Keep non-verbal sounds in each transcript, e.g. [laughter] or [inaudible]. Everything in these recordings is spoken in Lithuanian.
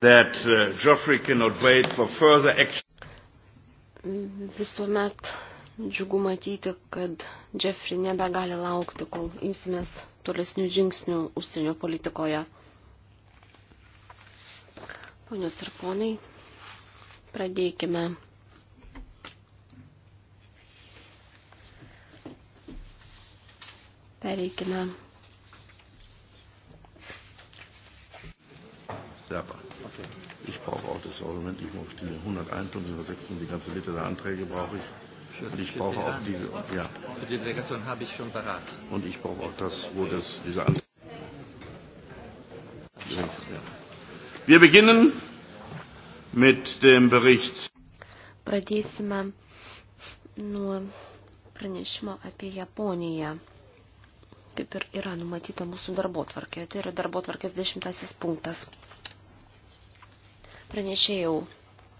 that uh, Geoffrey cannot wait for further action. Visuomet džiugu matyti, kad Jeffrey nebegali laukti, kol imsimės tolesnių žingsnių užsienio politikoje. Ponios ir ponai, pradėkime. Pereikime. Dabar. Ich brauche auch das Argument, ich brauche die 101 und 106 und die ganze Liste der Anträge brauche ich. Für, und ich brauche auch diese, ja. Für die Delegation habe ich schon parat. Und ich brauche auch das, wo das, diese Anträge. Ja. Wir beginnen mit dem Bericht. Pradėsime nuo pranešimo apie Japoniją, kaip ir yra numatyta mūsų darbo tvarkė. Tai yra darbo tvarkės dešimtasis punktas pranešėjau,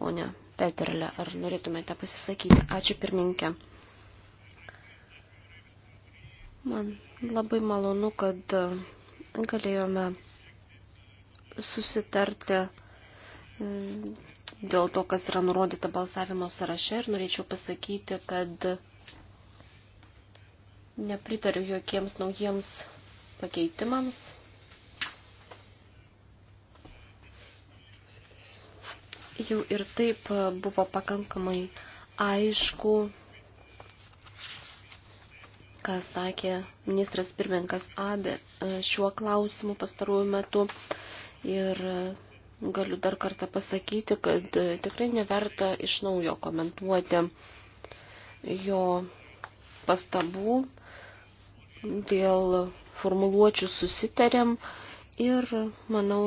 o ne Peterle. Ar norėtumėte pasisakyti? Ačiū pirminkė. Man labai malonu, kad galėjome susitarti e, dėl to, kas yra nurodyta balsavimo sąraše ir norėčiau pasakyti, kad nepritariu jokiems naujiems pakeitimams jau ir taip e, buvo pakankamai aišku, ką sakė ministras pirmininkas Abe šiuo klausimu pastaruoju metu. Ir e, galiu dar kartą pasakyti, kad e, tikrai neverta iš naujo komentuoti jo pastabų dėl formuluočių susitarėm ir manau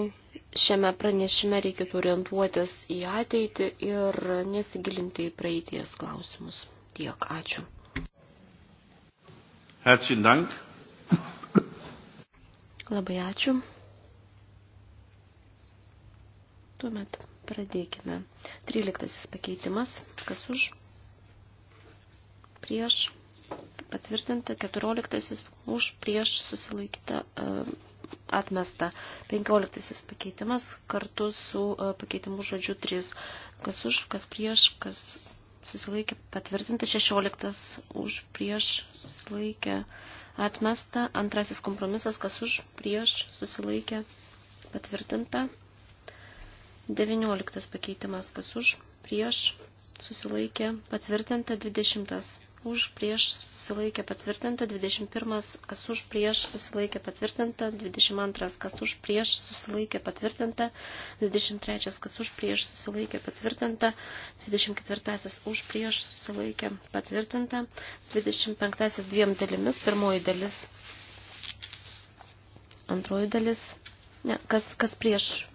šiame pranešime reikėtų orientuotis į ateitį ir nesigilinti į praeities klausimus. Tiek, ačiū. Herzlichen Dank. Labai ačiū. Tuomet pradėkime. 13 pakeitimas. Kas už? Prieš. Patvirtinta. 14 už. Prieš susilaikyta. Uh, atmesta. 15 pakeitimas kartu su e, pakeitimu žodžiu 3. Kas už, kas prieš, kas susilaikė patvirtinta. 16 už, prieš, susilaikė atmesta. Antrasis kompromisas, kas už, prieš, susilaikė patvirtinta. 19 pakeitimas, kas už, prieš, susilaikė patvirtinta. 20 už prieš susilaikė patvirtinta, 21 kas už prieš susilaikė patvirtinta, 22 kas už prieš susilaikė patvirtinta, 23 kas už prieš susilaikė patvirtinta, 24 už prieš susilaikė patvirtinta, 25 dviem dalimis, pirmoji dalis, antroji dalis, ne, kas, kas prieš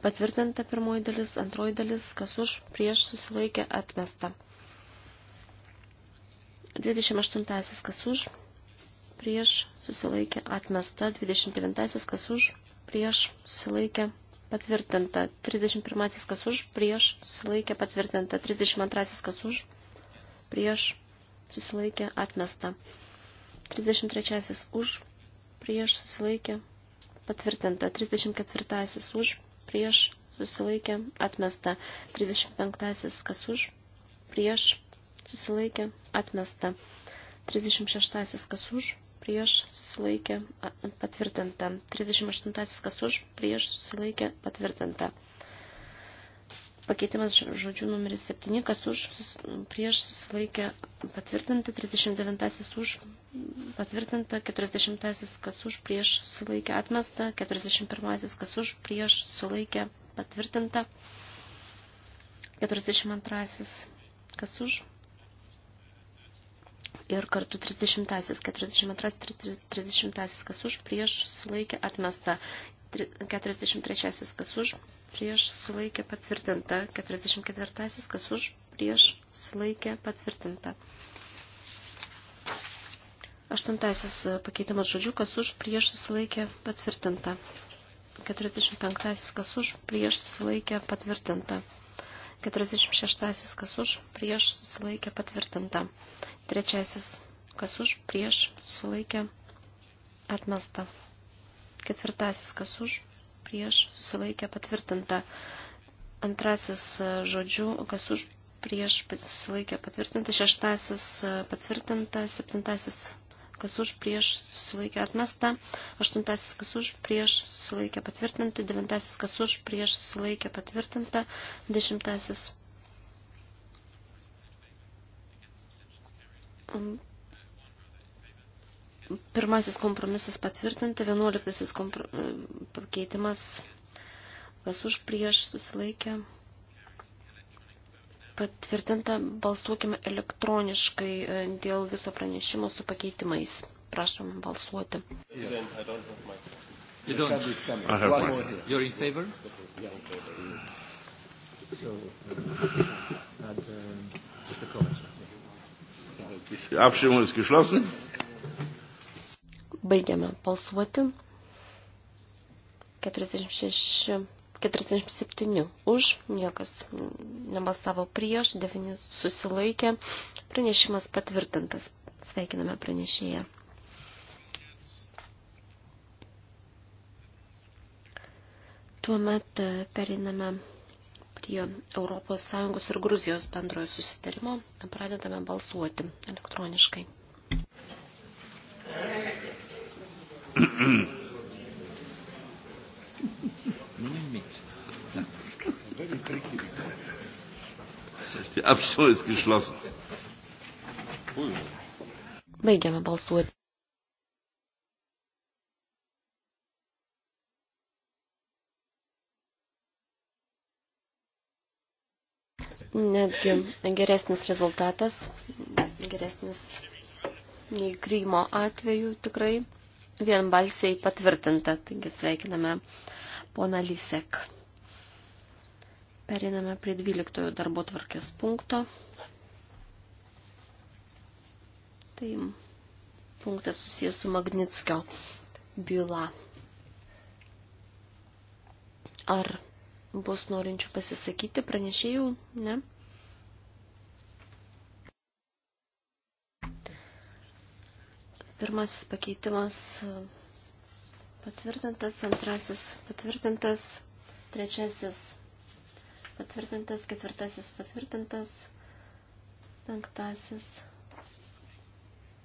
patvirtinta pirmoji dalis, antroji dalis, kas už prieš susilaikė atmesta. 28 kas už, prieš susilaikė atmesta, 29 kas už, prieš susilaikė patvirtinta, 31 kas už, prieš susilaikė patvirtinta, 32 kas už, prieš susilaikė atmesta, 33 už, prieš susilaikė patvirtinta, 34 už, prieš susilaikė atmesta, 35 kas už, prieš susilaikė, atmesta. 36 kas už, prieš susilaikė, patvirtinta. 38 kas už, prieš susilaikė, patvirtinta. Pakeitimas žodžių numeris 7, kas už, prieš susilaikė, patvirtinta. 39 už, patvirtinta. 40 kas už, prieš susilaikė, atmesta. 41 kas už, prieš susilaikė, patvirtinta. 42 kas už, ir kartu 30, 42, 30, kas už, prieš sulaikė atmesta, 43, kas už, prieš sulaikė patvirtinta, 44, kas už, prieš sulaikė patvirtinta. Aštuntasis e, pakeitimas žodžių, kas už, prieš susilaikė patvirtinta. 45. Kas už, prieš susilaikė patvirtinta. 46. Kas už, prieš, susilaikė, patvirtinta. Trečiasis. Kas už, prieš, susilaikė, atmesta. Ketvirtasis. Kas už, prieš, susilaikė, patvirtinta. Antrasis žodžių, kas už, prieš, susilaikė, patvirtinta. Šeštasis, patvirtinta. Septintasis, kas už prieš susilaikė atmesta, aštuntasis, kas už prieš susilaikė patvirtinta, devintasis, kas už prieš susilaikė patvirtinta, dešimtasis um, pirmasis kompromisas patvirtinti, vienuoliktasis kompro... Uh, pakeitimas, kas už prieš susilaikė Patvirtinta, balsuokime elektroniškai e, dėl viso pranešimo su pakeitimais. Prašom balsuoti. You don't. I have one. one. You're in favor? Yeah, in favor. Die Abstimmung ist geschlossen. Baigiame balsuoti. 46 47 už, niekas nebalsavo prieš, 9 susilaikė. Pranešimas patvirtintas. Sveikiname pranešėją. Tuomet e, periname prie ES ir Gruzijos bendrojo susitarimo. Pradedame balsuoti elektroniškai. [clears throat] Die Abstimmung ist geschlossen. Baigiame balsuoti. Netgi geresnis rezultatas, geresnis nei Krymo atveju tikrai vienbalsiai patvirtinta, taigi sveikiname poną Lisek. Periname prie 12 darbo tvarkės punkto. Tai punktas susijęs su Magnitskio byla. Ar bus norinčių pasisakyti pranešėjų? Ne. Pirmasis pakeitimas patvirtintas, antrasis patvirtintas, trečiasis patvirtintas, ketvirtasis patvirtintas, penktasis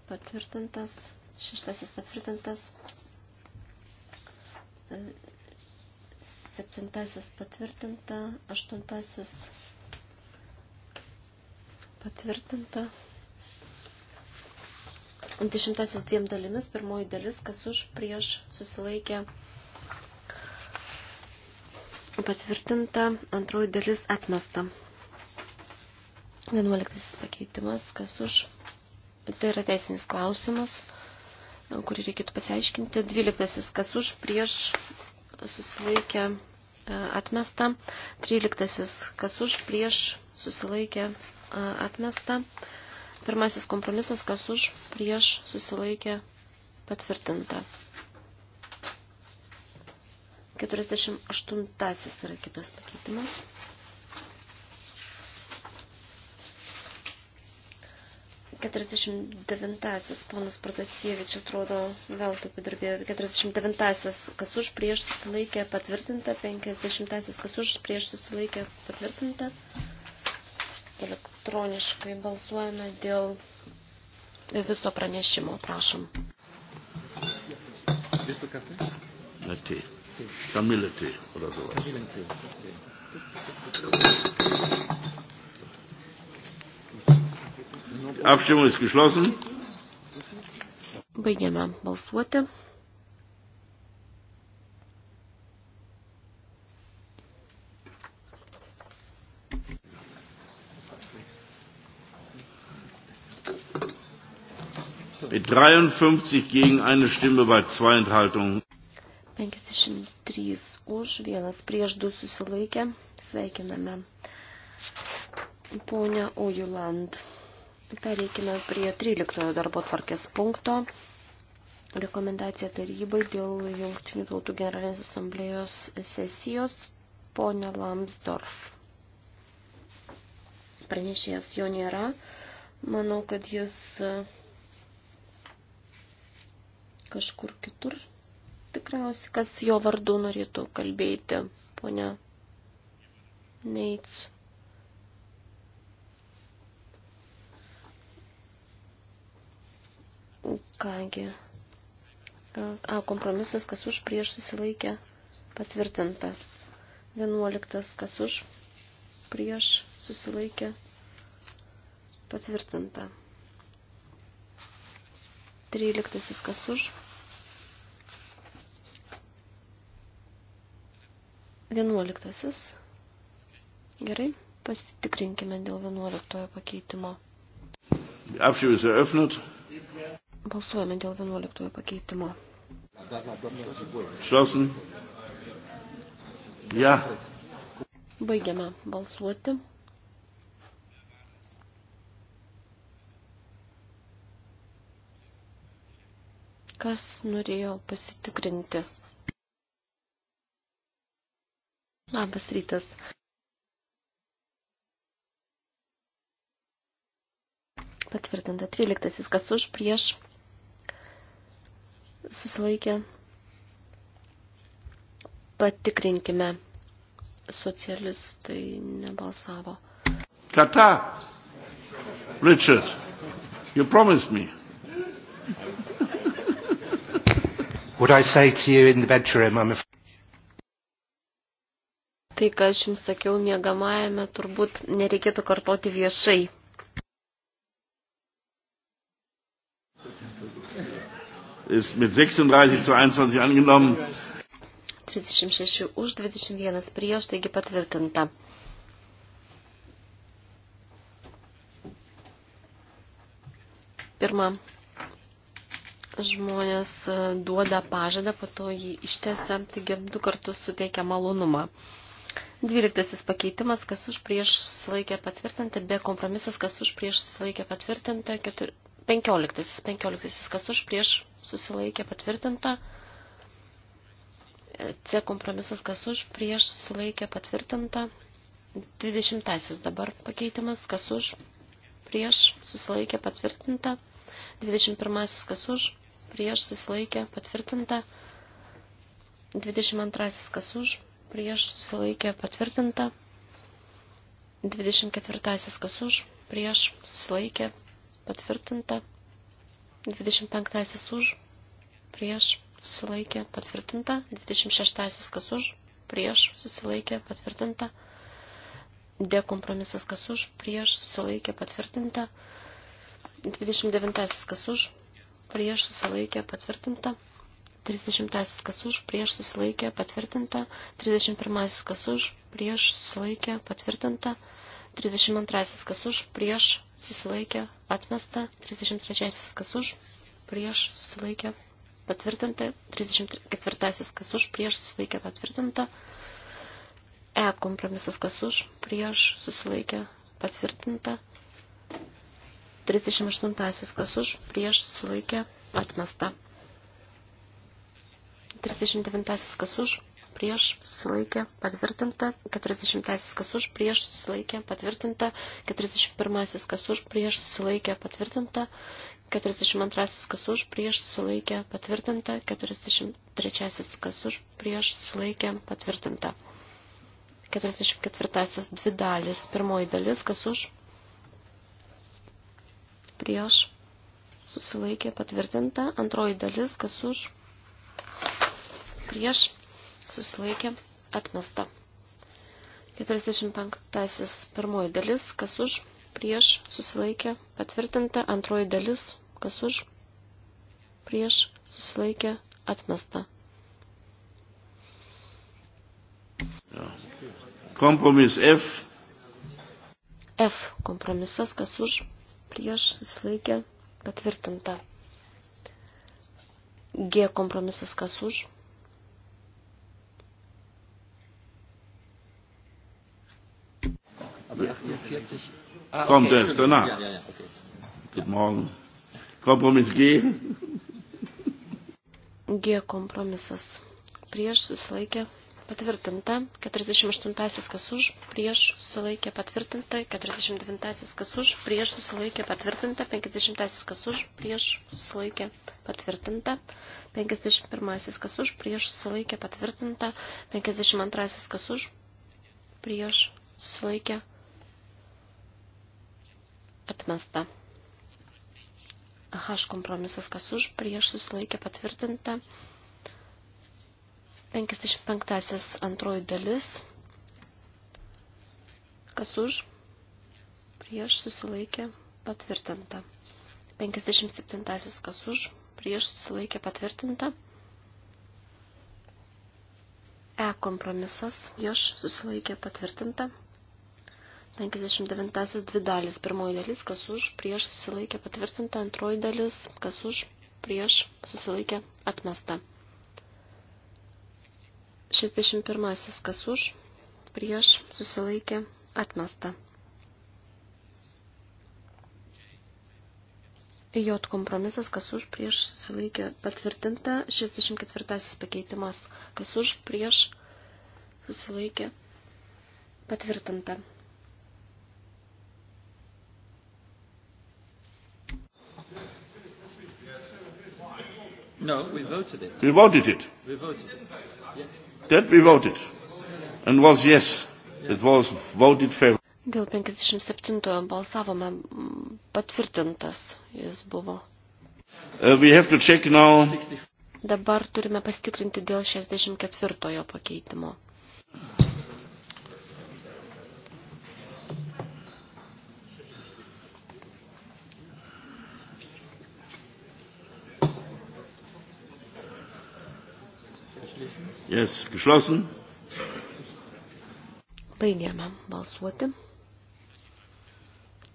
patvirtintas, šeštasis patvirtintas, e, septintasis patvirtinta, aštuntasis patvirtinta. Dešimtasis dviem dalimis, pirmoji dalis, kas už prieš susilaikė patvirtinta, antroji dalis atmesta. 11 pakeitimas, kas už. Tai yra teisinis klausimas, kurį reikėtų pasiaiškinti. 12 kas už, prieš susilaikę e, atmesta. 13 kas už, prieš susilaikę e, atmesta. Pirmasis kompromisas, kas už, prieš susilaikę patvirtinta. 48 yra kitas pakeitimas. Keturiasdešimt devintasis, ponas Protasievič, atrodo, veltui padirbėjo. Keturiasdešimt devintasis, kas už prieš susilaikė patvirtinta, penkiasdešimtasis, kas už prieš susilaikė patvirtinta. Elektroniškai balsuojame dėl viso pranešimo, prašom. Visto kafe? Na tai. Stability oder sowas. Stability. Okay. Abstimmung ist geschlossen. Baigiame balsuoti. Mit 53 gegen eine Stimme bei zwei Enthaltungen. 53 už, vienas prieš du susilaikę. Sveikiname ponę Ujuland. Pereikime prie 13 darbo tvarkės punkto. Rekomendacija tarybai dėl Jungtinių tautų generalinės asamblėjos sesijos. Pone Lamsdorf. Pranešėjas jo nėra. Manau, kad jis e, kažkur kitur Tikriausiai, kas jo vardu norėtų kalbėti, ponia Neits. Kągi. A, kompromisas, kas už prieš susilaikė, patvirtinta. 11. Kas už prieš susilaikė, patvirtinta. 13. Kas už Vienuoliktasis. Gerai, pasitikrinkime dėl vienuoliktojo pakeitimo. Apšiūrės eröffnet. Balsuojame dėl vienuoliktojo pakeitimo. Schlossen. Ja. Baigiame balsuoti. Kas norėjo pasitikrinti? Labas rytas. Patvirtinta 13. Kas už prieš susilaikė. Patikrinkime. Socialistai nebalsavo. Kata. Richard, you promised me. Would I say to you in the bedroom, I'm afraid. Tai, ką aš jums sakiau miegamajame, turbūt nereikėtų kartoti viešai. Ist mit 36 zu 21 angenommen. 36 už, 21 prieš, taigi patvirtinta. Pirma, žmonės e, duoda pažadą, po to jį ištesa, taigi du kartus suteikia malonumą. Dvyliktasis pakeitimas, kas už prieš susilaikė patvirtinti, be kompromisas, kas už prieš susilaikė patvirtinti, ketur... penkioliktasis, penkioliktasis, kas už prieš susilaikė patvirtinta, C kompromisas, kas už prieš susilaikė patvirtinta, dvidešimtasis dabar pakeitimas, kas už prieš susilaikė patvirtinta, dvidešimt pirmasis, kas už prieš susilaikė patvirtinta, dvidešimt antrasis, kas už prieš susilaikė patvirtinta. 24 kas už, prieš susilaikė patvirtinta. 25 už, prieš susilaikė patvirtinta. 26 kas už, prieš susilaikė patvirtinta. D kompromisas kas už, prieš susilaikė patvirtinta. 29 kas už, prieš susilaikė patvirtinta. 30 kas už, prieš susilaikė, patvirtinta. 31 kas už, prieš susilaikė, patvirtinta. 32 kas už, prieš susilaikė, atmesta. 33 kas už, prieš susilaikė, patvirtinta. 34 kas už, prieš susilaikė, patvirtinta. E kompromisas kas už, prieš susilaikė, patvirtinta. 38 kas už, prieš susilaikė, atmesta. 39 kas už, prieš susilaikė patvirtinta, 40 kas už, prieš susilaikė patvirtinta, 41 kas už, prieš susilaikė patvirtinta, 42 kas už, prieš susilaikė patvirtinta, 43 kas už, prieš susilaikė patvirtinta. 44 dvi dalis, pirmoji dalis kas už, prieš susilaikė patvirtinta, antroji dalis kas už, prieš susilaikė atmesta. 45. Pirmoji dalis, kas už, prieš susilaikė patvirtinta, antroji dalis, kas už, prieš susilaikė atmesta. Kompromis F. F. Kompromisas, kas už, prieš susilaikė patvirtinta. G. Kompromisas, kas už, Die 48. Ah, okay. Kommt erst danach. Ja, ja, ja, okay. Guten Morgen. Kompromiss G. G kompromisas. Prieš susilaikė patvirtinta. 48 kas už. Prieš susilaikė patvirtinta. 49 kas už. Prieš susilaikė patvirtinta. 50 kas už. Prieš susilaikė patvirtinta. 51 kas už. Prieš susilaikė patvirtinta. 52 kas už. Prieš susilaikė patvirtinta atmesta. H kompromisas kas už, prieš susilaikė patvirtinta. 55 antroji dalis. Kas už, prieš susilaikė patvirtinta. 57 kas už, prieš susilaikė patvirtinta. E kompromisas, prieš susilaikė patvirtinta. 59 dvi dalis. Pirmoji dalis, kas už, prieš susilaikė patvirtinta. Antroji dalis, kas už, prieš susilaikė atmesta. 61 kas už, prieš susilaikė atmesta. J kompromisas, kas už prieš susilaikė patvirtinta, 64 pakeitimas, kas už prieš susilaikė patvirtinta. No, we voted it. We voted it. We voted it. Yeah. That we voted. And was yes. Yeah. It was voted favor. Dėl 57 balsavome mm, patvirtintas jis buvo. Uh, we have to check now. Dabar turime pasitikrinti dėl 64 pakeitimo. Yes, geschlossen. Baigiame balsuoti.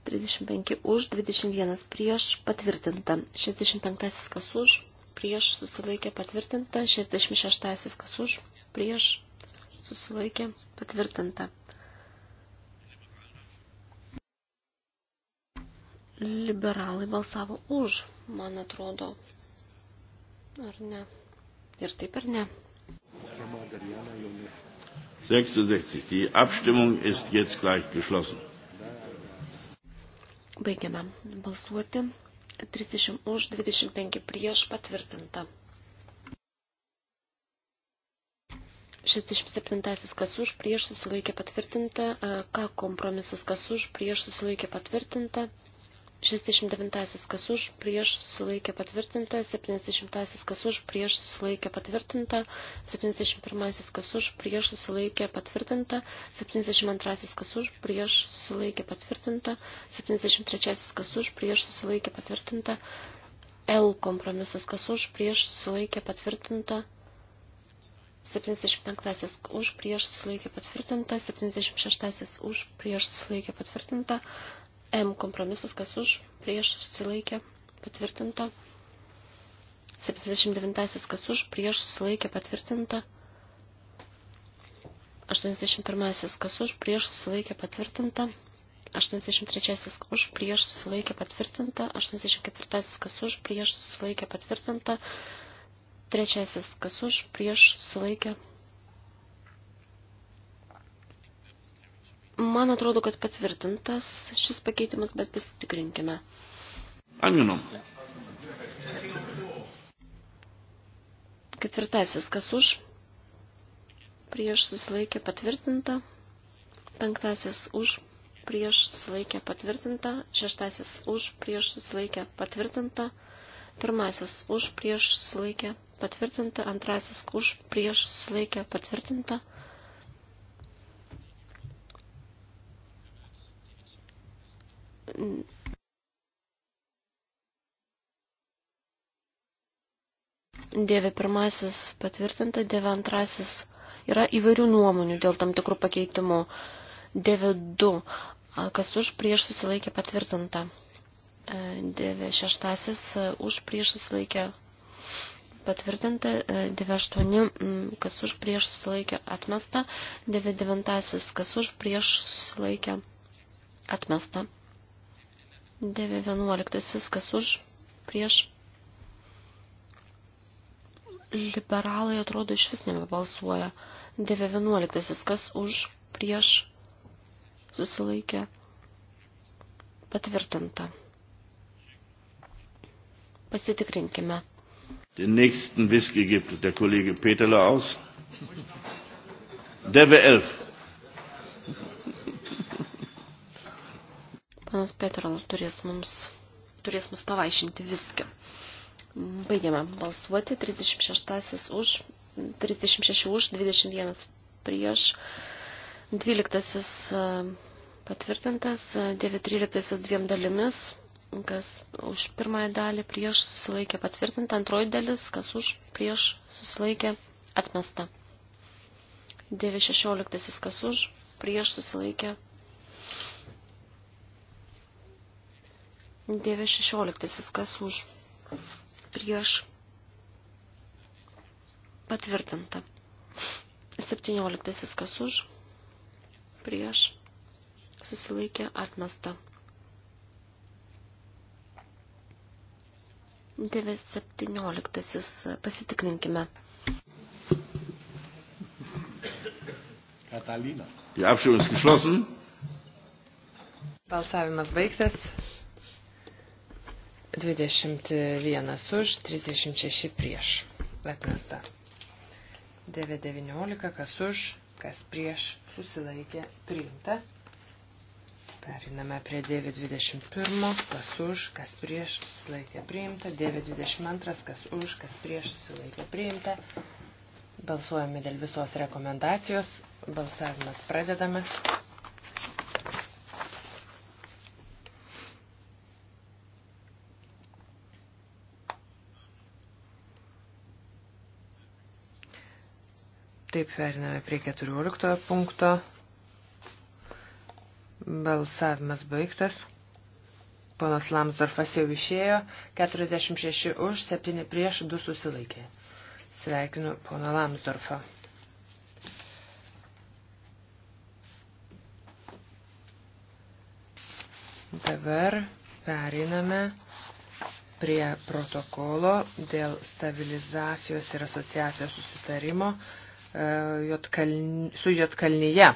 35 už, 21 prieš patvirtinta. 65 kas už, prieš susilaikė patvirtinta. 66 kas už, prieš susilaikė patvirtinta. Liberalai balsavo už, man atrodo. Ar ne? Ir taip ir ne. 66. Die Abstimmung ist jetzt gleich geschlossen. Baigiame balsuoti. 30 už, 25 prieš patvirtinta. 67 kas už, prieš susilaikė patvirtinta. K kompromisas kas už, prieš susilaikė patvirtinta. 69 kas už prieš susilaikė patvirtinta, 70 kas už prieš susilaikė patvirtinta, 71 kas už prieš susilaikė patvirtinta, 72 kas už prieš susilaikė patvirtinta, 73 kas už prieš susilaikė patvirtinta, L kompromisas kas už prieš susilaikė patvirtinta, 75-asis už prieš susilaikė patvirtinta, 76-asis už prieš susilaikė patvirtinta, M kompromisas, kas už, prieš, susilaikė, patvirtinta. 79 kas už, prieš, susilaikė, patvirtinta. 81 kas už, prieš, susilaikė, patvirtinta. 83 už, prieš, susilaikė, patvirtinta. 84 kas už, prieš, susilaikė, patvirtinta. 3 kas už, prieš, susilaikė, patvirtinta Man atrodo, kad patvirtintas šis pakeitimas, bet pasitikrinkime. Anginom. Ketvirtasis, kas už? Prieš susilaikė patvirtinta. Penktasis už, prieš susilaikė patvirtinta. Šeštasis už, prieš susilaikė patvirtinta. Pirmasis už, prieš susilaikė patvirtinta. Antrasis už, prieš susilaikė patvirtinta. Dievi pirmasis patvirtinta, dievi antrasis yra įvairių nuomonių dėl tam tikrų pakeitimų. Dievi du, kas už prieš susilaikė patvirtinta. E, dievi šeštasis e, už prieš susilaikė patvirtinta. E, dievi aštuoni, kas už prieš susilaikė atmesta. Dievi devintasis, kas už prieš susilaikė atmesta. 9.11. Kas už? Prieš? Liberalai atrodo iš vis nebebalsuoja. 9.11. Kas už? Prieš? Susilaikė. Patvirtinta. Pasitikrinkime. Den nächsten Whisky gibt der Kollege Peterle aus. Deve 11. Panas Petralas turės mums, turės mums pavaišinti viską. Baigiame balsuoti. 36 už, 36 už, 21 prieš, 12 e, patvirtintas, 9.13 e, dviem dalimis, kas už pirmąją dalį prieš susilaikė patvirtinta, antroji dalis, kas už prieš susilaikė atmesta. 9.16 kas už prieš susilaikė patvirtinta. 9.16. Kas už? Prieš. Patvirtinta. 17. Kas už? Prieš. Susilaikė atmesta. 9.17. Pasitikrinkime. Katalina. Die Abstimmung ist geschlossen. Balsavimas baigtas. 21 už, 36 prieš. Atmesta. 9.19, kas už, kas prieš, susilaikė, priimta. Periname prie 9.21, kas už, kas prieš, susilaikė, priimta. 9.22, kas už, kas prieš, susilaikė, priimta. Balsuojame dėl visos rekomendacijos. Balsavimas pradedamas. Taip, periname prie 14 punkto. Balsavimas baigtas. Ponas Lamsdorfas jau išėjo. 46 už, 7 prieš, 2 susilaikė. Sveikinu poną Lamsdorfą. Dabar periname prie protokolo dėl stabilizacijos ir asociacijos susitarimo E, su Jotkalnyje.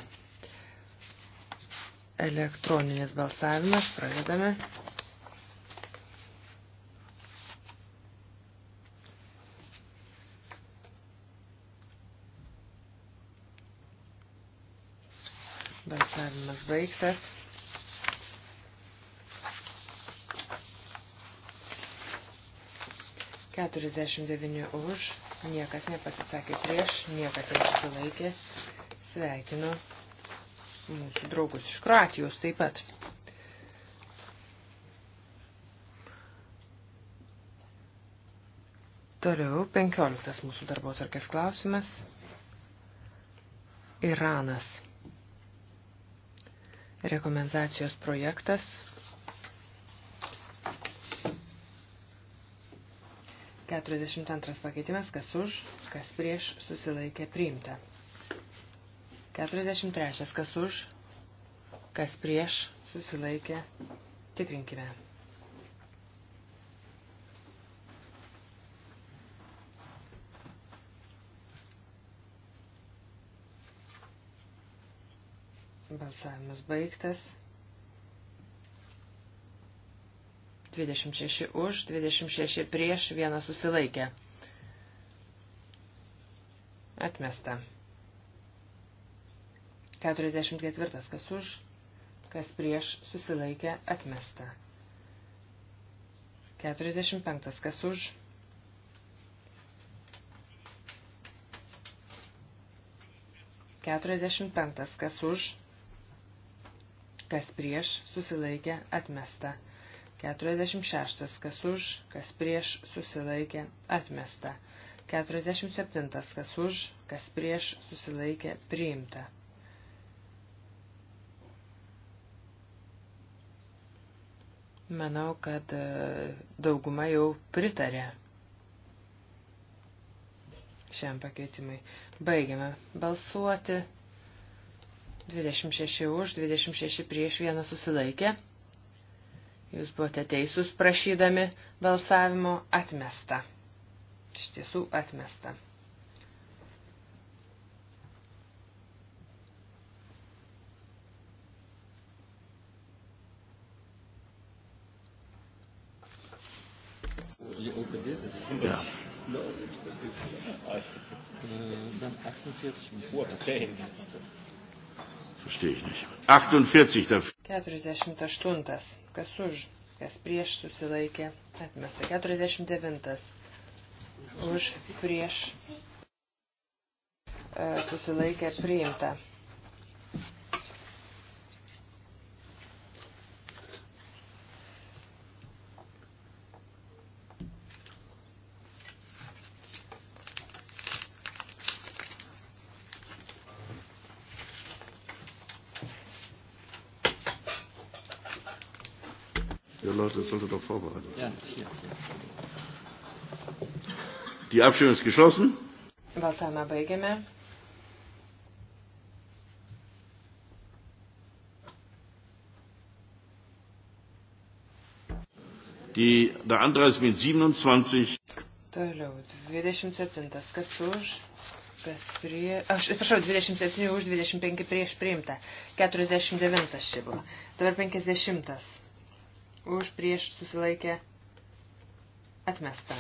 Elektroninis balsavimas, pradedame. Balsavimas baigtas. Keturiasdešimt devyni už. Niekas nepasisakė prieš, niekas nepasilaikė. Sveikinu mūsų draugus iš Kroatijos taip pat. Toliau, penkioliktas mūsų darbo tarkės klausimas. Iranas. Rekomendacijos projektas 42 pakeitimas, kas už, kas prieš, susilaikė priimta. 43 kas už, kas prieš, susilaikė, tikrinkime. Balsavimas baigtas. 26 už, 26 prieš, vienas susilaikė. Atmesta. 44 kas už, kas prieš, susilaikė, atmesta. 45 kas už. Keturiasdešimt penktas, kas už, kas prieš, susilaikė, atmesta. 46. Kas už, kas prieš susilaikė atmesta. 47. Kas už, kas prieš susilaikė priimta. Manau, kad e, dauguma jau pritarė šiam pakeitimui. Baigiame balsuoti. 26 už, 26 prieš vieną susilaikė. Jūs buvote teisūs prašydami balsavimo atmesta. Iš tiesų atmesta. Ja. Uh, Verstehe ich nicht. 48 dafür. 48. Kas už, kas prieš susilaikė, atmesta. 49. Už, prieš e, susilaikė, priimta. Die Abstimmung ist geschlossen. Balsavimą baigiame. Die, der Antrag ist mit 27. Toliau, 27. Kas už, kas prie... Aš atsiprašau, 27 už, 25 prieš priimta. 49 čia buvo. Dabar 50. Už prieš susilaikė atmesta.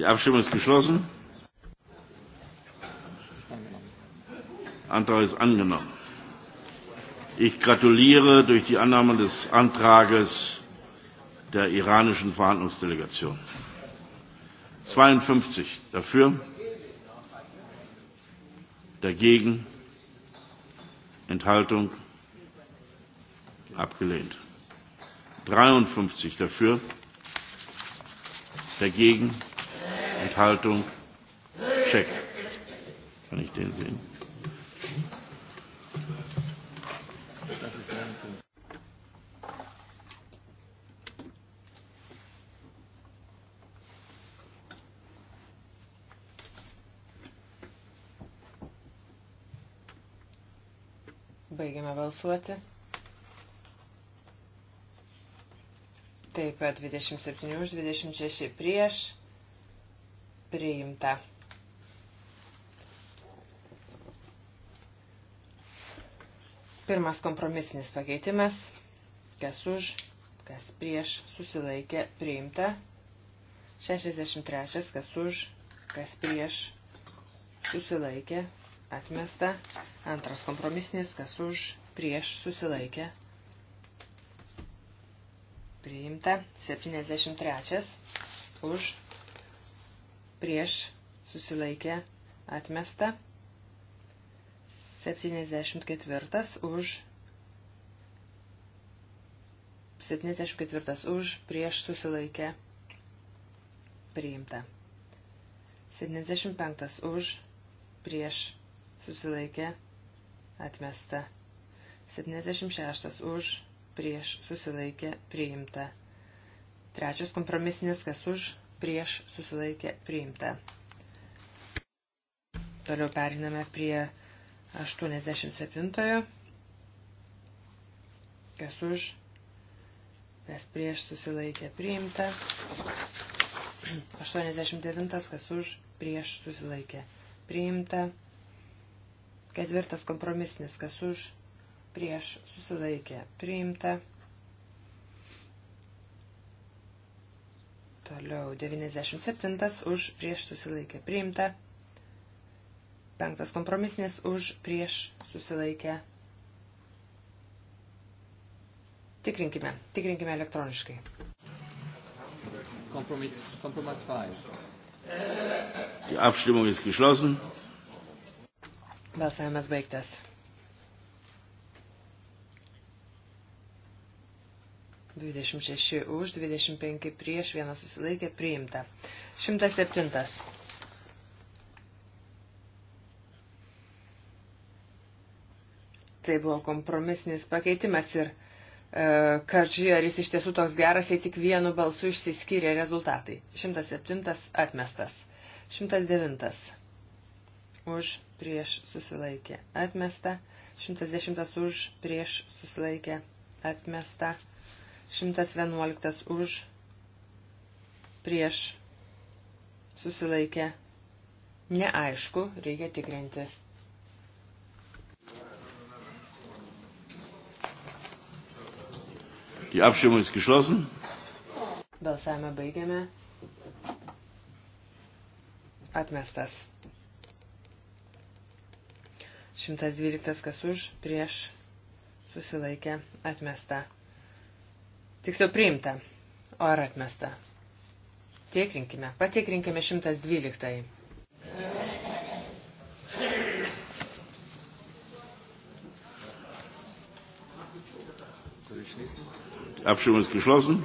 Die Abstimmung ist geschlossen. Antrag ist angenommen. Ich gratuliere durch die Annahme des Antrages der iranischen Verhandlungsdelegation. 52 dafür, dagegen, Enthaltung abgelehnt. 53 dafür, dagegen, Enthaltung Enthaltung. Check. Kann ich den sehen? Baigiame balsuoti. Taip pat 27 už 26 prieš priimta. Pirmas kompromisinis pakeitimas, kas už, kas prieš, susilaikė, priimta. 63, kas už, kas prieš, susilaikė, atmesta. Antras kompromisinis, kas už, prieš, susilaikė, priimta. 73, už, prieš susilaikė atmesta, 74 už, 74 už prieš susilaikė priimta, 75 už prieš susilaikė atmesta, 76 už prieš susilaikė priimta. Trečias kompromisinis, kas už prieš susilaikė priimta. Toliau periname prie 87. Kas už, kas prieš susilaikė priimta. 89. Kas už, prieš susilaikė priimta. Ketvirtas kompromisnis, kas už, prieš susilaikė priimta. Toliau 97 už prieš susilaikę priimta. Penktas kompromisnis už prieš susilaikę. Tikrinkime, tikrinkime elektroniškai. Kompromis, kompromis 5. Die Abstimmung ist geschlossen. Balsavimas baigtas. 26 už, 25 prieš, vienas susilaikė, priimta. 107. Tai buvo kompromisinis pakeitimas ir e, kaži, ar jis iš tiesų toks geras, jei tik vienu balsu išsiskyrė rezultatai. 107 atmestas. 109 už, prieš susilaikė, atmesta. 110 už, prieš susilaikė, atmesta. 111 už, prieš, susilaikė, neaišku, reikia tikrinti. Die Abstimmung ist geschlossen. Balsavimą baigiame. Atmestas. 112 kas už, prieš, susilaikė, atmesta. Tiksliau priimta, o ar atmesta. Tikrinkime, patikrinkime 112. Apšimas geschlossen.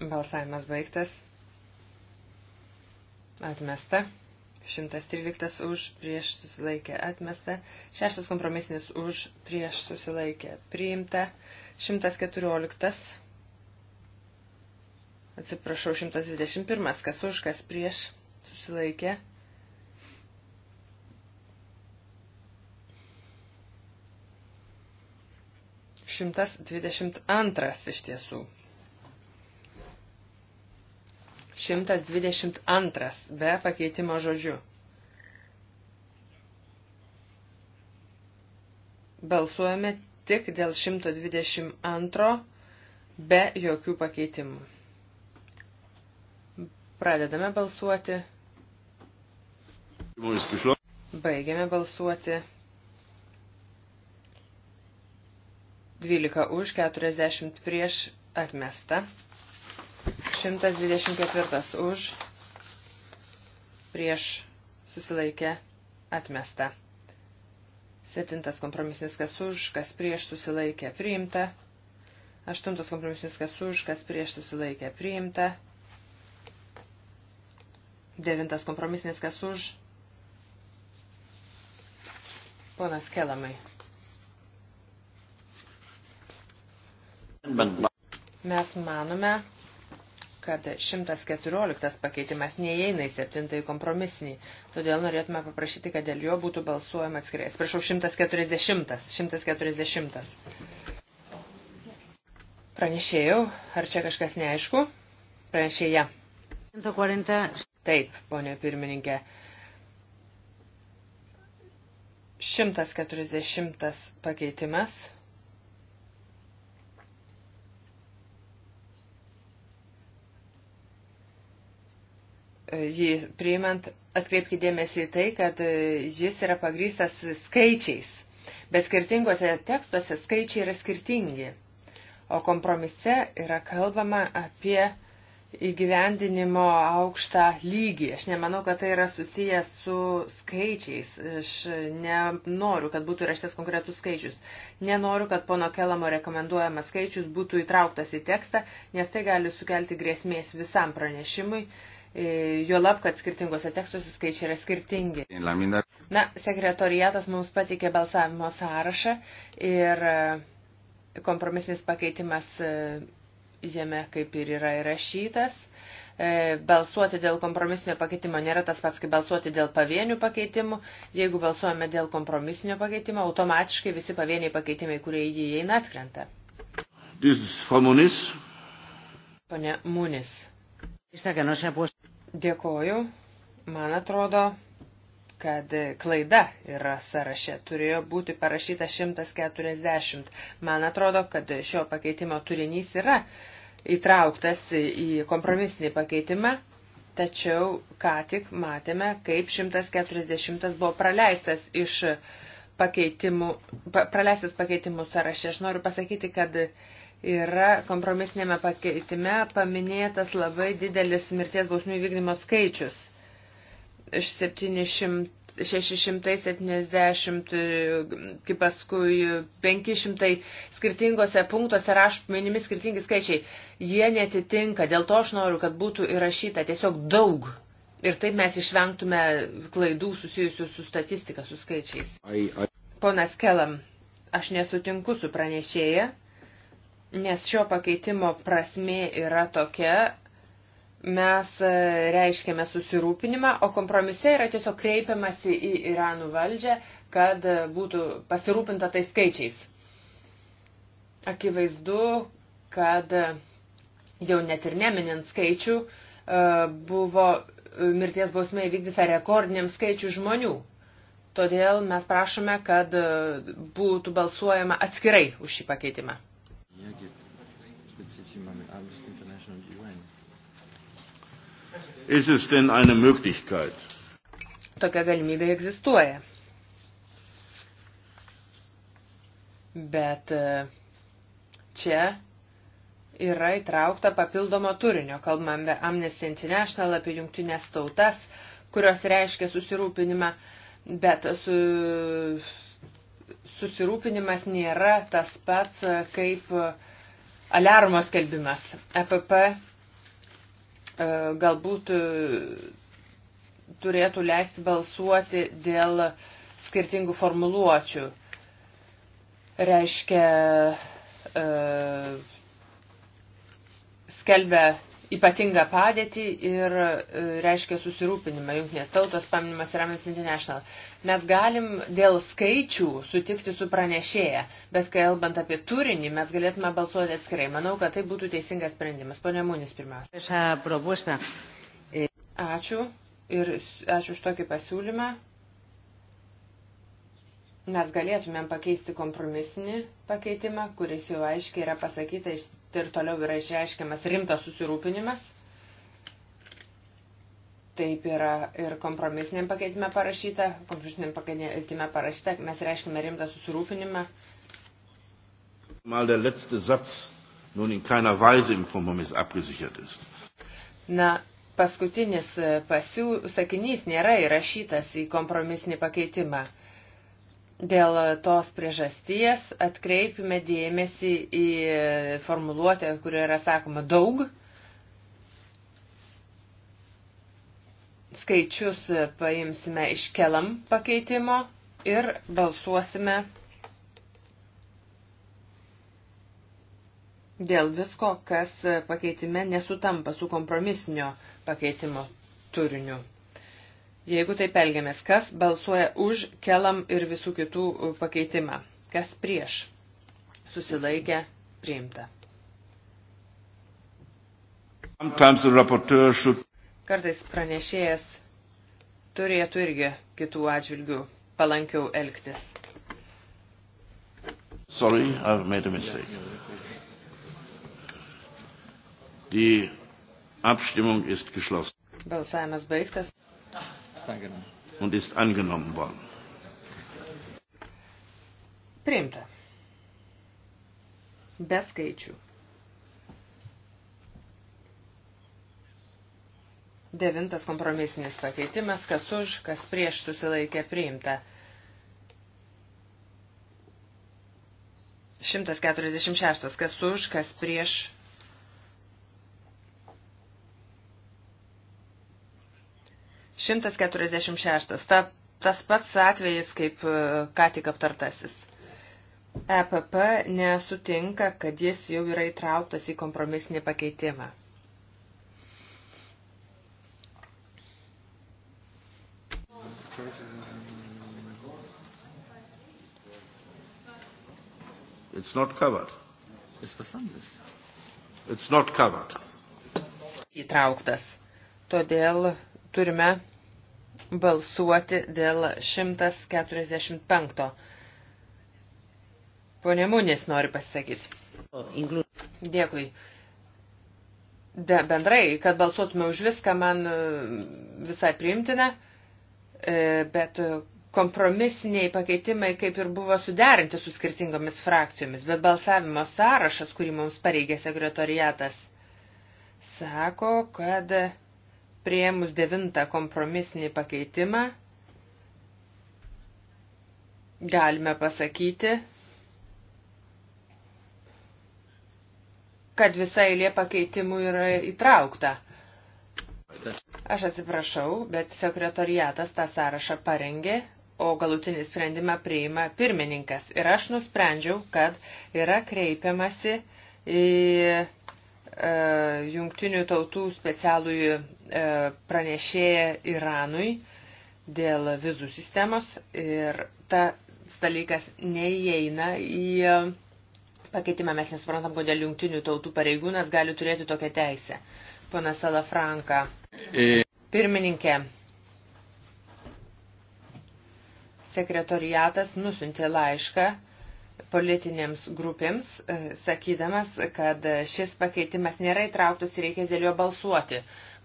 Balsavimas baigtas. Atmesta. 113 už prieš susilaikę atmesta, 6 kompromisinis už prieš susilaikę priimta, 114 Atsiprašau, 121. Kas už, kas prieš susilaikė. Šimtas dvidešimt antras iš tiesų. Šimtas dvidešimt antras be pakeitimo žodžių. Balsuojame tik dėl 122 be jokių pakeitimų. Pradedame balsuoti. Baigiame balsuoti. 12 už, 40 prieš atmesta. 124 už, prieš susilaikę atmesta. 7 kompromisinis kas už, kas prieš susilaikę priimta. 8 kompromisinis kas už, kas prieš susilaikę priimta. Devintas kompromisinis kas už. Ponas Kelamai. Mes manome, kad 114 pakeitimas neįeina į 7 kompromisinį, todėl norėtume paprašyti, kad dėl jo būtų balsuojama atskirai. Prašau, 140. 140. Pranešėjau, ar čia kažkas neaišku? Pranešėja. 140. Taip, ponė pirmininkė. 140 pakeitimas. Jį priimant, atkreipkite dėmesį į tai, kad jis yra pagrystas skaičiais, bet skirtingose tekstuose skaičiai yra skirtingi, o kompromise yra kalbama apie įgyvendinimo aukštą lygį. Aš nemanau, kad tai yra susijęs su skaičiais. Aš nenoriu, kad būtų raštas konkretus skaičius. Nenoriu, kad pono Kelamo rekomenduojamas skaičius būtų įtrauktas į tekstą, nes tai gali sukelti grėsmės visam pranešimui. E, juolab, kad skirtingose tekstuose skaičiai yra skirtingi. Na, sekretoriatas mums patikė balsavimo sąrašą ir e, kompromisinis pakeitimas e, jame kaip ir yra įrašytas. E, balsuoti dėl kompromisinio pakeitimo nėra tas pats, kaip balsuoti dėl pavienių pakeitimų. Jeigu balsuojame dėl kompromisinio pakeitimo, automatiškai visi pavieniai pakeitimai, kurie į jį įeina, atkrenta. Pone Munis. Dėkoju. Man atrodo, kad klaida yra sąraše. Turėjo būti parašyta 140. Man atrodo, kad šio pakeitimo turinys yra įtrauktas į kompromisinį pakeitimą, tačiau ką tik matėme, kaip 140 buvo praleistas iš pakeitimų, pa, praleistas pakeitimų sąraše. Aš noriu pasakyti, kad yra kompromisinėme pakeitime paminėtas labai didelis mirties bausmių vykdymo skaičius. Iš 700 670, kaip paskui 500 skirtingose punktuose rašų minimi skirtingi skaičiai. Jie netitinka, dėl to aš noriu, kad būtų įrašyta tiesiog daug. Ir taip mes išvengtume klaidų susijusių su statistika, su skaičiais. Ponas Kelam, aš nesutinku su pranešėja, nes šio pakeitimo prasme yra tokia, mes e, reiškiame susirūpinimą, o kompromise yra tiesiog kreipiamasi į Iranų valdžią, kad e, būtų pasirūpinta tais skaičiais. Akivaizdu, kad e, jau net ir neminint skaičių buvo mirties bausmė įvykdyta rekordiniam skaičiu žmonių. Todėl mes prašome, kad būtų balsuojama atskirai už šį pakeitimą. Jėgi. ist es denn eine Möglichkeit? Tokia galimybė egzistuoja. Bet e, čia yra įtraukta papildomo turinio. Kalbame apie Amnesty International, apie jungtinės tautas, kurios reiškia susirūpinimą, bet su, susirūpinimas nėra tas pats e, kaip e, alarmo skelbimas. EPP E, galbūt e, turėtų leisti balsuoti dėl skirtingų formuluočių. Reiškia, e, skelbia ypatingą padėtį ir e, reiškia susirūpinimą. Junktinės tautos paminimas yra Amnesty International. Mes galim dėl skaičių sutikti su pranešėja, bet kalbant apie turinį, mes galėtume balsuoti atskirai. Manau, kad tai būtų teisingas sprendimas. Pone Mūnis pirmiausia. E, ačiū ir ačiū už tokį pasiūlymą mes galėtumėm pakeisti kompromisinį pakeitimą, kuris jau aiškiai yra pasakyta ir toliau yra išreiškiamas rimtas susirūpinimas. Taip yra ir kompromisiniam pakeitime parašyta, kompromisiniam pakeitime parašyta, mes reiškime rimtą susirūpinimą. Mal der letzte Satz nun in keiner Weise im Kompromiss abgesichert ist. Na, paskutinis e, pasiū, sakinys nėra įrašytas į kompromisinį pakeitimą. Dėl tos priežasties atkreipime dėmesį į formuluotę, kurioje yra sakoma daug. Skaičius paimsime iš kelam pakeitimo ir balsuosime dėl visko, kas pakeitime nesutampa su kompromisinio pakeitimo turiniu jeigu taip elgiamės. Kas balsuoja už kelam ir visų kitų uh, pakeitimą? Kas prieš? Susilaikę priimta. Kartais pranešėjas turėtų irgi kitų atžvilgių palankiau elgtis. Sorry, I've made a mistake. Die Abstimmung ist geschlossen. Balsavimas baigtas und ist angenommen worden. Priimta. Be skaičių. Devintas kompromisinis pakeitimas, kas už, kas prieš susilaikė priimta. 146, kas už, kas prieš 146. Ta, tas pats atvejis kaip e, ką tik aptartasis. EPP nesutinka, kad jis jau yra įtrauktas į kompromisinį pakeitimą. It's not covered. It's was anderes. It's not covered. Įtrauktas. Todėl turime balsuoti dėl 145. Pone Munis nori pasisakyti. Dėkui. De, bendrai, kad balsuotume už viską, man e, visai priimtina, e, bet kompromisiniai pakeitimai kaip ir buvo suderinti su skirtingomis frakcijomis, bet balsavimo sąrašas, kurį mums pareigė sekretoriatas, sako, kad prieimus devintą kompromisinį pakeitimą, galime pasakyti, kad visa eilė pakeitimų yra įtraukta. Aš atsiprašau, bet sekretoriatas tą sąrašą parengė, o galutinį sprendimą priima pirmininkas. Ir aš nusprendžiau, kad yra kreipiamasi į E, jungtinių tautų specialųjį e, pranešėją Iranui dėl vizų sistemos ir tas dalykas neįeina į e, pakeitimą. Mes nesuprantam, kodėl jungtinių tautų pareigūnas gali turėti tokią teisę. Pana Salafranka. Pirmininkė. Sekretoriatas nusintė laišką politinėms grupėms, e, sakydamas, kad šis pakeitimas nėra įtrauktas ir reikės dėl jo balsuoti.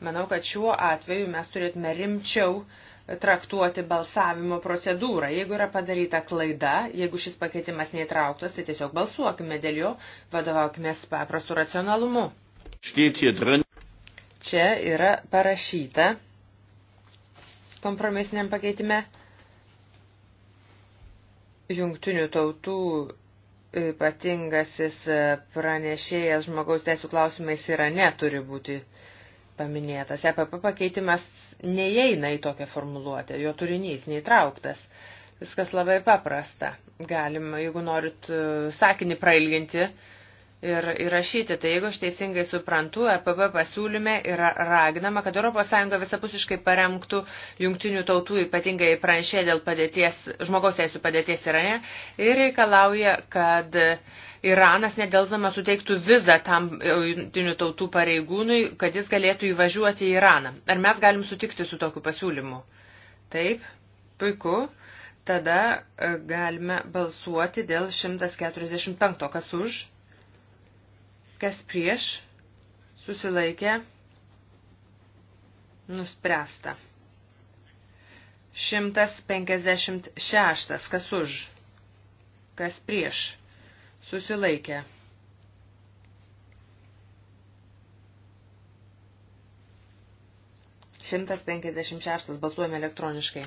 Manau, kad šiuo atveju mes turėtume rimčiau traktuoti balsavimo procedūrą. Jeigu yra padaryta klaida, jeigu šis pakeitimas neįtrauktas, tai tiesiog balsuokime dėl jo, vadovaukime paprastu racionalumu. Čia yra parašyta kompromisiniam pakeitime Jungtinių tautų ypatingasis pranešėjas žmogaus teisų klausimais Irane turi būti paminėtas. EPP pakeitimas neįeina į tokią formuluotę, jo turinys neįtrauktas. Viskas labai paprasta. Galima, jeigu norit e, sakinį prailginti, uh, ir įrašyti. Tai jeigu aš teisingai suprantu, EPB pasiūlyme yra raginama, kad ES visapusiškai paremtų jungtinių tautų ypatingai pranšė dėl padėties, žmogaus teisų padėties Irane ir reikalauja, kad Iranas nedelzama suteiktų vizą tam jungtinių tautų pareigūnui, kad jis galėtų įvažiuoti į Iraną. Ar mes galim sutikti su tokiu pasiūlymu? Taip, puiku. Tada e, galime balsuoti dėl 145, kas už Kas prieš? Susilaikė. Nuspręsta. 156. Kas už? Kas prieš? Susilaikė. Šimtas penkiasdešimt šeštas balsuojame elektroniškai.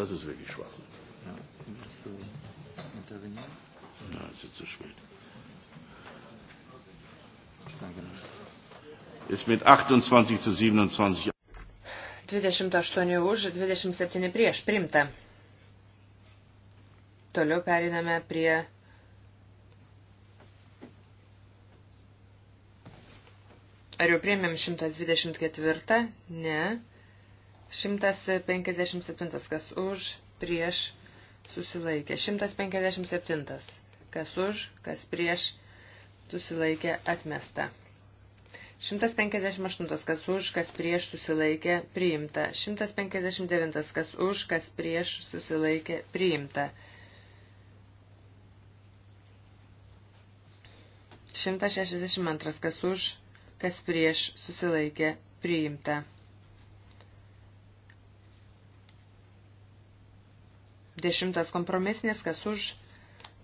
das ist wirklich Schwachsinn. Ja, möchtest du intervenieren? Ja, es ist zu spät. Ist mit 28 zu 27. 28 už, 27 prieš primta. Toliau periname prie Ar jau priėmėm 124? Ne. 157 kas už, prieš, susilaikė. 157 kas už, kas prieš, susilaikė, atmesta. 158 kas už, kas prieš, susilaikė, priimta. 159 kas už, kas prieš, susilaikė, priimta. 162 kas už, kas prieš, susilaikė, priimta. Dešimtas kompromisnis, kas už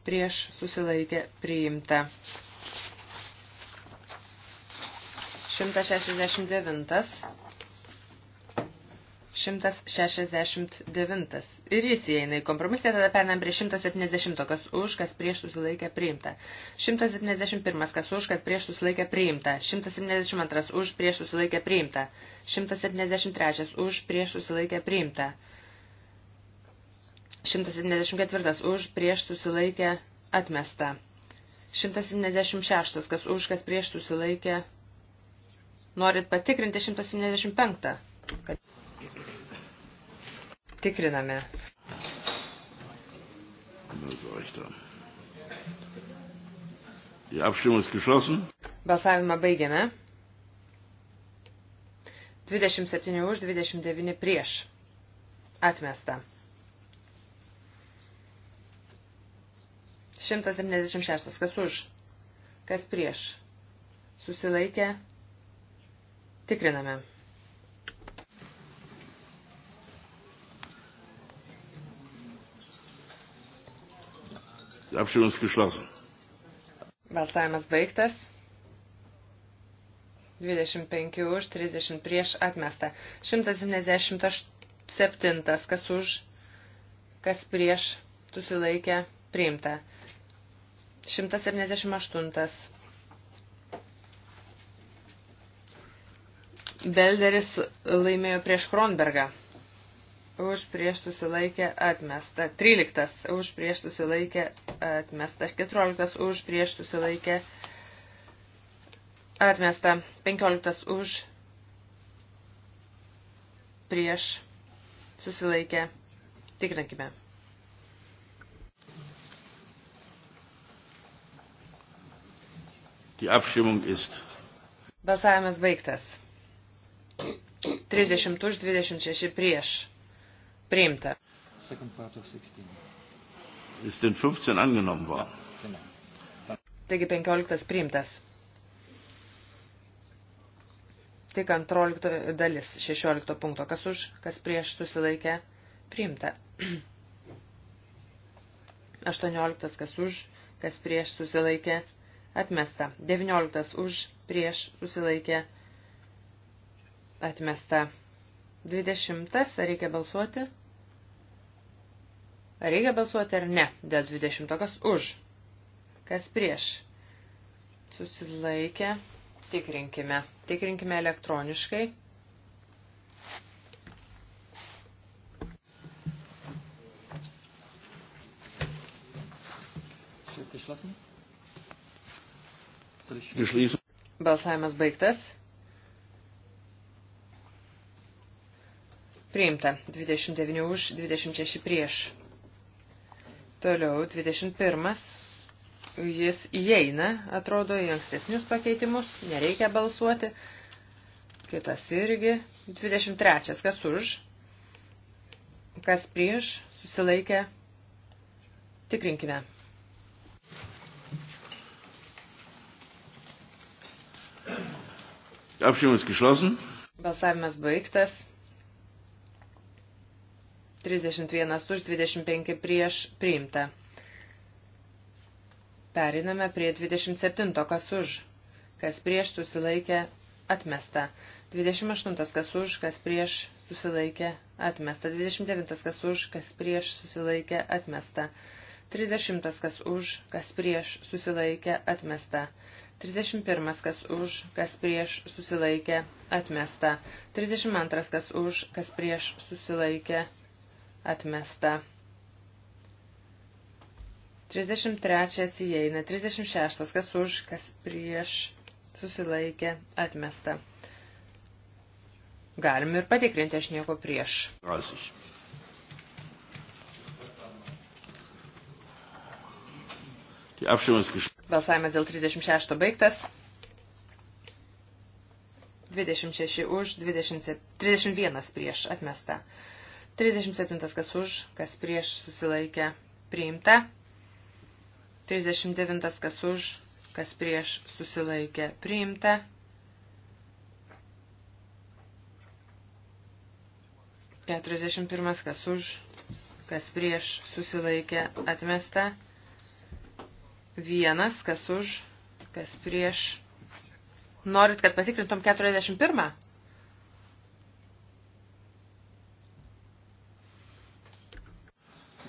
prieš susilaikė priimta. 169. 169. Ir jis įeina į kompromisą, tada pernam prie 170, kas už, kas prieš susilaikė priimta. 171, kas už, kas prieš susilaikė priimta. 172, už, prieš susilaikė priimta. 173, už, prieš susilaikė priimta. 173, 174 už prieš susilaikę atmesta. 176 kas už, kas prieš susilaikę. Norit patikrinti 175. Kad... Tikriname. Die Abstimmung ist geschlossen. Balsavimą baigiame. 27 už, 29 prieš. Atmesta. 176. Kas už? Kas prieš? Susilaikę. Tikriname. Apšilas geschlossen. Balsavimas baigtas. 25 už, 30 prieš atmesta. 177 kas už, kas prieš susilaikė priimta. 178. Belderis laimėjo prieš Kronbergą. Už prieš susilaikę atmesta. 13. Už prieš susilaikę atmesta. 14. Už prieš susilaikę atmesta. 15. Už prieš susilaikę. Tikrinkime. Die Abstimmung ist. Balsavimas baigtas. 30 už 26 prieš. Priimta. Ist in 15 angenommen worden. Taigi 15 priimtas. Tik antrolikto dalis 16 punkto. Kas už, kas prieš susilaikė, priimta. 18 [clears throat] kas už, kas prieš susilaikė, priimta atmesta. 19 už, prieš, susilaikė, atmesta. 20, ar reikia balsuoti? Ar reikia balsuoti ar ne? Dėl 20, kas už, kas prieš, susilaikė, tikrinkime. Tikrinkime elektroniškai. Geschlossen? Išleisiu. Balsavimas baigtas. Priimta 29 už, 26 prieš. Toliau 21. Jis įeina, atrodo, į ankstesnius pakeitimus, nereikia balsuoti. Kitas irgi. 23. Kas už? Kas prieš? Susilaikę. Tikrinkime. Apšimas geschlossen. Balsavimas baigtas. 31 už 25 prieš priimta. Periname prie 27, kas už, kas prieš susilaikė atmesta. 28, kas už, kas prieš susilaikė atmesta. 29, kas už, kas prieš susilaikė atmesta. 30, kas už, kas prieš susilaikė atmesta. 31, 31. Kas už, kas prieš susilaikė, atmesta. 32. Kas už, kas prieš susilaikė, atmesta. 33. Įeina. 36. Kas už, kas prieš susilaikė, atmesta. Galim ir patikrinti, aš nieko prieš. 30. Die Abstimmung ist geschlossen. Balsavimas dėl 36 baigtas. 26 už, 20, 31 prieš atmesta. 37 kas už, kas prieš susilaikė priimta. 39 kas už, kas prieš susilaikė priimta. 41 kas už, kas prieš susilaikė atmesta. Vienas, kas už, kas prieš. Norit, kad patikrintum 41?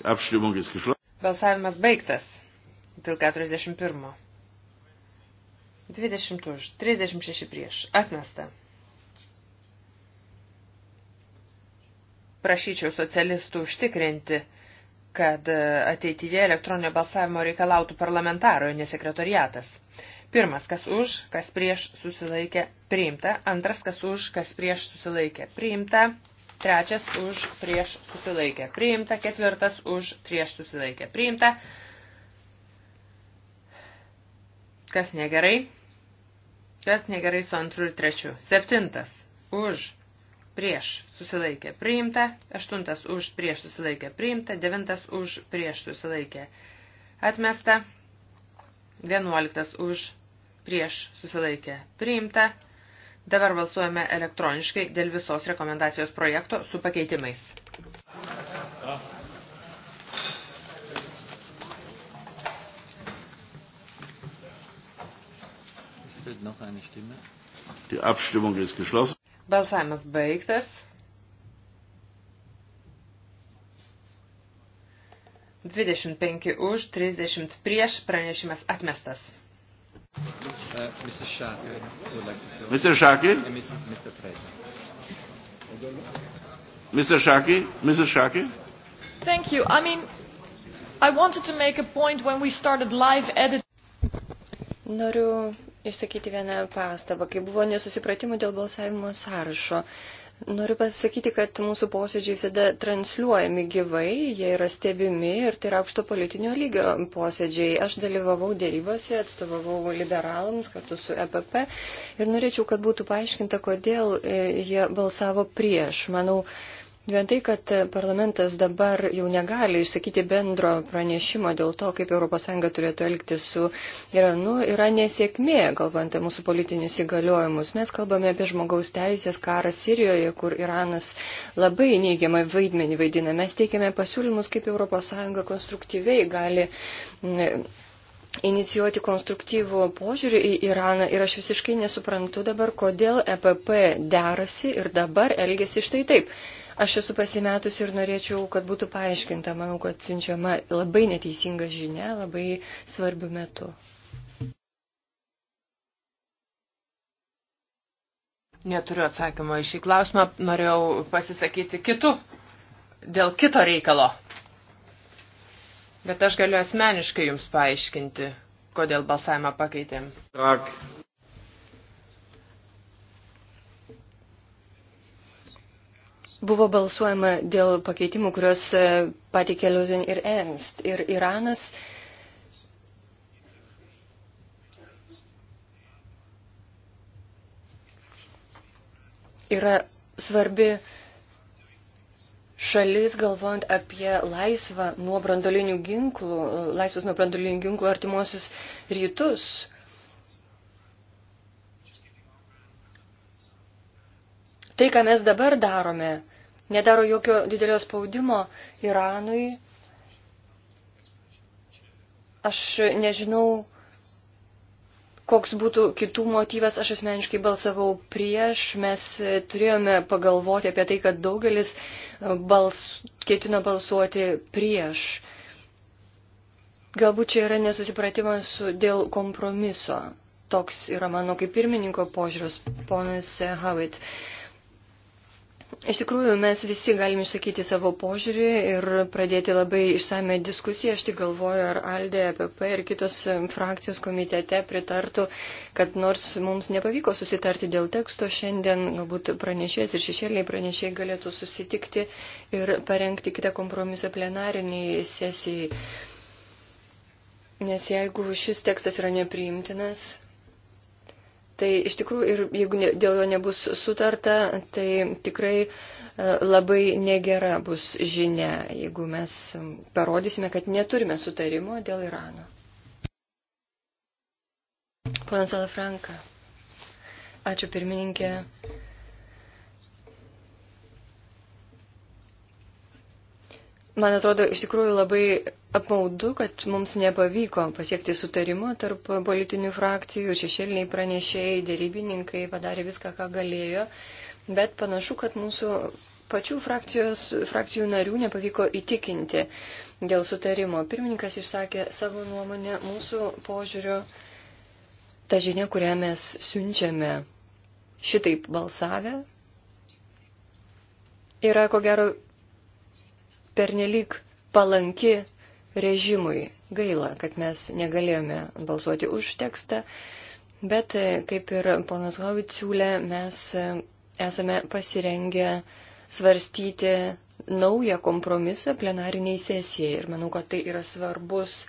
Apšliumogis kišlo. Balsavimas baigtas dėl 41. 20 už, 36 prieš. Atmesta. Prašyčiau socialistų užtikrinti, kad e, ateityje elektroninio balsavimo reikalautų parlamentaroje, ne sekretariatas. Pirmas, kas už, kas prieš susilaikė, priimta. Antras, kas už, kas prieš susilaikė, priimta. Trečias, už, prieš susilaikė, priimta. Ketvirtas, už, prieš susilaikė, priimta. Kas negerai? Kas negerai su antru ir trečiu? Septintas, už, prieš susilaikė priimta, aštuntas už prieš susilaikė priimta, devintas už prieš susilaikė atmesta, vienuoliktas už prieš susilaikė priimta. Dabar balsuojame elektroniškai dėl visos rekomendacijos projekto su pakeitimais. Die Abstimmung ist geschlossen. Balsavimas baigtas. 25 už, 30 prieš, pranešimas atmestas. Uh, Mr. Shaki. Mr. Shaki? Mr. Shaki? Mr. Shaki? Thank you. I mean, I wanted to make a point when we started live edit. Noriu išsakyti vieną pastabą, kai buvo nesusipratimų dėl balsavimo sąrašo. Noriu pasakyti, kad mūsų posėdžiai visada transliuojami gyvai, jie yra stebimi ir tai yra aukšto politinio lygio posėdžiai. Aš dalyvavau dėrybose, atstovavau liberalams kartu su EPP ir norėčiau, kad būtų paaiškinta, kodėl e, jie balsavo prieš. Manau, Vien tai, kad parlamentas dabar jau negali išsakyti bendro pranešimo dėl to, kaip ES turėtų elgtis su Iranu, yra nesėkmė, galvant apie mūsų politinius įgaliojimus. Mes kalbame apie žmogaus teisės karą Sirijoje, kur Iranas labai neigiamą vaidmenį vaidina. Mes teikiame pasiūlymus, kaip ES konstruktyviai gali mm, inicijuoti konstruktyvų požiūrį į Iraną ir aš visiškai nesuprantu dabar, kodėl EPP derasi ir dabar elgesi štai taip. Aš esu pasimetusi ir norėčiau, kad būtų paaiškinta, manau, kad siunčiama labai neteisinga žinia, labai svarbiu metu. Neturiu atsakymo į šį klausimą, norėjau pasisakyti kitų, dėl kito reikalo. Bet aš galiu asmeniškai jums paaiškinti, kodėl balsavimą pakeitėm. Tak. Buvo balsuojama dėl pakeitimų, kuriuos e, patikė Liuzin ir Ernst. Ir Iranas yra svarbi šalis, galvojant apie laisvą nuo brandolinių ginklų, laisvas nuo brandolinių ginklų artimuosius rytus. Tai, ką mes dabar darome, nedaro jokio didelio spaudimo Iranui. Aš nežinau, koks būtų kitų motyvas, aš asmeniškai balsavau prieš, mes turėjome pagalvoti apie tai, kad daugelis e, bals, ketino balsuoti prieš. Galbūt čia yra nesusipratimas dėl kompromiso. Toks yra mano kaip pirmininko požiūris, ponas Havit. Uh, Iš tikrųjų, mes visi galime išsakyti savo požiūrį ir pradėti labai išsame diskusiją. Aš tik galvoju, ar Aldė, APP ir kitos frakcijos komitete pritartų, kad nors mums nepavyko susitarti dėl teksto, šiandien galbūt pranešėjas ir šešėliai pranešėjai galėtų susitikti ir parengti kitą kompromisą plenariniai sesijai. Nes jeigu šis tekstas yra nepriimtinas, Tai iš tikrųjų ir jeigu dėl jo nebus sutarta, tai tikrai e, labai negera bus žinia, jeigu mes parodysime, kad neturime sutarimo dėl Irano. Ponas Alfranka, ačiū pirmininkė. Man atrodo, iš tikrųjų labai apmaudu, kad mums nepavyko pasiekti sutarimo tarp politinių frakcijų, šešėliniai pranešėjai, dėrybininkai padarė viską, ką galėjo, bet panašu, kad mūsų pačių frakcijos, frakcijų narių nepavyko įtikinti dėl sutarimo. Pirmininkas išsakė savo nuomonę mūsų požiūrio. Ta žinia, kurią mes siunčiame šitaip balsavę, yra ko gero pernelyg palanki režimui. Gaila, kad mes negalėjome balsuoti už tekstą, bet e, kaip ir ponas Hovit siūlė, mes e, esame pasirengę svarstyti naują kompromisą plenariniai sesijai. Ir manau, kad tai yra svarbus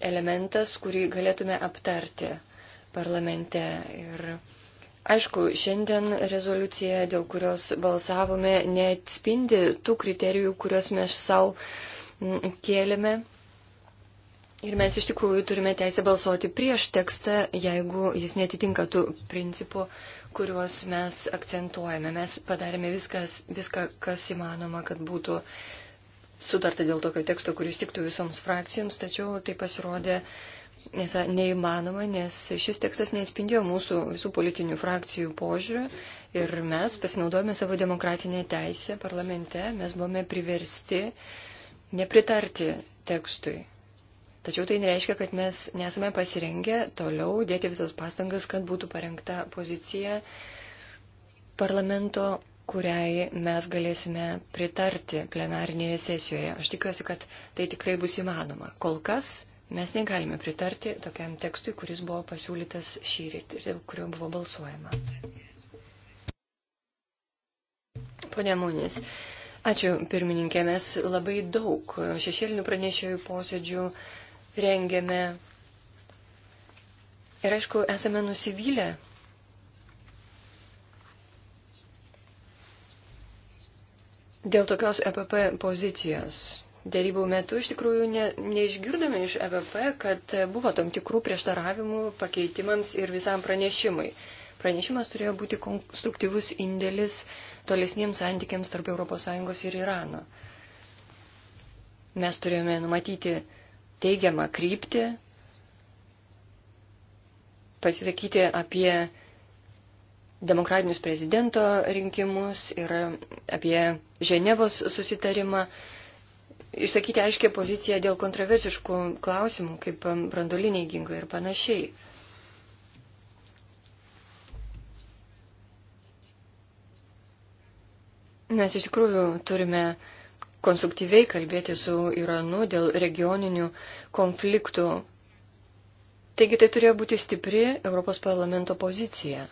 elementas, kurį galėtume aptarti parlamente. Ir Aišku, šiandien rezoliucija, dėl kurios balsavome, neatspindi tų kriterijų, kuriuos mes savo kėlėme. Ir mes iš tikrųjų turime teisę balsuoti prieš tekstą, jeigu jis netitinka tų principų, kuriuos mes akcentuojame. Mes padarėme viskas, viską, kas įmanoma, kad būtų sutarta dėl tokio teksto, kuris tiktų visoms frakcijoms, tačiau tai pasirodė nes, neįmanoma, nes šis tekstas neatspindėjo mūsų visų politinių frakcijų požiūrių ir mes pasinaudojame savo demokratinę teisę parlamente, mes buvome priversti nepritarti tekstui. Tačiau tai nereiškia, kad mes nesame pasirengę toliau dėti visas pastangas, kad būtų parengta pozicija parlamento, kuriai mes galėsime pritarti plenarinėje sesijoje. Aš tikiuosi, kad tai tikrai bus įmanoma. Kol kas mes negalime pritarti tokiam tekstui, kuris buvo pasiūlytas šį rytį ir dėl kurio buvo balsuojama. Pone Munis, ačiū pirmininkė, mes labai daug šešėlinių pranešėjų posėdžių rengiame. Ir aišku, esame nusivylę. Dėl tokios EPP pozicijos. Dėrybų metu iš tikrųjų ne, neišgirdome iš EPP, kad buvo tam tikrų prieštaravimų pakeitimams ir visam pranešimui. Pranešimas turėjo būti konstruktyvus indėlis tolesniems santykiams tarp ES ir Irano. Mes turėjome numatyti teigiamą kryptį, pasisakyti apie demokratinius prezidento rinkimus ir apie Ženevos susitarimą, išsakyti aiškę poziciją dėl kontroversiškų klausimų, kaip brandoliniai ginklai ir panašiai. Mes iš tikrųjų turime uh, konstruktyviai kalbėti su Iranu dėl regioninių konfliktų. Taigi tai turėjo būti stipri Europos parlamento pozicija.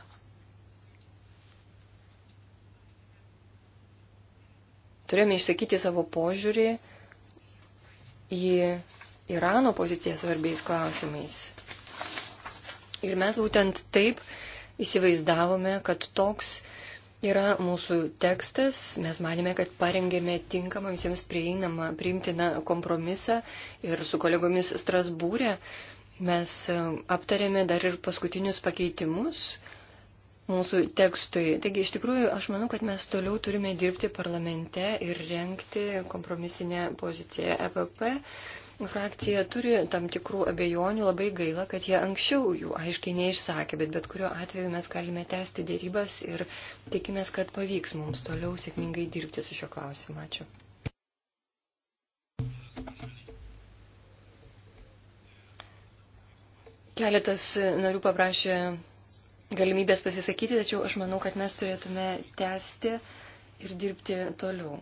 Turėjome išsakyti savo požiūrį į Irano poziciją svarbiais klausimais. Ir mes būtent taip įsivaizdavome, kad toks yra mūsų tekstas. Mes manėme, kad parengėme tinkamą visiems prieinamą, priimtiną kompromisą ir su kolegomis Strasbūrė mes e, aptarėme dar ir paskutinius pakeitimus mūsų tekstui. Taigi, iš tikrųjų, aš manau, kad mes toliau turime dirbti parlamente ir renkti kompromisinę poziciją EPP frakcija turi tam tikrų abejonių, labai gaila, kad jie anksčiau jų aiškiai neišsakė, bet bet kuriuo atveju mes galime tęsti dėrybas ir tikimės, kad pavyks mums toliau sėkmingai dirbti su šio klausimu. Ačiū. Keletas narių paprašė galimybės pasisakyti, tačiau aš manau, kad mes turėtume tęsti ir dirbti toliau.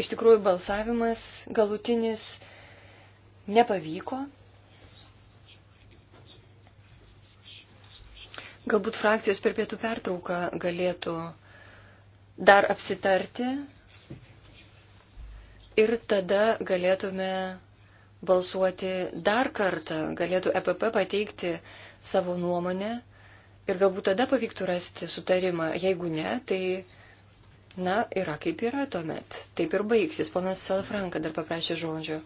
iš tikrųjų balsavimas galutinis nepavyko. Galbūt frakcijos per pietų pertrauką galėtų dar apsitarti ir tada galėtume balsuoti dar kartą, galėtų EPP pateikti savo nuomonę ir galbūt tada pavyktų rasti sutarimą. Jeigu ne, tai Na, yra kaip yra tuomet. Taip ir baigsis. Ponas Salfranka dar paprašė žodžio.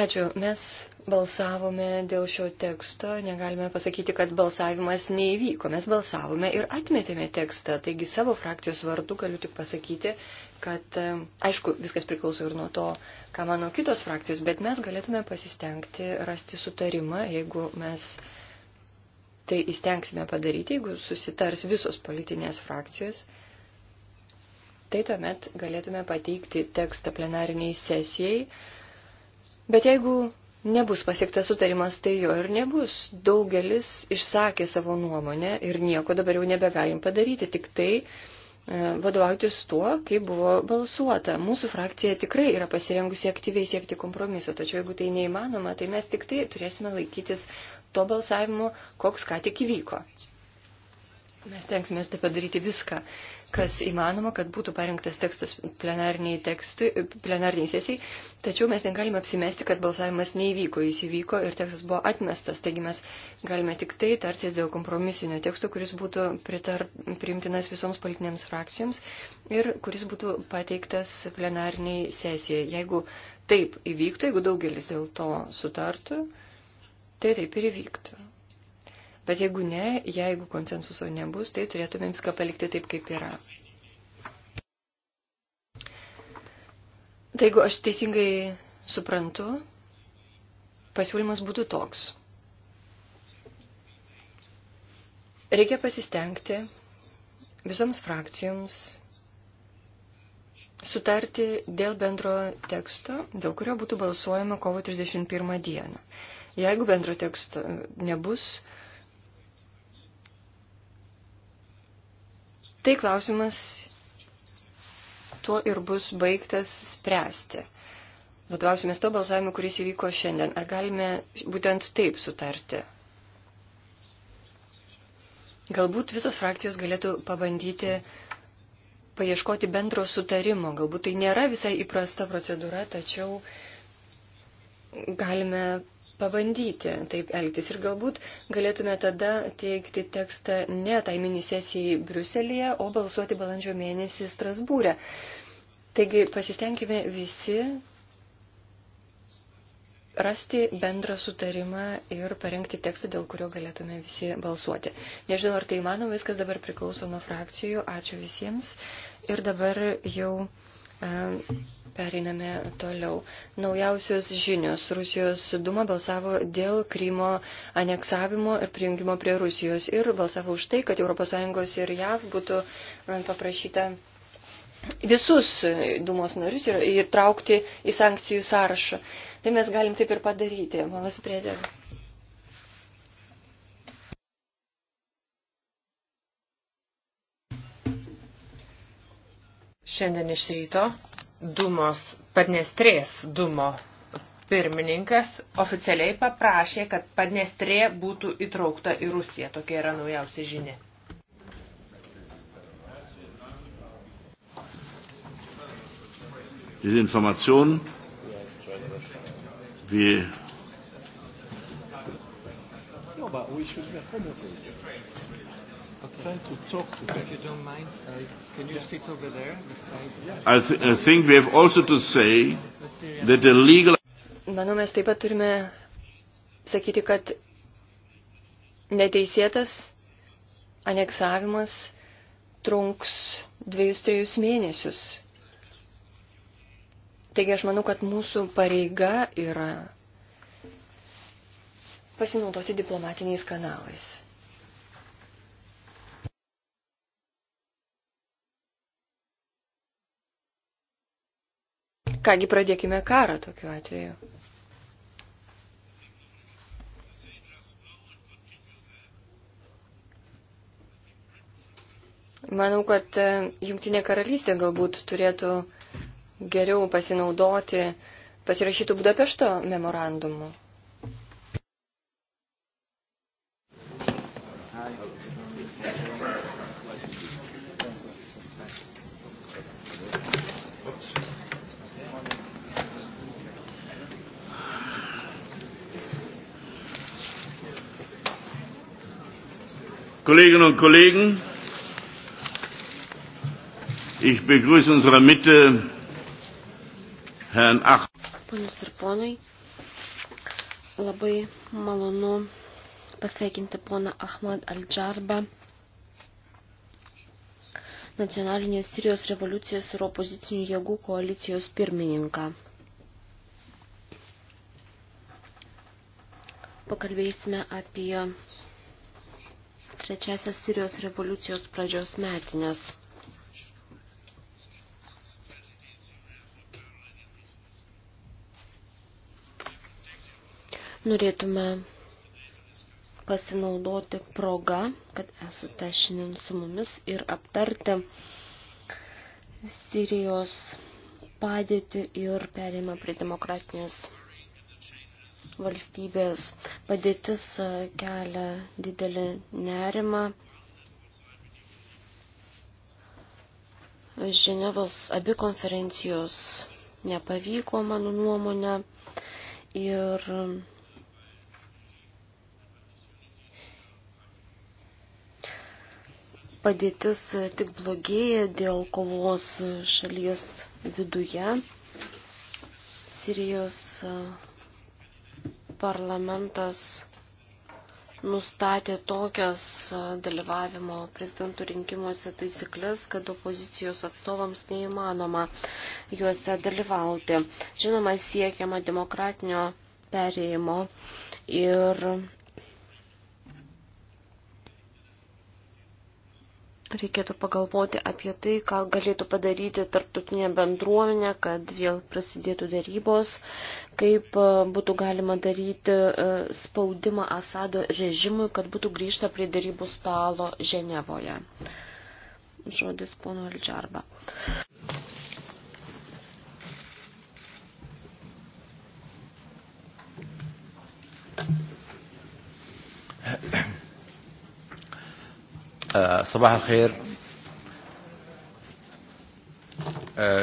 Ačiū. Mes balsavome dėl šio teksto. Negalime pasakyti, kad balsavimas neįvyko. Mes balsavome ir atmetėme tekstą. Taigi savo frakcijos vardu galiu tik pasakyti, kad, e, aišku, viskas priklauso ir nuo to, ką mano kitos frakcijos, bet mes galėtume pasistengti rasti sutarimą, jeigu mes tai įstengsime padaryti, jeigu susitars visos politinės frakcijos tai tuomet galėtume pateikti tekstą plenariniai sesijai. Bet jeigu nebus pasiektas sutarimas, tai jo ir nebus. Daugelis išsakė savo nuomonę ir nieko dabar jau nebegalim padaryti, tik tai e, vadovautis tuo, kaip buvo balsuota. Mūsų frakcija tikrai yra pasirengusi aktyviai siekti kompromiso, tačiau jeigu tai neįmanoma, tai mes tik tai turėsime laikytis to balsavimo, koks ką tik įvyko. Mes tenksime tai padaryti viską, kas įmanoma, kad būtų parengtas tekstas plenarniai, tekstui, plenarniai sesijai, tačiau mes negalime apsimesti, kad balsavimas neįvyko, jis įvyko ir tekstas buvo atmestas, taigi mes galime tik tai tartis dėl kompromisinio teksto, kuris būtų pritar, priimtinas visoms politinėms frakcijoms ir kuris būtų pateiktas plenarniai sesijai. Jeigu taip įvyktų, jeigu daugelis dėl to sutartų, tai taip ir įvyktų. Bet jeigu ne, jeigu konsensuso nebus, tai turėtumėm viską palikti taip, kaip yra. Tai jeigu aš teisingai suprantu, pasiūlymas būtų toks. Reikia pasistengti visoms frakcijoms sutarti dėl bendro teksto, dėl kurio būtų balsuojama kovo 31 dieną. Jeigu bendro teksto nebus, Tai klausimas tuo ir bus baigtas spręsti. Vadovausimės to balsavimu, kuris įvyko šiandien. Ar galime būtent taip sutarti? Galbūt visos frakcijos galėtų pabandyti paieškoti bendro sutarimo. Galbūt tai nėra visai įprasta procedūra, tačiau galime pabandyti taip elgtis. Ir galbūt galėtume tada teikti tekstą ne tai minisesijai Briuselėje, o balsuoti balandžio mėnesį Strasbūrė. Taigi pasistengime visi rasti bendrą sutarimą ir parengti tekstą, dėl kurio galėtume visi balsuoti. Nežinau, ar tai įmanoma, viskas dabar priklauso nuo frakcijų. Ačiū visiems. Ir dabar jau. Pereiname toliau. Naujausios žinios. Rusijos Duma balsavo dėl Krymo aneksavimo ir prijungimo prie Rusijos ir balsavo už tai, kad ES ir JAV būtų paprašyta visus Dumos narius ir, ir traukti į sankcijų sąrašą. Tai mes galim taip ir padaryti. Malas priedėlė. Šiandien iš ryto Dumos, Padnestrės Dumo pirmininkas oficialiai paprašė, kad Padnestrė būtų įtraukta į Rusiją. Tokia yra naujausia žinia. Diese Informationen, wie bah oui, je suis d'accord. Okay. Try to talk to them. If you don't mind, I, can you yeah. sit over there beside? Yeah. I, th I think we have also to say that the legal. Manau, mes taip pat turime sakyti, kad neteisėtas aneksavimas trunks dviejus, trejus mėnesius. Taigi aš manau, kad mūsų pareiga yra pasinaudoti diplomatiniais kanalais. Kągi pradėkime karą tokiu atveju. Manau, kad e, Junktinė karalystė galbūt turėtų geriau pasinaudoti pasirašytų Budapešto memorandumu. Kolleginnen und Kollegen, ich begrüße in unserer Mitte Herrn Ach. Ponius ir ponai, labai malonu pasveikinti poną Ahmad Al-Džarbą, nacionalinės Sirijos revoliucijos ir opozicinių jėgų koalicijos pirmininką. Pakalbėsime apie trečiasias Sirijos revoliucijos pradžios metinės. Norėtume pasinaudoti progą, kad esate šiandien su mumis ir aptarti Sirijos padėtį ir perėjimą prie demokratinės valstybės. Padėtis e, kelia didelį nerimą. Ženevos abi konferencijos nepavyko, mano nuomonė. Ir padėtis tik blogėja dėl kovos šalies viduje. Sirijos e, parlamentas nustatė tokias dalyvavimo prezidentų rinkimuose taisyklės, kad opozicijos atstovams neįmanoma juose dalyvauti. Žinoma, siekiama demokratinio perėjimo ir Reikėtų pagalvoti apie tai, ką galėtų padaryti tarptautinė bendruomenė, kad vėl prasidėtų darybos, kaip e, būtų galima daryti e, spaudimą Asado režimui, kad būtų grįžta prie darybų stalo Ženevoje. Žodis pono Aldžarba. صباح الخير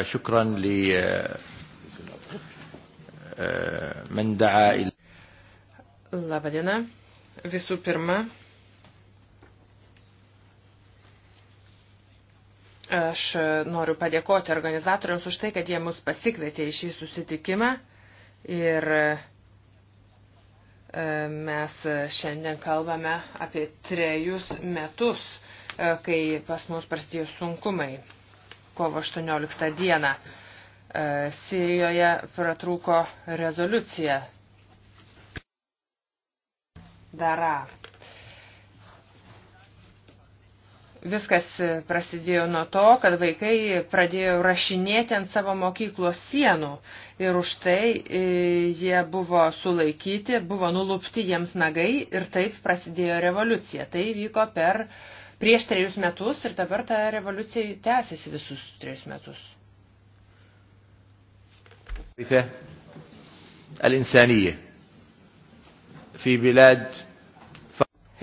شكرا لمن دعا إلى Labą dieną. Visų pirma, aš noriu padėkoti organizatoriams už tai, kad jie mus pasikvietė į šį susitikimą ir uh, E, mes šiandien kalbame apie trejus metus, e, kai pas mus prasidėjo sunkumai kovo 18 dieną. E, Sirijoje pratrūko rezoliucija. Dara. Viskas prasidėjo nuo to, kad vaikai pradėjo rašinėti ant savo mokyklos sienų ir už tai e, jie buvo sulaikyti, buvo nulupti jiems nagai ir taip prasidėjo revoliucija. Tai vyko per prieš trejus metus ir dabar ta revoliucija tęsiasi visus trejus metus.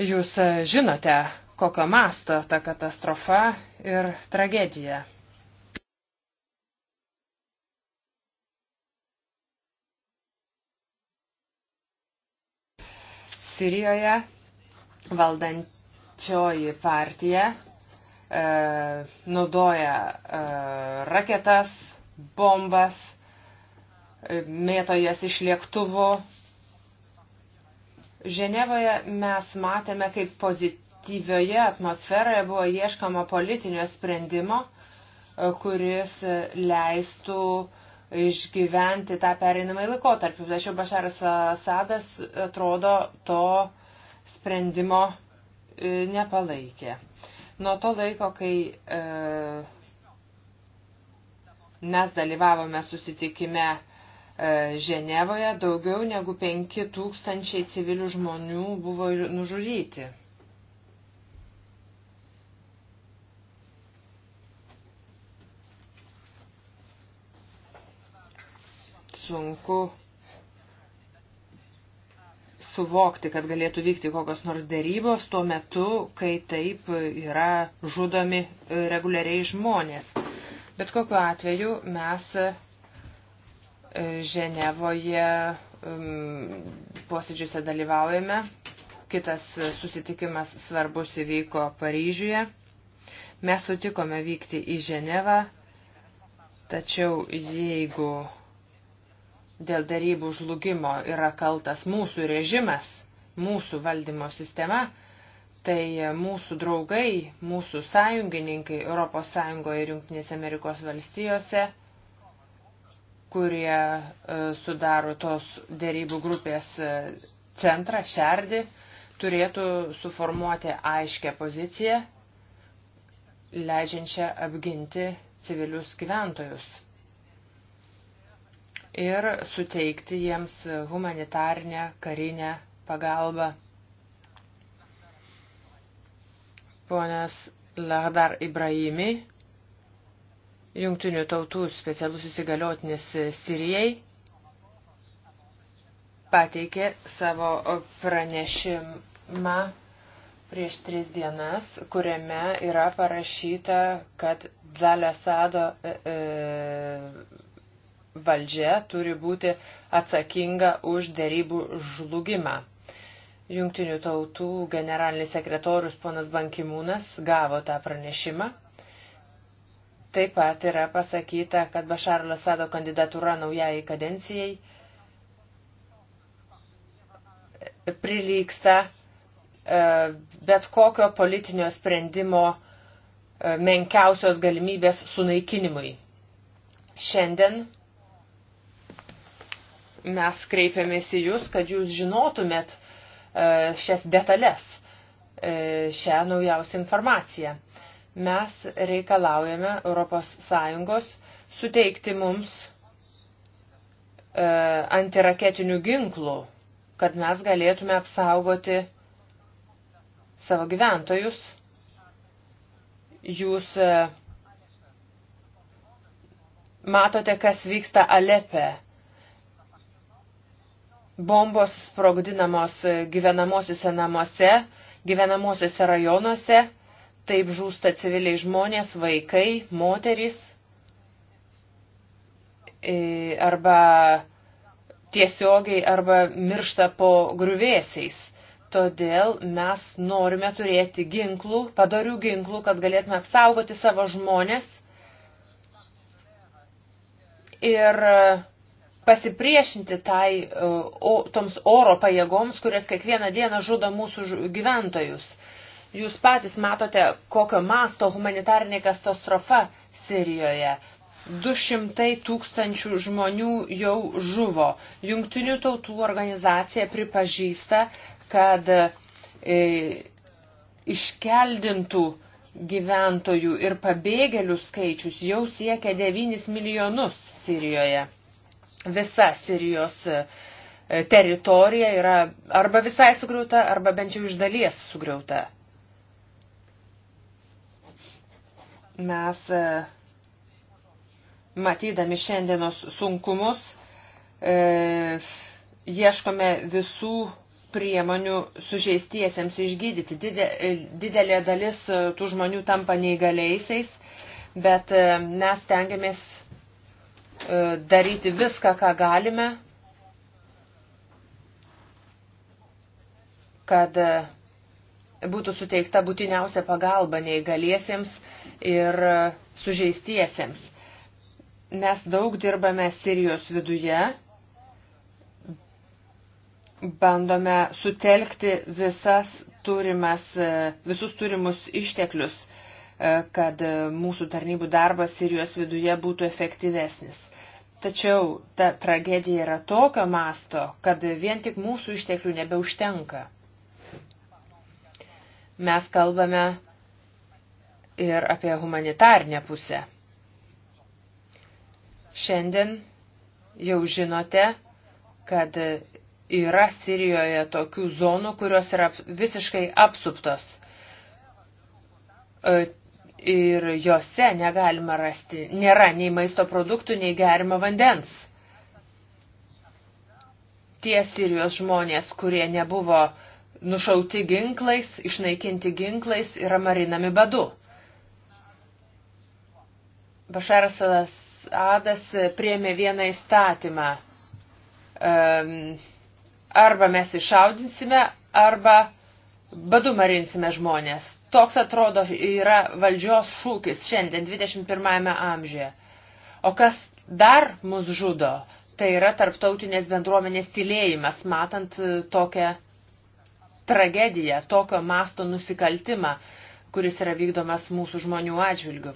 Jūs žinote, kokio masto ta katastrofa ir tragedija. Sirijoje valdančioji partija e, naudoja e, raketas, bombas, e, mėto jas iš lėktuvų. Ženevoje mes matėme, kaip pozityviai aktyvioje atmosferoje buvo ieškama politinio sprendimo, e, kuris leistų išgyventi tą pereinamąjį laikotarpį. Tačiau Bašaras Asadas e, atrodo to sprendimo e, nepalaikė. Nuo to laiko, kai e, mes dalyvavome susitikime e, Ženevoje, daugiau negu 5000 civilių žmonių buvo nužudyti. sunku suvokti, kad galėtų vykti kokios nors dėrybos tuo metu, kai taip yra žudomi e, reguliariai žmonės. Bet kokiu atveju mes e, Ženevoje posėdžiuose dalyvaujame. Kitas susitikimas svarbus įvyko Paryžiuje. Mes sutikome vykti į Ženevą, tačiau jeigu dėl darybų žlugimo yra kaltas mūsų režimas, mūsų valdymo sistema, tai mūsų draugai, mūsų sąjungininkai ES ir Junktinėse Amerikos valstijose, kurie e, sudaro tos dėrybų grupės e, centrą, šerdį, turėtų suformuoti aiškę poziciją, leidžiančią apginti civilius gyventojus ir suteikti jiems humanitarnę karinę pagalbą. Ponas Lahdar Ibrahimi, jungtinių tautų specialus įsigaliotinis Sirijai, pateikė savo pranešimą prieš tris dienas, kuriame yra parašyta, kad Zalesado e, e, valdžia turi būti atsakinga už dėrybų žlugimą. Jungtinių tautų generalinis sekretorius ponas Bankimūnas gavo tą pranešimą. Taip pat yra pasakyta, kad Bašarlo Sado kandidatūra naujai kadencijai prilyksta e, bet kokio politinio sprendimo e, menkiausios galimybės sunaikinimui. Šiandien mes kreipiamės į jūs, kad jūs žinotumėt e, šias detalės, e, šią naujausią informaciją. Mes reikalaujame ES suteikti mums e, antiraketinių ginklų, kad mes galėtume apsaugoti savo gyventojus. Jūs matote, kas vyksta Alepe Bombos sprogdinamos gyvenamosiuose namuose, gyvenamosiuose rajonuose, taip žūsta civiliai žmonės, vaikai, moterys e, arba tiesiogiai arba miršta po gruvėsiais. Todėl mes norime turėti ginklų, padarių ginklų, kad galėtume apsaugoti savo žmonės. Ir pasipriešinti tai, e, o, toms oro pajėgoms, kurias kiekvieną dieną žudo mūsų gyventojus. Jūs patys matote, kokio masto humanitarinė katastrofa Sirijoje. 200 tūkstančių žmonių jau žuvo. Jungtinių tautų organizacija pripažįsta, kad e, iškeldintų gyventojų ir pabėgėlių skaičius jau siekia 9 milijonus Sirijoje. Visa Sirijos e, teritorija yra arba visai sugriauta, arba bent jau iš dalies sugriauta. Mes e, matydami šiandienos sunkumus, e, ieškome visų priemonių sužeistiesiems išgydyti. Dide, didelė dalis e, tų žmonių tampa neįgaliaisiais, bet mes tengiamės E, daryti viską, ką galime, kad e, būtų suteikta būtiniausia pagalba neįgaliesiems ir e, sužeistiesiems. Mes daug dirbame Sirijos viduje, bandome sutelkti visas turimas, visus turimus išteklius, kad mūsų tarnybų darbas Sirijos viduje būtų efektyvesnis. Tačiau ta tragedija yra tokio masto, kad vien tik mūsų išteklių nebeužtenka. Mes kalbame ir apie humanitarnę pusę. Šiandien jau žinote, kad yra Sirijoje tokių zonų, kurios yra visiškai apsuptos ir jose negalima rasti, nėra nei maisto produktų, nei gerimo vandens. Tie Sirijos žmonės, kurie nebuvo nušauti ginklais, išnaikinti ginklais, yra marinami badu. Bašaras Adas priemė vieną įstatymą. Arba mes išaudinsime, arba badu marinsime žmonės Toks atrodo yra valdžios šūkis šiandien 21 amžiuje. O kas dar mus žudo, tai yra tarptautinės bendruomenės tylėjimas, matant e, tokią tragediją, tokio masto nusikaltimą, kuris yra vykdomas mūsų žmonių atžvilgių.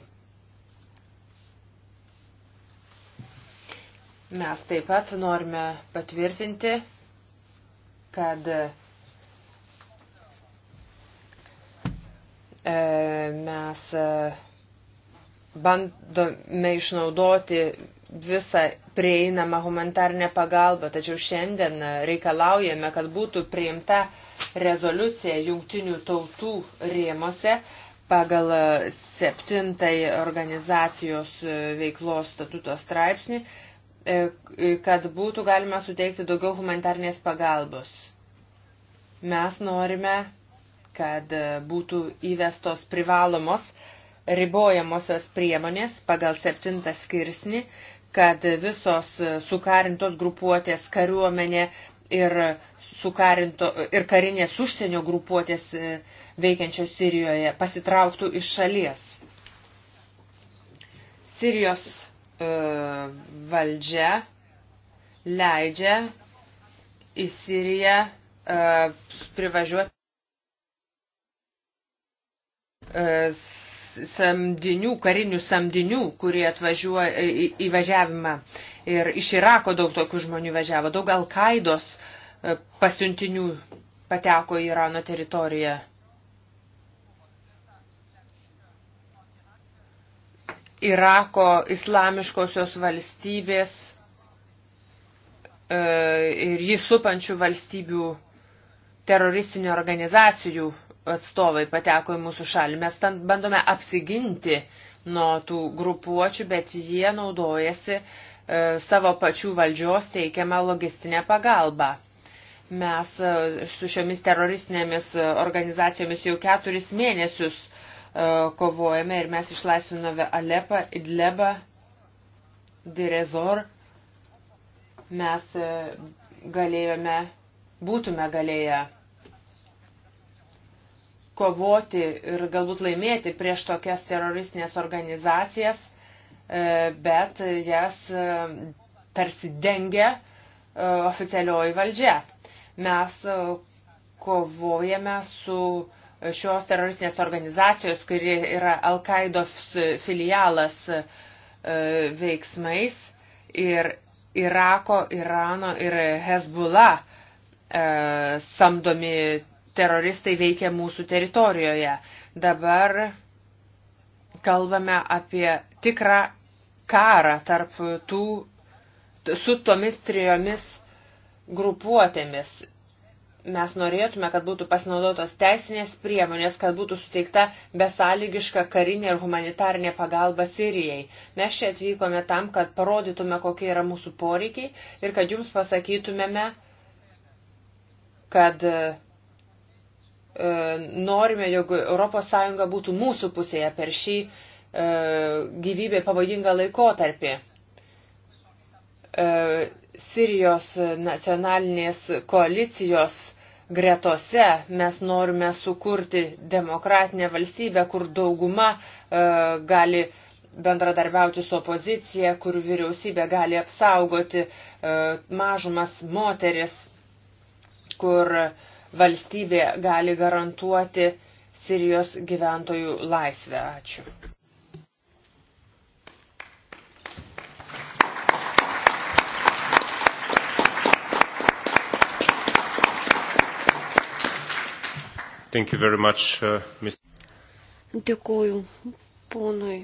Mes taip pat norime patvirtinti, kad E, mes e, bandome išnaudoti visą prieinamą humanitarnę pagalbą, tačiau šiandien reikalaujame, kad būtų priimta rezoliucija jungtinių tautų rėmose pagal septintai organizacijos veiklos statuto straipsnį, e, kad būtų galima suteikti daugiau humanitarnės pagalbos. Mes norime kad e, būtų įvestos privalomos ribojamosios priemonės pagal septintą skirsnį, kad visos e, sukarintos grupuotės kariuomenė ir, sukarinto, ir karinės užsienio grupuotės e, veikiančios Sirijoje pasitrauktų iš šalies. Sirijos e, valdžia leidžia į Siriją e, privažiuoti E, samdinių, karinių samdinių, kurie atvažiuoja e, į, įvažiavimą. Ir iš Irako daug tokių žmonių važiavo, daug Al-Kaidos e, pasiuntinių pateko į Irano teritoriją. Irako islamiškosios valstybės ir jį supančių valstybių teroristinių organizacijų atstovai pateko į mūsų šalį. Mes ten bandome apsiginti nuo tų grupuočių, bet jie naudojasi e, savo pačių valdžios teikiamą logistinę pagalbą. Mes e, su šiomis teroristinėmis organizacijomis jau keturis mėnesius e, kovojame ir mes išlaisvinome Alepą, Idlebą, Direzor. Mes e, galėjome, būtume galėję kovoti ir galbūt laimėti prieš tokias teroristinės organizacijas, e, bet jas e, tarsi dengia e, oficialioji valdžia. Mes kovojame su šios teroristinės organizacijos, kuri yra Al-Qaidos filialas veiksmais ir Irako, Irano ir Hezbollah samdomi teroristai veikia mūsų teritorijoje. Dabar kalbame apie tikrą karą tarp tų, su tomis trijomis grupuotėmis. Mes norėtume, kad būtų pasinaudotos teisinės priemonės, kad būtų suteikta besąlygiška karinė ir humanitarinė pagalba Sirijai. Mes čia atvykome tam, kad parodytume, kokie yra mūsų poreikiai ir kad jums pasakytumėme, kad uh, E, norime, jog ES būtų mūsų pusėje per šį e, gyvybė pavojingą laikotarpį. E, Sirijos nacionalinės koalicijos gretose mes norime sukurti demokratinę valstybę, kur dauguma gali bendradarbiauti su opozicija, kur vyriausybė gali apsaugoti mažumas moteris, kur uh, valstybė gali garantuoti Sirijos gyventojų laisvę. Ačiū. Much, uh, Mr. Dėkuoju ponui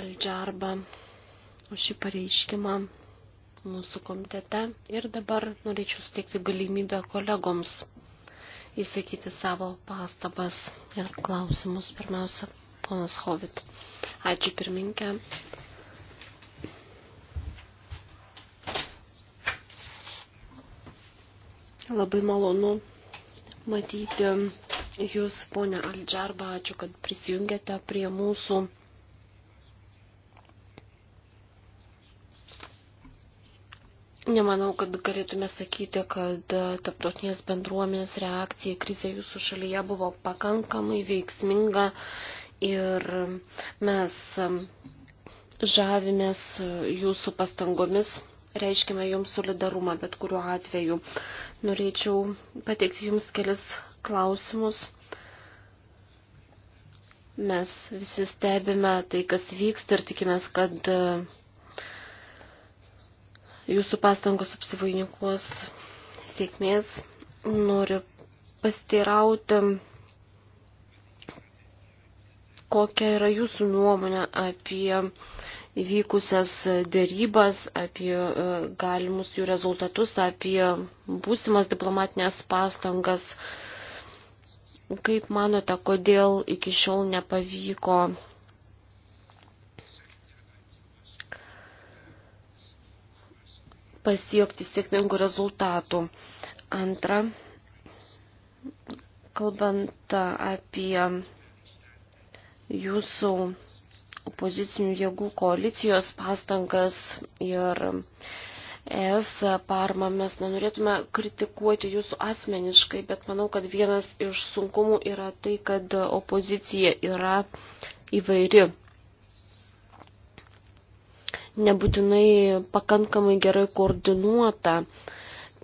Aldžarba už šį pareiškimą mūsų komitete ir dabar norėčiau steikti galimybę kolegoms įsakyti savo pastabas ir klausimus. Pirmiausia, ponas Hovit. Ačiū pirminkė. Labai malonu matyti Jūs, ponia Aldžarba, ačiū, kad prisijungėte prie mūsų. Nemanau, kad galėtume sakyti, kad e, tarptautinės bendruomenės reakcija į krizę jūsų šalyje buvo pakankamai veiksminga ir mes e, žavimės e, jūsų pastangomis, reiškime jums solidarumą, bet kuriuo atveju. Norėčiau pateikti jums kelis klausimus. Mes visi stebime tai, kas vyksta ir tikimės, kad uh, jūsų pastangos apsivainikuos sėkmės. Noriu pasteirauti, kokia yra jūsų nuomonė apie įvykusias dėrybas, apie e, galimus jų rezultatus, apie būsimas diplomatinės pastangas. Kaip manote, kodėl iki šiol nepavyko pasiekti sėkmingų rezultatų. Antra, kalbant apie jūsų opozicinių jėgų koalicijos pastangas ir ES parmą mes nenorėtume kritikuoti jūsų asmeniškai, bet manau, kad vienas iš sunkumų yra tai, kad opozicija yra įvairi nebūtinai pakankamai gerai koordinuota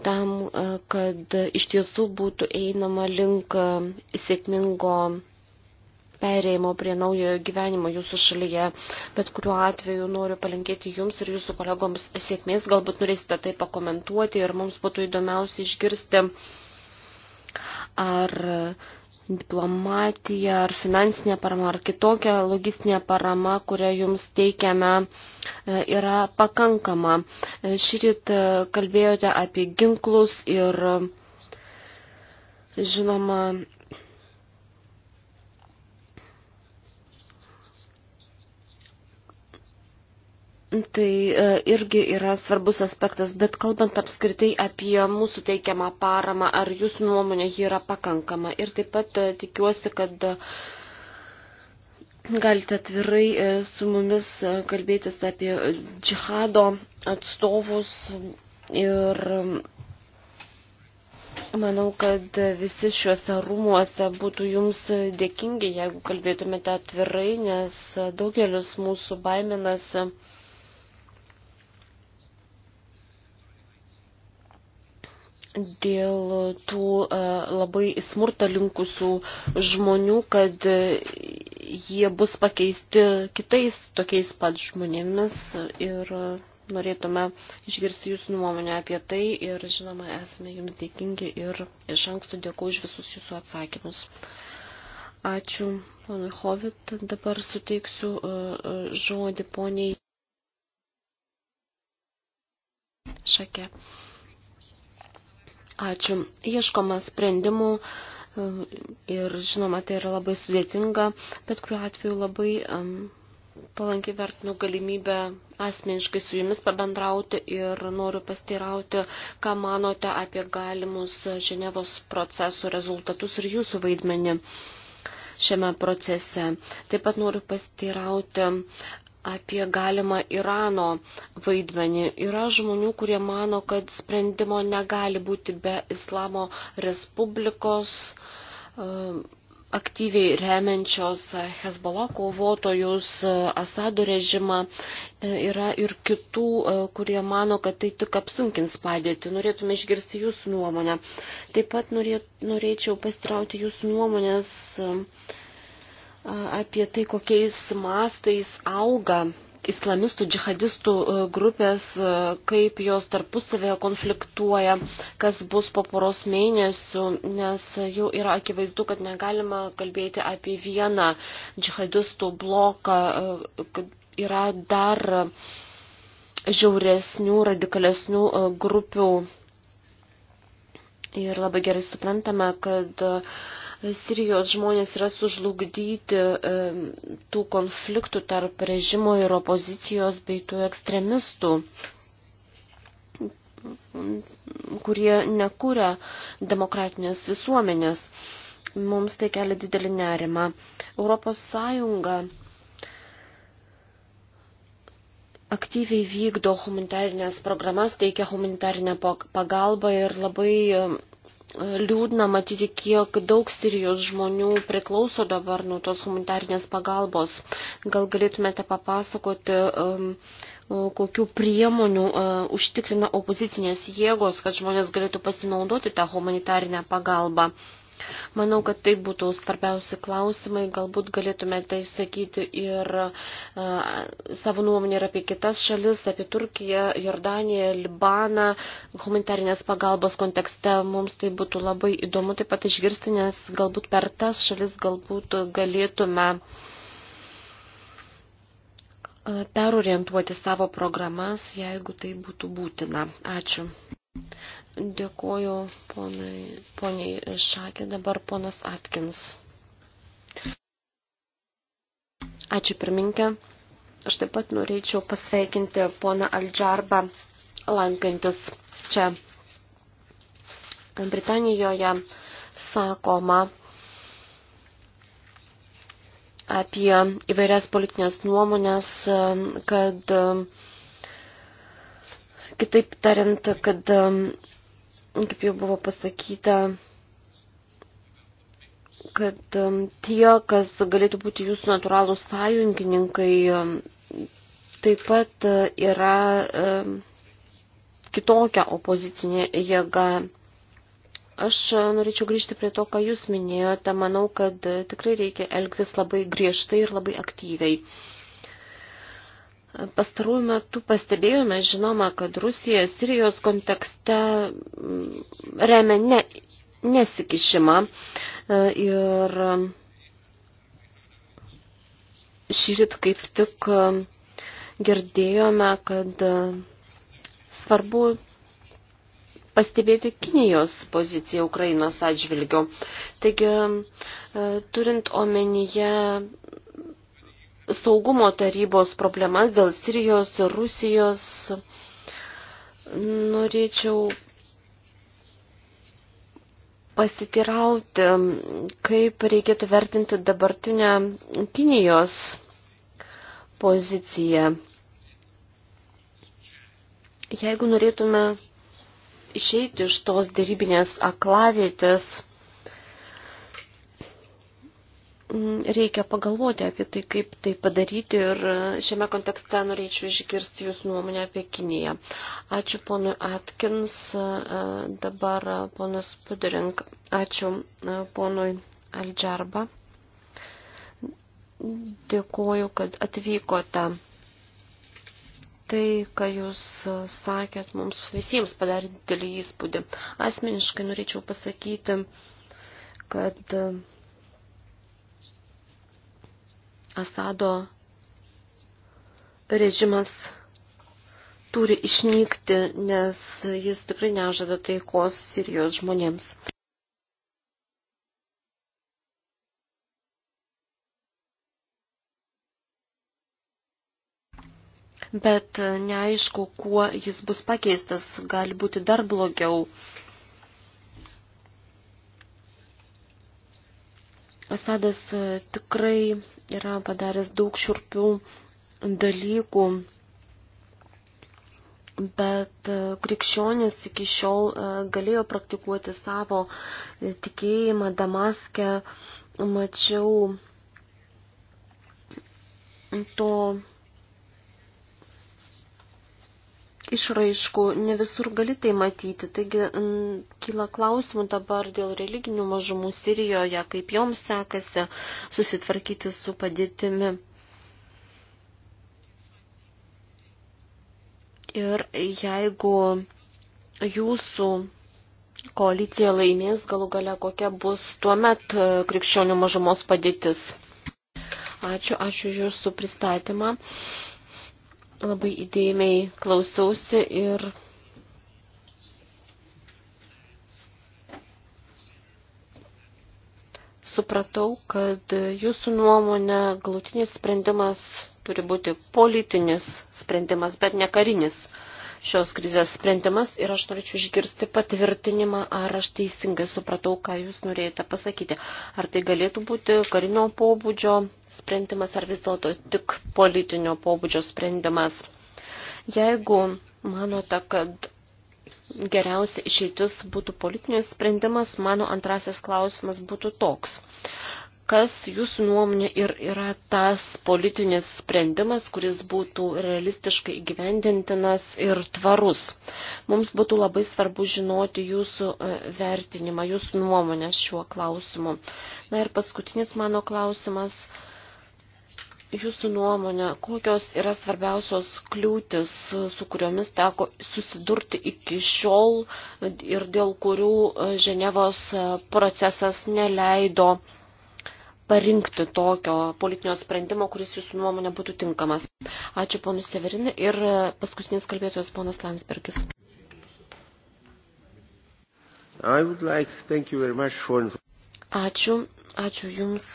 tam, e, kad iš tiesų būtų einama link e, sėkmingo perėjimo prie naujojo gyvenimo jūsų šalyje. Bet kuriuo atveju noriu palinkėti jums ir jūsų kolegoms sėkmės, galbūt norėsite tai pakomentuoti ir mums būtų įdomiausia išgirsti, ar diplomatija ar finansinė parama ar kitokia logistinė parama, kurią jums teikiame, e, yra pakankama. E, šįryt e, kalbėjote apie ginklus ir žinoma Tai e, irgi yra svarbus aspektas, bet kalbant apskritai apie mūsų teikiamą paramą, ar jūsų nuomonė ji yra pakankama. Ir taip pat e, tikiuosi, kad e, galite atvirai su mumis kalbėtis apie džihado atstovus ir Manau, kad visi šiuose rūmuose būtų jums dėkingi, jeigu kalbėtumėte atvirai, nes daugelis mūsų baiminasi dėl tų e, labai smurto linkusių žmonių, kad jie bus pakeisti kitais tokiais pat žmonėmis ir norėtume išgirsti jūsų nuomonę apie tai ir žinoma esame jums dėkingi ir iš anksto dėkuoju už visus jūsų atsakymus. Ačiū, ponui Hovit, dabar suteiksiu e, e, žodį poniai Šake. Ačiū. Ieškoma sprendimų e, ir žinoma, tai yra labai sudėtinga, bet kuriuo atveju labai palankiai vertinu galimybę asmeniškai su jumis pabendrauti ir noriu pastirauti, ką manote apie galimus Ženevos procesų rezultatus ir jūsų vaidmenį šiame procese. Taip pat noriu pastirauti, apie galimą Irano vaidmenį. Yra žmonių, kurie mano, kad sprendimo negali būti be Islamo Respublikos um, aktyviai remiančios Hezbollah kovotojus, Asado režimą. E, yra ir kitų, e, kurie mano, kad tai tik apsunkins padėtį. Norėtume išgirsti jūsų nuomonę. Taip pat norėčiau pastrauti jūsų nuomonės. Uh, apie tai, kokiais mastais auga islamistų džihadistų grupės, kaip jos tarpusavėje konfliktuoja, kas bus po poros mėnesių, nes jau yra akivaizdu, kad negalima kalbėti apie vieną džihadistų bloką, kad yra dar žiauresnių, radikalesnių grupių. Ir labai gerai suprantame, kad uh, Sirijos žmonės yra sužlugdyti tų konfliktų tarp režimo ir opozicijos bei tų ekstremistų, kurie nekūrė demokratinės visuomenės. Mums tai kelia didelį nerimą. Europos Sąjunga aktyviai vykdo humanitarinės programas, teikia humanitarinę pagalbą ir labai liūdna matyti, kiek daug Sirijos žmonių priklauso dabar nuo tos humanitarnės pagalbos. Gal galėtumėte papasakoti, um, kokių priemonių uh, užtikrina opozicinės jėgos, kad žmonės galėtų pasinaudoti tą humanitarinę pagalbą. Manau, kad tai būtų svarbiausi klausimai. Galbūt galėtumėte išsakyti ir a, e, savo nuomonę ir apie kitas šalis, apie Turkiją, Jordaniją, Libaną, humanitarinės pagalbos kontekste. Mums tai būtų labai įdomu taip pat išgirsti, nes galbūt per tas šalis galbūt galėtume e, perorientuoti savo programas, jeigu tai būtų būtina. Ačiū. Dėkoju ponai, poniai Šakė, dabar ponas Atkins. Ačiū pirminkė. Aš taip pat norėčiau pasveikinti poną Aldžarbą lankantis čia. Britanijoje sakoma apie įvairias politinės nuomonės, kad kitaip tariant, kad kaip jau buvo pasakyta, kad um, tie, kas galėtų būti jūsų natūralūs sąjungininkai, um, taip pat uh, yra um, kitokia opozicinė jėga. Aš uh, norėčiau grįžti prie to, ką jūs minėjote. Manau, kad uh, tikrai reikia elgtis labai griežtai ir labai aktyviai. Pastaruoju metu pastebėjome, žinoma, kad Rusija Sirijos kontekste mm, remia ne, nesikišimą e, ir e, šįryt kaip tik e, girdėjome, kad svarbu pastebėti Kinijos poziciją Ukrainos atžvilgiu. Taigi, turint omenyje saugumo tarybos problemas dėl Sirijos ir Rusijos. Norėčiau pasitirauti, kaip reikėtų vertinti dabartinę Kinijos poziciją. Jeigu norėtume išeiti iš tos dėrybinės aklavietės, reikia pagalvoti apie tai, kaip tai padaryti ir e, šiame kontekste norėčiau išgirsti Jūsų nuomonę apie Kiniją. Ačiū ponui Atkins, e, e, dabar ponas Puderink, ačiū ponui Aldžarba. Dėkuoju, kad atvykote. Tai, ką Jūs sakėt, mums visiems padarė didelį įspūdį. Asmeniškai norėčiau pasakyti, kad Asado režimas turi išnykti, nes jis tikrai nežada taikos Sirijos žmonėms. Bet neaišku, kuo jis bus pakeistas, gali būti dar blogiau. Asadas e, tikrai yra padaręs daug širpių dalykų, bet e, krikščionis iki šiol e, galėjo praktikuoti savo tikėjimą Damaske. Mačiau to išraiškų, ne visur gali tai matyti. Taigi n, kyla klausimų dabar dėl religinių mažumų Sirijoje, kaip joms sekasi susitvarkyti su padėtimi. Ir jeigu jūsų koalicija laimės, galų gale kokia bus tuomet e, krikščionių mažumos padėtis. Ačiū, ačiū Jūsų pristatymą labai įdėmiai klausiausi ir supratau, kad jūsų nuomonė galutinis sprendimas turi būti politinis sprendimas, bet ne karinis sprendimas šios krizės sprendimas ir aš norėčiau išgirsti patvirtinimą, ar aš teisingai supratau, ką jūs norėjote pasakyti. Ar tai galėtų būti karinio pobūdžio sprendimas, ar vis dėlto tik politinio pobūdžio sprendimas. Jeigu manote, kad geriausia išeitis būtų politinis sprendimas, mano antrasis klausimas būtų toks kas jūsų nuomonė ir yra tas politinis sprendimas, kuris būtų realistiškai gyvendintinas ir tvarus. Mums būtų labai svarbu žinoti jūsų e, vertinimą, jūsų nuomonę šiuo klausimu. Na ir paskutinis mano klausimas. Jūsų nuomonė, kokios yra svarbiausios kliūtis, e, su kuriomis teko susidurti iki šiol ir dėl kurių e, Ženevos procesas neleido uh, parinkti tokio politinio sprendimo, kuris jūsų nuomonė būtų tinkamas. Ačiū ponu Severinui ir paskutinis kalbėtojas ponas Landsbergis. Like, for... Ačiū, ačiū Jums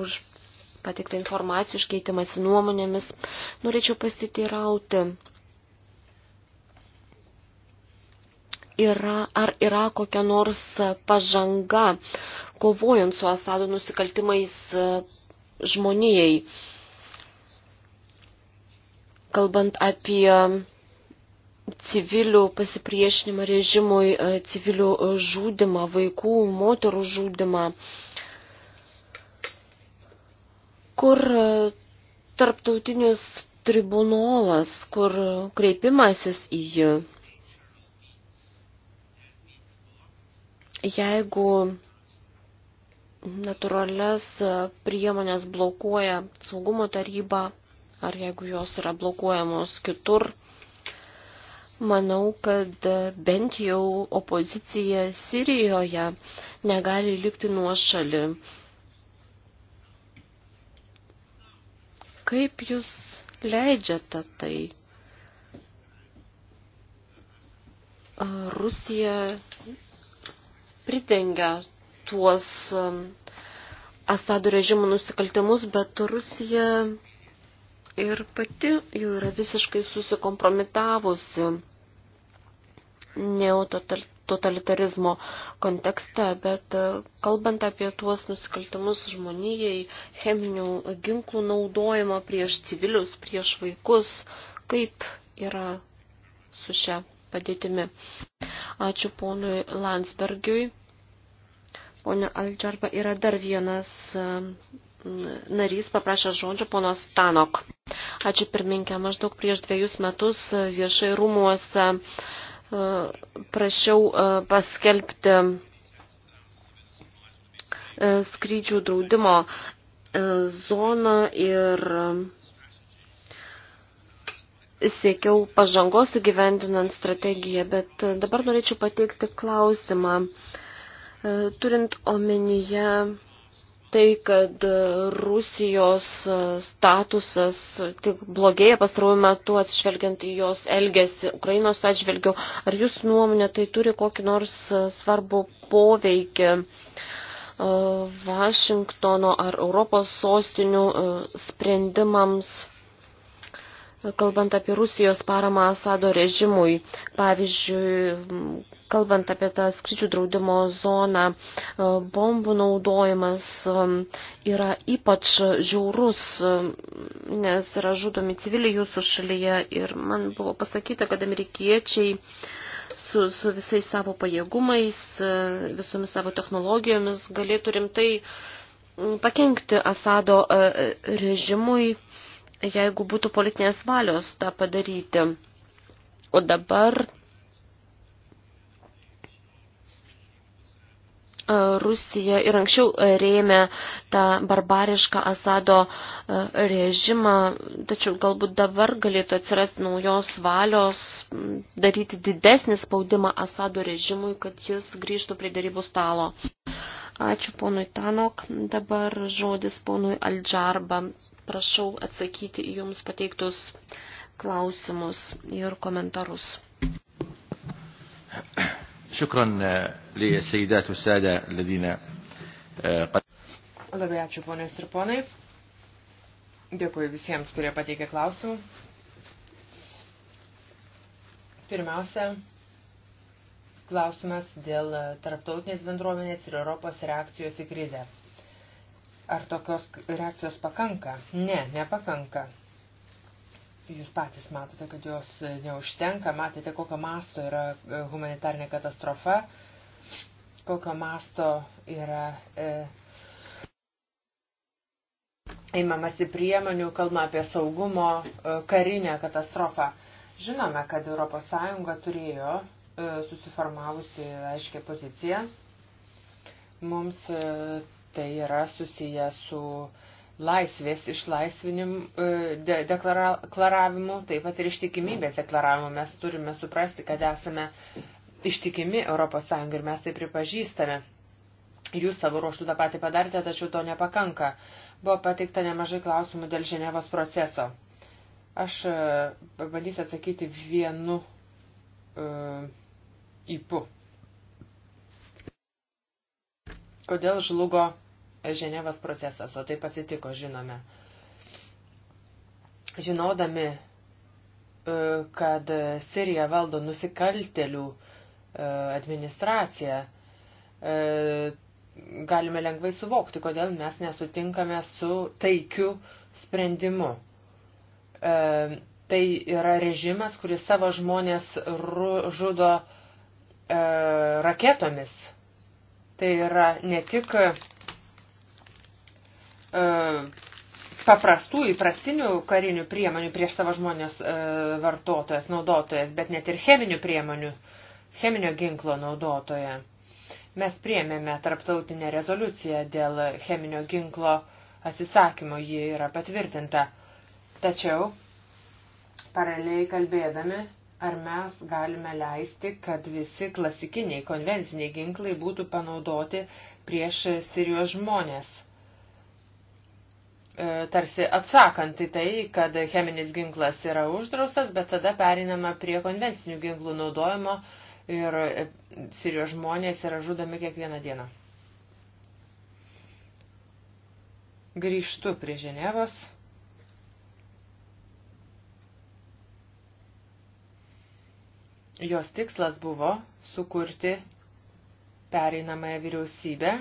už pateiktą informaciją, iškeitimąsi nuomonėmis. Norėčiau pasiteirauti yra, ar yra kokia nors pažanga kovojant su Asado nusikaltimais e, žmonijai. Kalbant apie civilių pasipriešinimą režimui, e, civilių žudimą, vaikų, moterų žudimą, kur e, tarptautinis tribunolas, kur kreipimasis į jį Jeigu natūrales priemonės blokuoja saugumo taryba ar jeigu jos yra blokuojamos kitur, manau, kad bent jau opozicija Sirijoje negali likti nuo šali. Kaip jūs leidžiate tai? Rusija pridengia tuos um, Asado režimų nusikaltimus, bet Rusija ir pati jau yra visiškai susikompromitavusi neototalitarizmo kontekste, bet uh, kalbant apie tuos nusikaltimus žmonijai, cheminių ginklų naudojimą prieš civilius, prieš vaikus, kaip yra su šia padėtimi. Ačiū ponui Landsbergiui. Pone Aldžarba yra dar vienas e, narys paprašęs žodžio, ponas Tanok. Ačiū pirminkė, maždaug prieš dviejus metus viešai rūmuose e, prašiau e, paskelbti skrydžių draudimo zoną ir siekiau pažangos įgyvendinant strategiją, bet dabar norėčiau pateikti klausimą. E, turint omenyje tai, kad Rusijos statusas tik blogėja pastarųjų metų atšvelgiant į jos elgesį Ukrainos atžvelgiau, ar jūs nuomonė tai turi kokį nors svarbų poveikį e, Vašingtono ar Europos sostinių e, sprendimams kalbant apie Rusijos paramą Asado režimui, pavyzdžiui, kalbant apie tą skrydžių draudimo zoną, e, bombų naudojimas yra ypač žiaurus, nes yra žudomi civiliai jūsų šalyje ir man buvo pasakyta, kad amerikiečiai su, su visais savo pajėgumais, e, visomis savo technologijomis galėtų rimtai pakenkti Asado e, režimui jeigu būtų politinės valios tą padaryti. O dabar e, Rusija ir anksčiau rėmė tą barbarišką Asado e, režimą, tačiau galbūt dabar galėtų atsirasti naujos valios daryti didesnį spaudimą Asado režimui, kad jis grįžtų prie darybų stalo. Ačiū ponui Tanok, dabar žodis ponui Aldžarba, prašau atsakyti į jums pateiktus klausimus ir komentarus. Šukran eh, lėseidatų sėdę ledinę. Eh, Labai ačiū ponios ir ponai. Dėkuoju visiems, kurie pateikė klausimų. Pirmiausia, klausimas dėl tarptautinės bendruomenės ir Europos reakcijos į krizę. Ar tokios reakcijos pakanka? Ne, nepakanka. Jūs patys matote, kad jos e, neužtenka, matėte, kokio masto yra e, humanitarinė katastrofa, kokio masto yra e, įmamasi priemonių, kalbama apie saugumo e, karinę katastrofą. Žinome, kad ES turėjo e, susiformavusi aiškę poziciją. Mums e, tai yra susiję su laisvės išlaisvinimu, e, taip pat ir ištikimybės deklaravimu. Mes turime suprasti, kad esame ištikimi ES ir mes tai pripažįstame. Jūs savo ruoštų tą patį padarėte, tačiau to nepakanka. Buvo pateikta nemažai klausimų dėl Ženevos proceso. Aš e, pabandysiu atsakyti vienu uh, e, įpu. Kodėl žlugo Ženevos procesas, o taip atsitiko, žinome. Žinodami, e, kad Sirija valdo nusikaltelių e, administraciją, e, galime lengvai suvokti, kodėl mes nesutinkame su taikiu sprendimu. Tai yra režimas, kuris savo žmonės žudo raketomis. Tai yra ne tik E, paprastų įprastinių karinių priemonių prieš savo žmonės e, vartotojas, naudotojas, bet net ir cheminių priemonių, cheminio ginklo naudotoja. Mes priėmėme tarptautinę rezoliuciją dėl cheminio ginklo atsisakymo, ji yra patvirtinta. Tačiau, paraleliai kalbėdami, ar mes galime leisti, kad visi klasikiniai konvenciniai ginklai būtų panaudoti prieš Sirijos žmonės – E, tarsi atsakant į tai, kad cheminis ginklas yra uždraustas, bet tada perinama prie konvencinių ginklų naudojimo ir e, Sirijos žmonės yra žudomi kiekvieną dieną. Grįžtu prie Ženevos. Jos tikslas buvo sukurti pereinamąją vyriausybę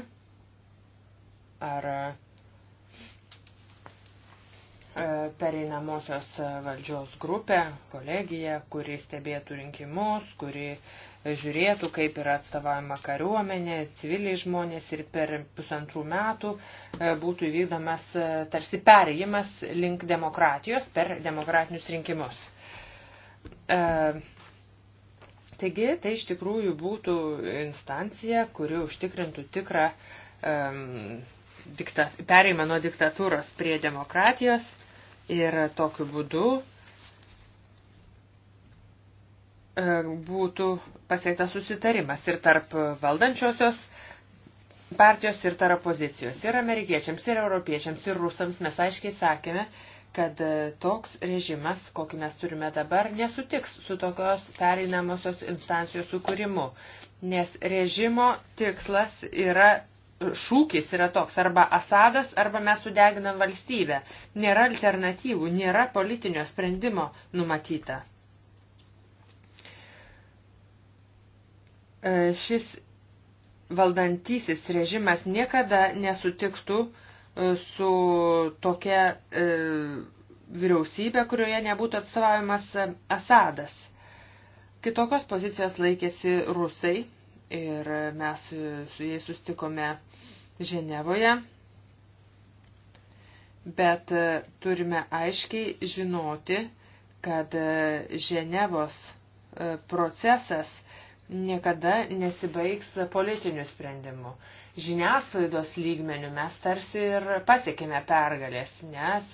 ar E, pereinamosios valdžios grupę, kolegiją, kuri stebėtų rinkimus, kuri žiūrėtų, kaip yra atstovaujama kariuomenė, civiliai žmonės ir per pusantrų metų e, būtų įvykdomas e, tarsi perėjimas link demokratijos per demokratinius rinkimus. Taigi, tai iš tikrųjų būtų instancija, kuri užtikrintų tikrą um, dikta, perėjimą nuo diktatūros prie demokratijos Ir tokiu būdu e, būtų pasiektas susitarimas ir tarp valdančiosios partijos ir tarp opozicijos. Ir amerikiečiams, ir europiečiams, ir rusams mes aiškiai sakėme, kad e, toks režimas, kokį mes turime dabar, nesutiks su tokios pereinamosios instancijos sukūrimu, nes režimo tikslas yra šūkis yra toks arba Asadas, arba mes sudeginam valstybę. Nėra alternatyvų, nėra politinio sprendimo numatyta. E, šis valdantysis režimas niekada nesutiktų e, su tokia e, vyriausybė, kurioje nebūtų atstovavimas Asadas. Kitokios pozicijos laikėsi rusai ir mes su, su jais sustikome Ženevoje, bet e, turime aiškiai žinoti, kad e, Ženevos e, procesas niekada nesibaigs politiniu sprendimu. Žiniasklaidos lygmenių mes tarsi ir pasiekime pergalės, nes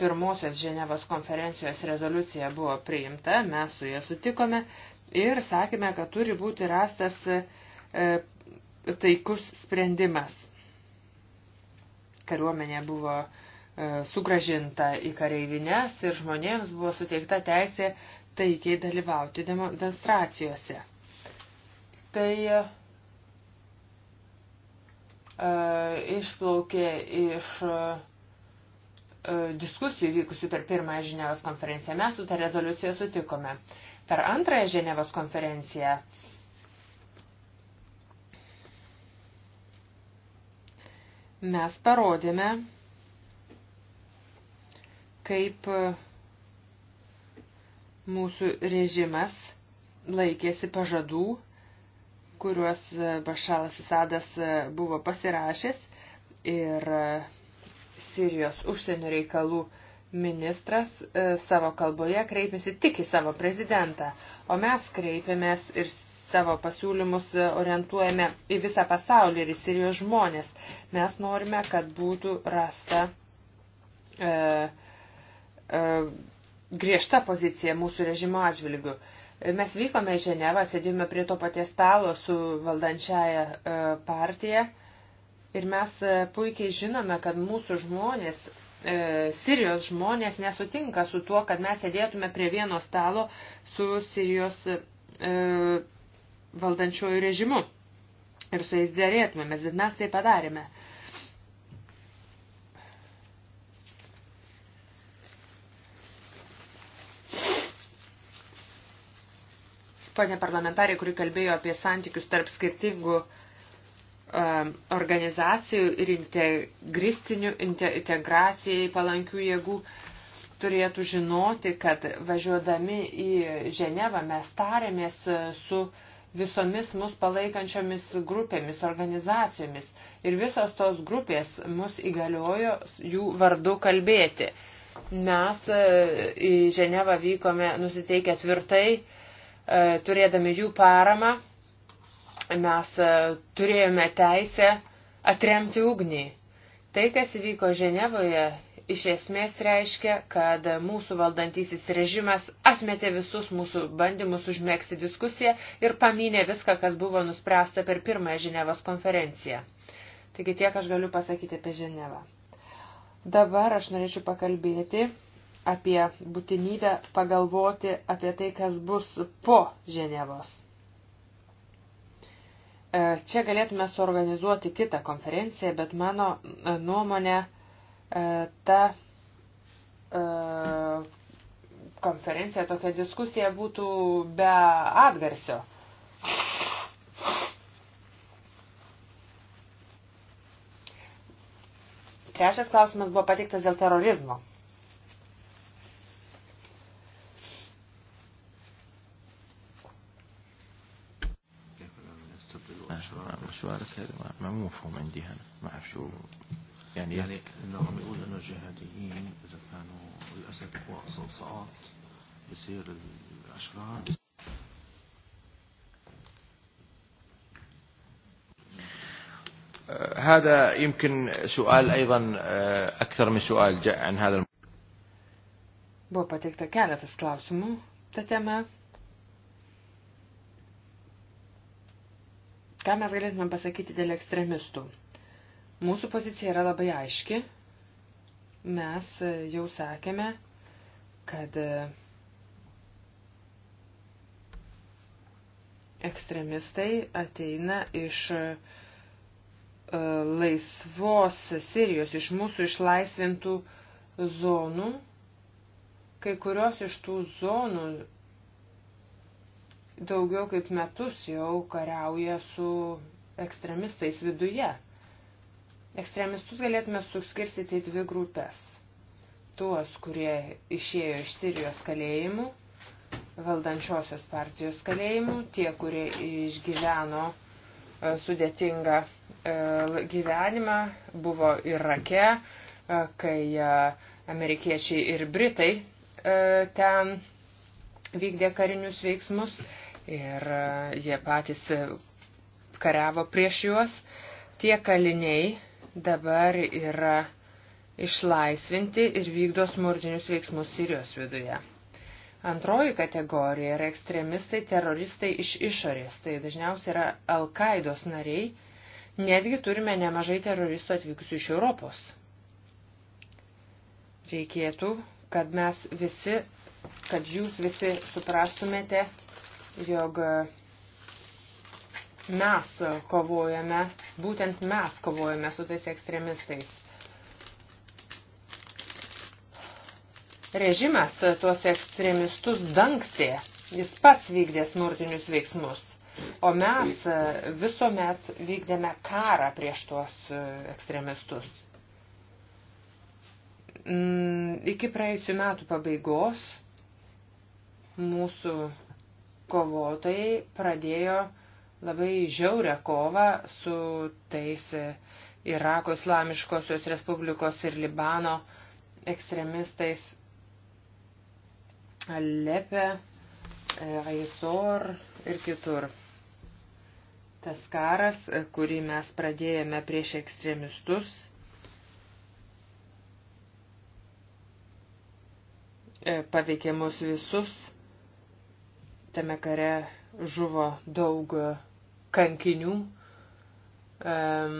pirmosios Ženevos konferencijos rezoliucija buvo priimta, mes su ja sutikome, ir sakėme, kad turi būti rastas e, taikus sprendimas. Kariuomenė buvo e, sugražinta į kareivines ir žmonėms buvo suteikta teisė taikiai dalyvauti demonstracijose. Tai e, išplaukė iš e, diskusijų vykusių per pirmąją žinios konferenciją. Mes su tą rezoliuciją sutikome. E, per antrąją Ženevos konferenciją. Mes parodėme, kaip mūsų režimas laikėsi pažadų, kuriuos Bašalas Isadas buvo pasirašęs ir Sirijos užsienio reikalų uh, ministras e, savo kalboje kreipėsi tik į savo prezidentą, o mes kreipėmės ir savo pasiūlymus orientuojame į visą pasaulį ir į Sirijos žmonės. Mes norime, kad būtų rasta e, e, griežta pozicija mūsų režimo atžvilgių. Mes vykome į Ženevą, sėdėjome prie to paties stalo su valdančiaja e, partija. Ir mes e, puikiai žinome, kad mūsų žmonės E, Sirijos žmonės nesutinka su tuo, kad mes sėdėtume prie vieno stalo su Sirijos e, valdančiojų režimu ir su jais dėrėtume, bet mes tai padarėme. Pone parlamentarė, kuri kalbėjo apie santykius tarp skirtingų uh, Um, organizacijų ir integristinių integracijai palankių jėgų turėtų žinoti, kad važiuodami į Ženevą mes tarėmės su visomis mus palaikančiomis grupėmis, organizacijomis ir visos tos grupės mus įgaliojo jų vardu kalbėti. Mes e, į Ženevą vykome nusiteikę tvirtai, e, turėdami jų paramą mes e, turėjome teisę atremti ugnį. Tai, kas įvyko Ženevoje, iš esmės reiškia, kad mūsų valdantysis režimas atmetė visus mūsų bandymus užmėgsti diskusiją ir paminė viską, kas buvo nuspręsta per pirmąją Ženevos konferenciją. Taigi tiek aš galiu pasakyti apie Ženevą. Dabar aš norėčiau pakalbėti apie būtinybę pagalvoti apie tai, kas bus po Ženevos. E, čia galėtume suorganizuoti kitą konferenciją, bet mano e, nuomonė e, ta konferencija, tokia diskusija būtų be atgarsio. Trečias klausimas buvo pateiktas dėl terorizmo. سؤالك هذا ما مو مفهوم عندي انا ما اعرف شو يعني يعني انهم يقول انه الجهاديين اذا كانوا الاسد هو صوصات بصير الاشرار هذا يمكن سؤال أيضا أكثر من سؤال جاء عن هذا الم... Buvo pateikta keletas klausimų tą temą. Ką mes galėtumėm pasakyti dėl ekstremistų? Mūsų pozicija yra labai aiški. Mes e, jau sakėme, kad e, ekstremistai ateina iš e, laisvos Sirijos, iš mūsų išlaisvintų zonų. Kai kurios iš tų zonų daugiau kaip metus jau kariauja su ekstremistais viduje. Ekstremistus galėtume suskirstyti į dvi grupės. Tuos, kurie išėjo iš Sirijos kalėjimų, valdančiosios partijos kalėjimų, tie, kurie išgyveno e, sudėtingą e, gyvenimą, buvo Irake, e, kai amerikiečiai ir Britai ten vykdė karinius veiksmus ir e, jie patys e, kariavo prieš juos. Tie kaliniai dabar yra išlaisvinti ir vykdo smurtinius veiksmus Sirijos viduje. Antroji kategorija yra ekstremistai, teroristai iš išorės. Tai dažniausiai yra Al-Qaidos nariai. Netgi turime nemažai teroristų atvykusių iš Europos. Reikėtų, kad mes visi, kad jūs visi suprastumėte, jog mes kovojame, būtent mes kovojame su tais ekstremistais. Režimas tuos ekstremistus dangstė, jis pats vykdė smurtinius veiksmus, o mes visuomet vykdėme karą prieš tuos ekstremistus. Mm, iki praėjusių metų pabaigos mūsų kovotojai pradėjo labai žiaurę kovą su tais e, Irako Islamiškosios Respublikos ir Libano ekstremistais Alepe, e, Aisor ir kitur. Tas karas, e, kurį mes pradėjome prieš ekstremistus, paveikė mus visus Tame kare žuvo daug e, kankinių um,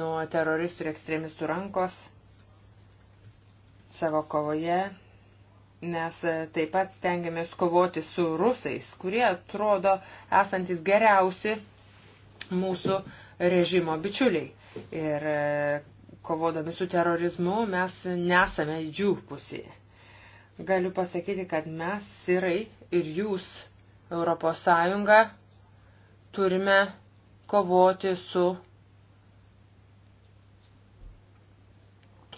nuo teroristų ir ekstremistų rankos savo kovoje. Mes e, taip pat stengiamės kovoti su rusais, kurie atrodo esantis geriausi mūsų režimo bičiuliai. Ir e, kovodami su terorizmu mes nesame jų pusėje galiu pasakyti, kad mes, sirai ir jūs, Europos Sąjunga, turime kovoti su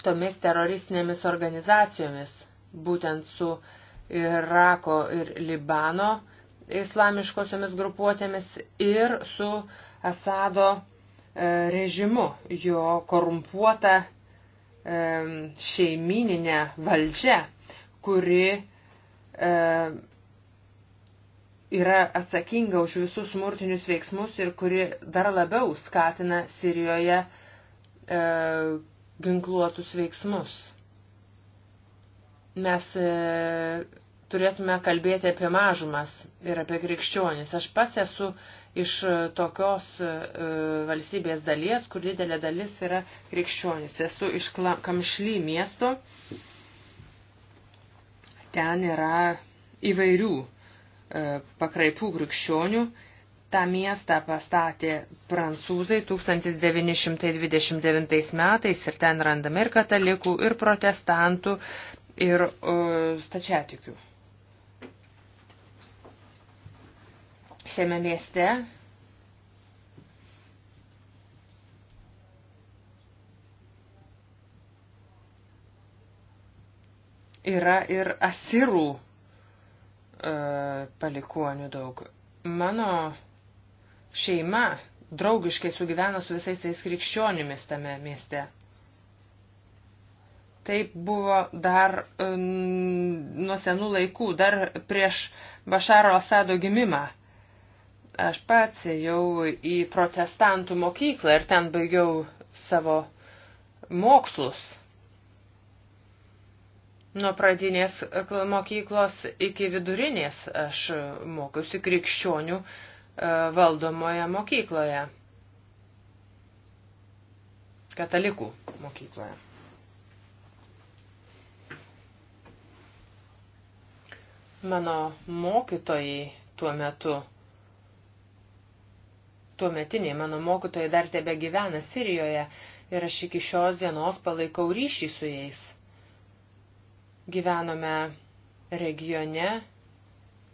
tomis teroristinėmis organizacijomis, būtent su Irako ir Libano islamiškosiomis grupuotėmis ir su Asado e, režimu, jo korumpuota šeimininė valdžia kuri e, yra atsakinga už visus smurtinius veiksmus ir kuri dar labiau skatina Sirijoje e, ginkluotus veiksmus. Mes e, turėtume kalbėti apie mažumas ir apie krikščionis. Aš pats esu iš e, tokios e, valstybės dalies, kur didelė dalis yra krikščionis. Esu iš Kamšly miesto. E, Ten yra įvairių e, pakraipų krikščionių. Ta miestą pastatė prancūzai 1929 metais ir ten randame ir katalikų, ir protestantų, ir uh, stačiatikių. Šiame mieste yra ir asirų e, palikuonių daug. Mano šeima draugiškai sugyveno su visais tais krikščionimis tame mieste. Taip buvo dar mm, nuo senų laikų, dar prieš Bašaro Asado gimimą. Aš pats ėjau į protestantų mokyklą ir ten baigiau savo mokslus. Nuo pradinės e, mokyklos iki vidurinės aš mokiausi krikščionių e, valdomoje mokykloje. Katalikų mokykloje. Mano mokytojai tuo metu, tuo metiniai mano mokytojai dar tebe gyvena Sirijoje ir aš iki šios dienos palaikau ryšį su jais. Gyvenome regione,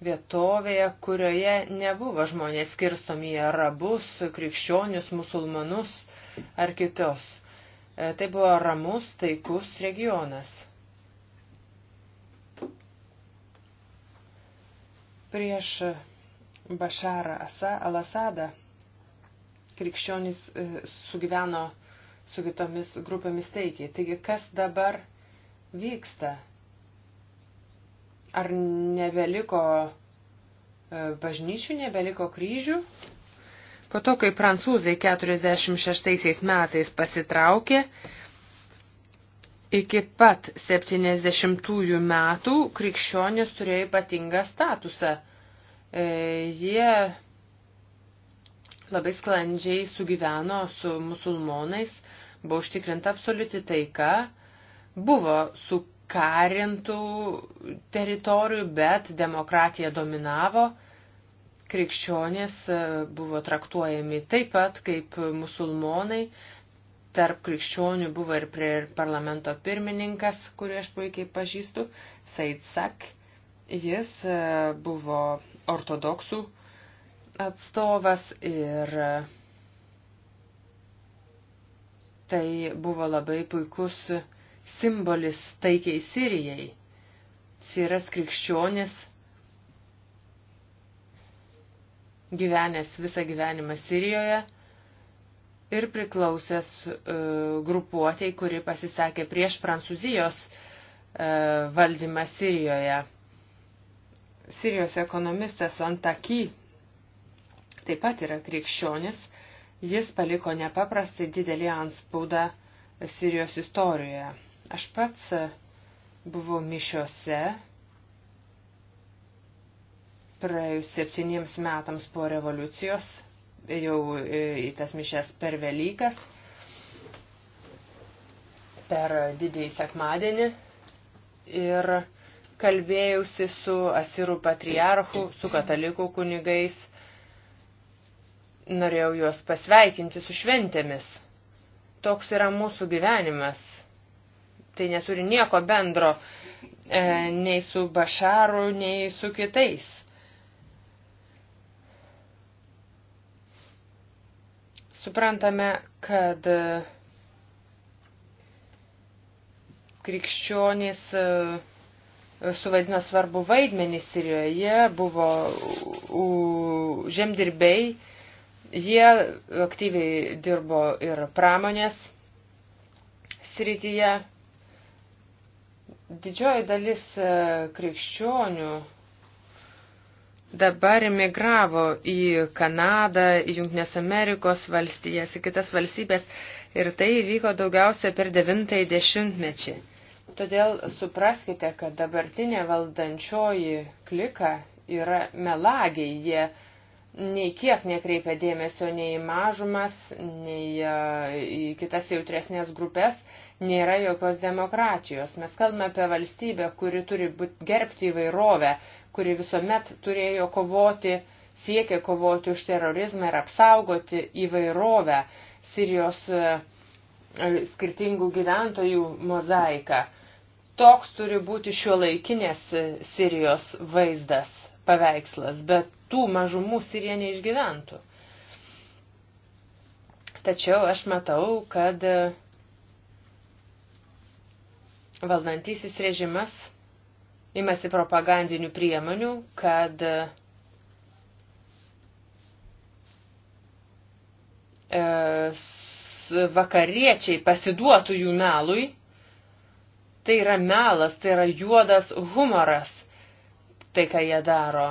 vietovėje, kurioje nebuvo žmonės skirstomi į arabus, krikščionius, musulmanus ar kitos. E, tai buvo ramus, taikus regionas. Prieš Bašarą Alasadą krikščionys e, sugyveno su kitomis grupėmis taikiai. Taigi, kas dabar vyksta? Ar nebeliko e, bažnyčių, nebeliko kryžių? Po to, kai prancūzai 46 metais pasitraukė, iki pat 70 metų krikščionis turėjo ypatingą statusą. E, jie labai sklandžiai sugyveno su musulmonais, buvo užtikrinta absoliuti taika, buvo su karintų teritorijų, bet demokratija dominavo. Krikščionės e, buvo traktuojami taip pat kaip musulmonai. Tarp krikščionių buvo ir prie parlamento pirmininkas, kurį aš puikiai pažįstu, Said Sak. Jis e, buvo ortodoksų atstovas ir e, tai buvo labai puikus uh, simbolis taikiai Sirijai. Siras krikščionis, gyvenęs visą gyvenimą Sirijoje ir priklausęs e, grupuotėj, kuri pasisakė prieš Prancūzijos e, valdymą Sirijoje. Sirijos ekonomistas Antaki taip pat yra krikščionis, jis paliko nepaprastai didelį anspaudą Sirijos istorijoje. Aš pats e, buvau mišiose praėjus septyniems metams po revoliucijos, jau e, į tas mišes per Velykas, per didįjį sekmadienį ir kalbėjausi su Asirų patriarchu, su katalikų kunigais, norėjau juos pasveikinti su šventėmis. Toks yra mūsų gyvenimas, Tai neturi nieko bendro e, nei su Bašaru, nei su kitais. Suprantame, kad e, krikščionys e, suvaidino svarbu vaidmenį Sirijoje, jie buvo u, žemdirbiai, jie aktyviai dirbo ir pramonės srityje, Didžioji dalis e, krikščionių dabar emigravo į Kanadą, į Junktinės Amerikos valstijas, į kitas valstybės ir tai vyko daugiausia per devintąjį dešimtmečių. Todėl supraskite, kad dabartinė valdančioji klika yra melagiai, jie nei kiek nekreipia dėmesio nei į mažumas, nei e, į kitas jautresnės grupės, nėra jokios demokratijos. Mes kalbame apie valstybę, kuri turi gerbti įvairovę, kuri visuomet turėjo kovoti, siekia kovoti už terorizmą ir apsaugoti įvairovę Sirijos e, e, skirtingų gyventojų mozaiką. Toks turi būti šiuolaikinės Sirijos vaizdas, paveikslas, bet tų mažumų Sirija neišgyventų. Tačiau aš matau, kad e, valdantysis režimas imasi propagandinių priemonių, kad e, vakariečiai pasiduotų jų melui. Tai yra melas, tai yra juodas humoras, tai ką jie daro.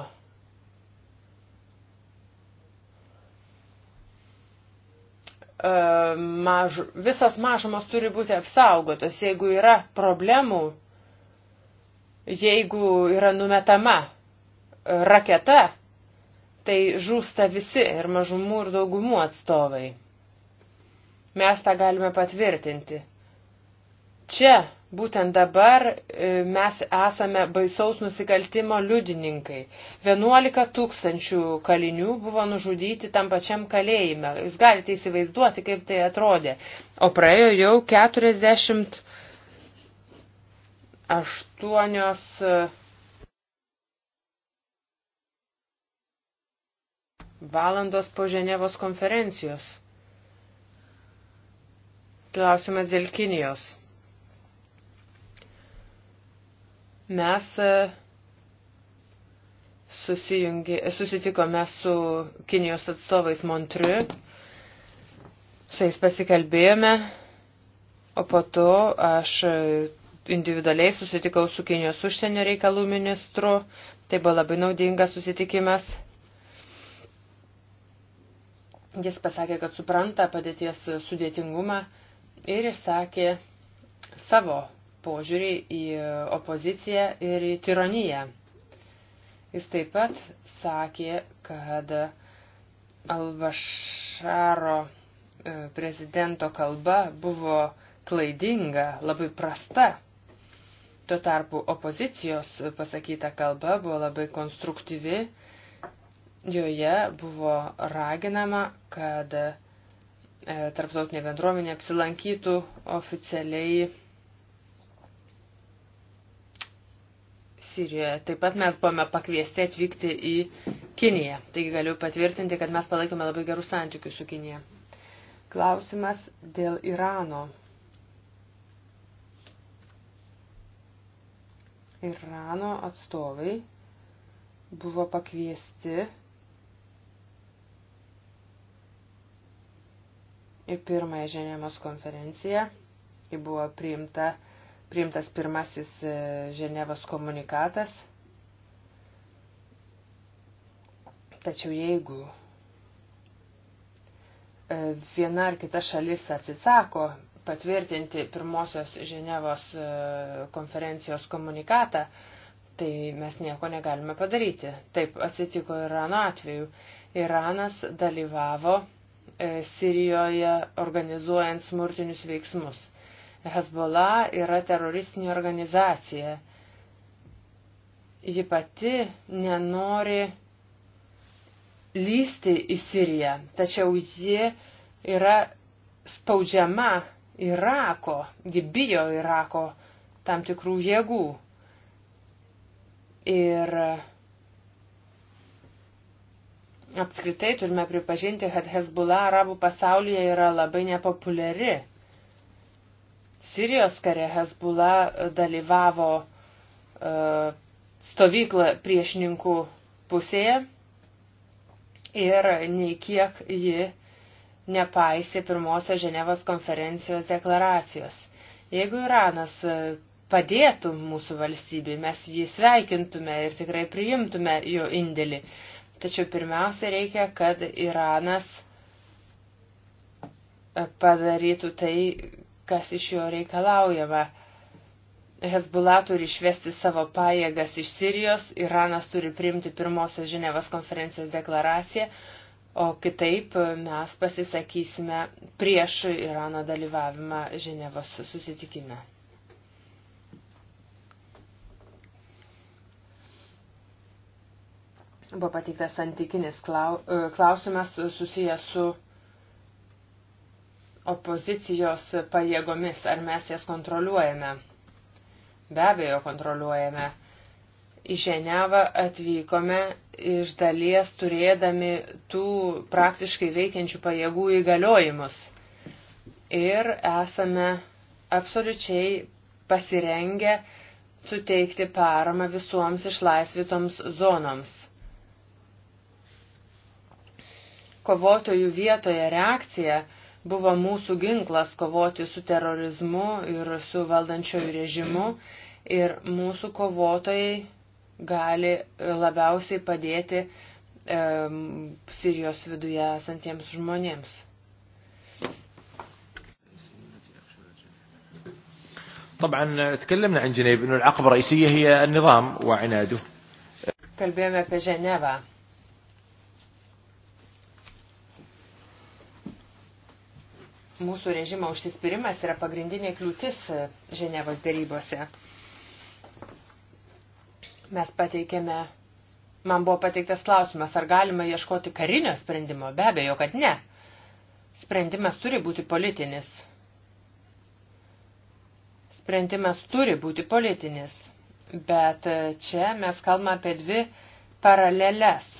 E, maž, visos mažumos turi būti apsaugotos, jeigu yra problemų, jeigu yra numetama raketa, tai žūsta visi ir mažumų ir daugumų atstovai. Mes tą galime patvirtinti čia, būtent dabar, e, mes esame baisaus nusikaltimo liudininkai. 11 tūkstančių kalinių buvo nužudyti tam pačiam kalėjime. Jūs galite įsivaizduoti, kaip tai atrodė. O praėjo jau 48 e, valandos po Ženevos konferencijos. Klausimas dėl Kinijos. Mes e, susitikome su Kinijos atstovais Montriu, su jais pasikalbėjome, o po to aš e, individualiai susitikau su Kinijos užsienio reikalų ministru. Tai buvo labai naudingas susitikimas. Jis pasakė, kad supranta padėties sudėtingumą ir išsakė savo požiūrį į opoziciją ir į tironiją. Jis taip pat sakė, kad Albašaro e, prezidento kalba buvo klaidinga, labai prasta. Tuo tarpu opozicijos pasakyta kalba buvo labai konstruktyvi, joje buvo raginama, kad e, tarptautinė bendruomenė apsilankytų oficialiai Sirijoje. Taip pat mes buvome pakviesti atvykti į Kiniją. Taigi galiu patvirtinti, kad mes palaikome labai gerus santykius su Kinija. Klausimas dėl Irano. Irano atstovai buvo pakviesti į pirmąją Ženemos konferenciją. Ji buvo priimta priimtas pirmasis e, Ženevos komunikatas. Tačiau jeigu e, viena ar kita šalis atsisako patvirtinti pirmosios Ženevos e, konferencijos komunikatą, tai mes nieko negalime padaryti. Taip atsitiko Irano atveju. Iranas dalyvavo Sirijoje organizuojant smurtinius veiksmus. Hezbollah yra teroristinė organizacija. Ji pati nenori lysti į Siriją, tačiau ji yra spaudžiama Irako, ji bijo Irako tam tikrų jėgų. Ir apskritai turime pripažinti, kad Hezbollah arabų pasaulyje yra labai nepopuliari. Sirijos kare Hezbollah e, dalyvavo e, stovyklą priešininkų pusėje ir nei kiek ji nepaisė pirmosios Ženevos konferencijos deklaracijos. Jeigu Iranas e, padėtų mūsų valstybei, mes jį sveikintume ir tikrai priimtume jo indėlį. Tačiau pirmiausia reikia, kad Iranas padarytų tai, kas iš jo reikalaujama. Hezbollah turi išvesti savo pajėgas iš Sirijos, Iranas turi priimti pirmosios Ženevos konferencijos deklaraciją, o kitaip mes pasisakysime prieš Irano dalyvavimą Ženevos susitikime. Buvo pateiktas santykinis e, klausimas susijęs su opozicijos pajėgomis, ar mes jas kontroliuojame. Be abejo, kontroliuojame. Į Ženevą atvykome iš dalies turėdami tų praktiškai veikiančių pajėgų įgaliojimus. Ir esame absoliučiai pasirengę suteikti paramą visoms išlaisvitoms zonoms. Kovotojų vietoje reakcija – buvo mūsų ginklas kovoti su terorizmu ir su valdančiojų režimu. Ir mūsų kovotojai gali e, labiausiai padėti e, Sirijos viduje esantiems žmonėms. طبعا تكلمنا عن جنيف انه العقبه الرئيسيه هي النظام وعناده. كلبيه في جنيف mūsų režimo užsispyrimas yra pagrindinė kliūtis Ženevos dėrybose. Mes pateikėme, man buvo pateiktas klausimas, ar galima ieškoti karinio sprendimo. Be abejo, kad ne. Sprendimas turi būti politinis. Sprendimas turi būti politinis. Bet čia mes kalbame apie dvi paraleles –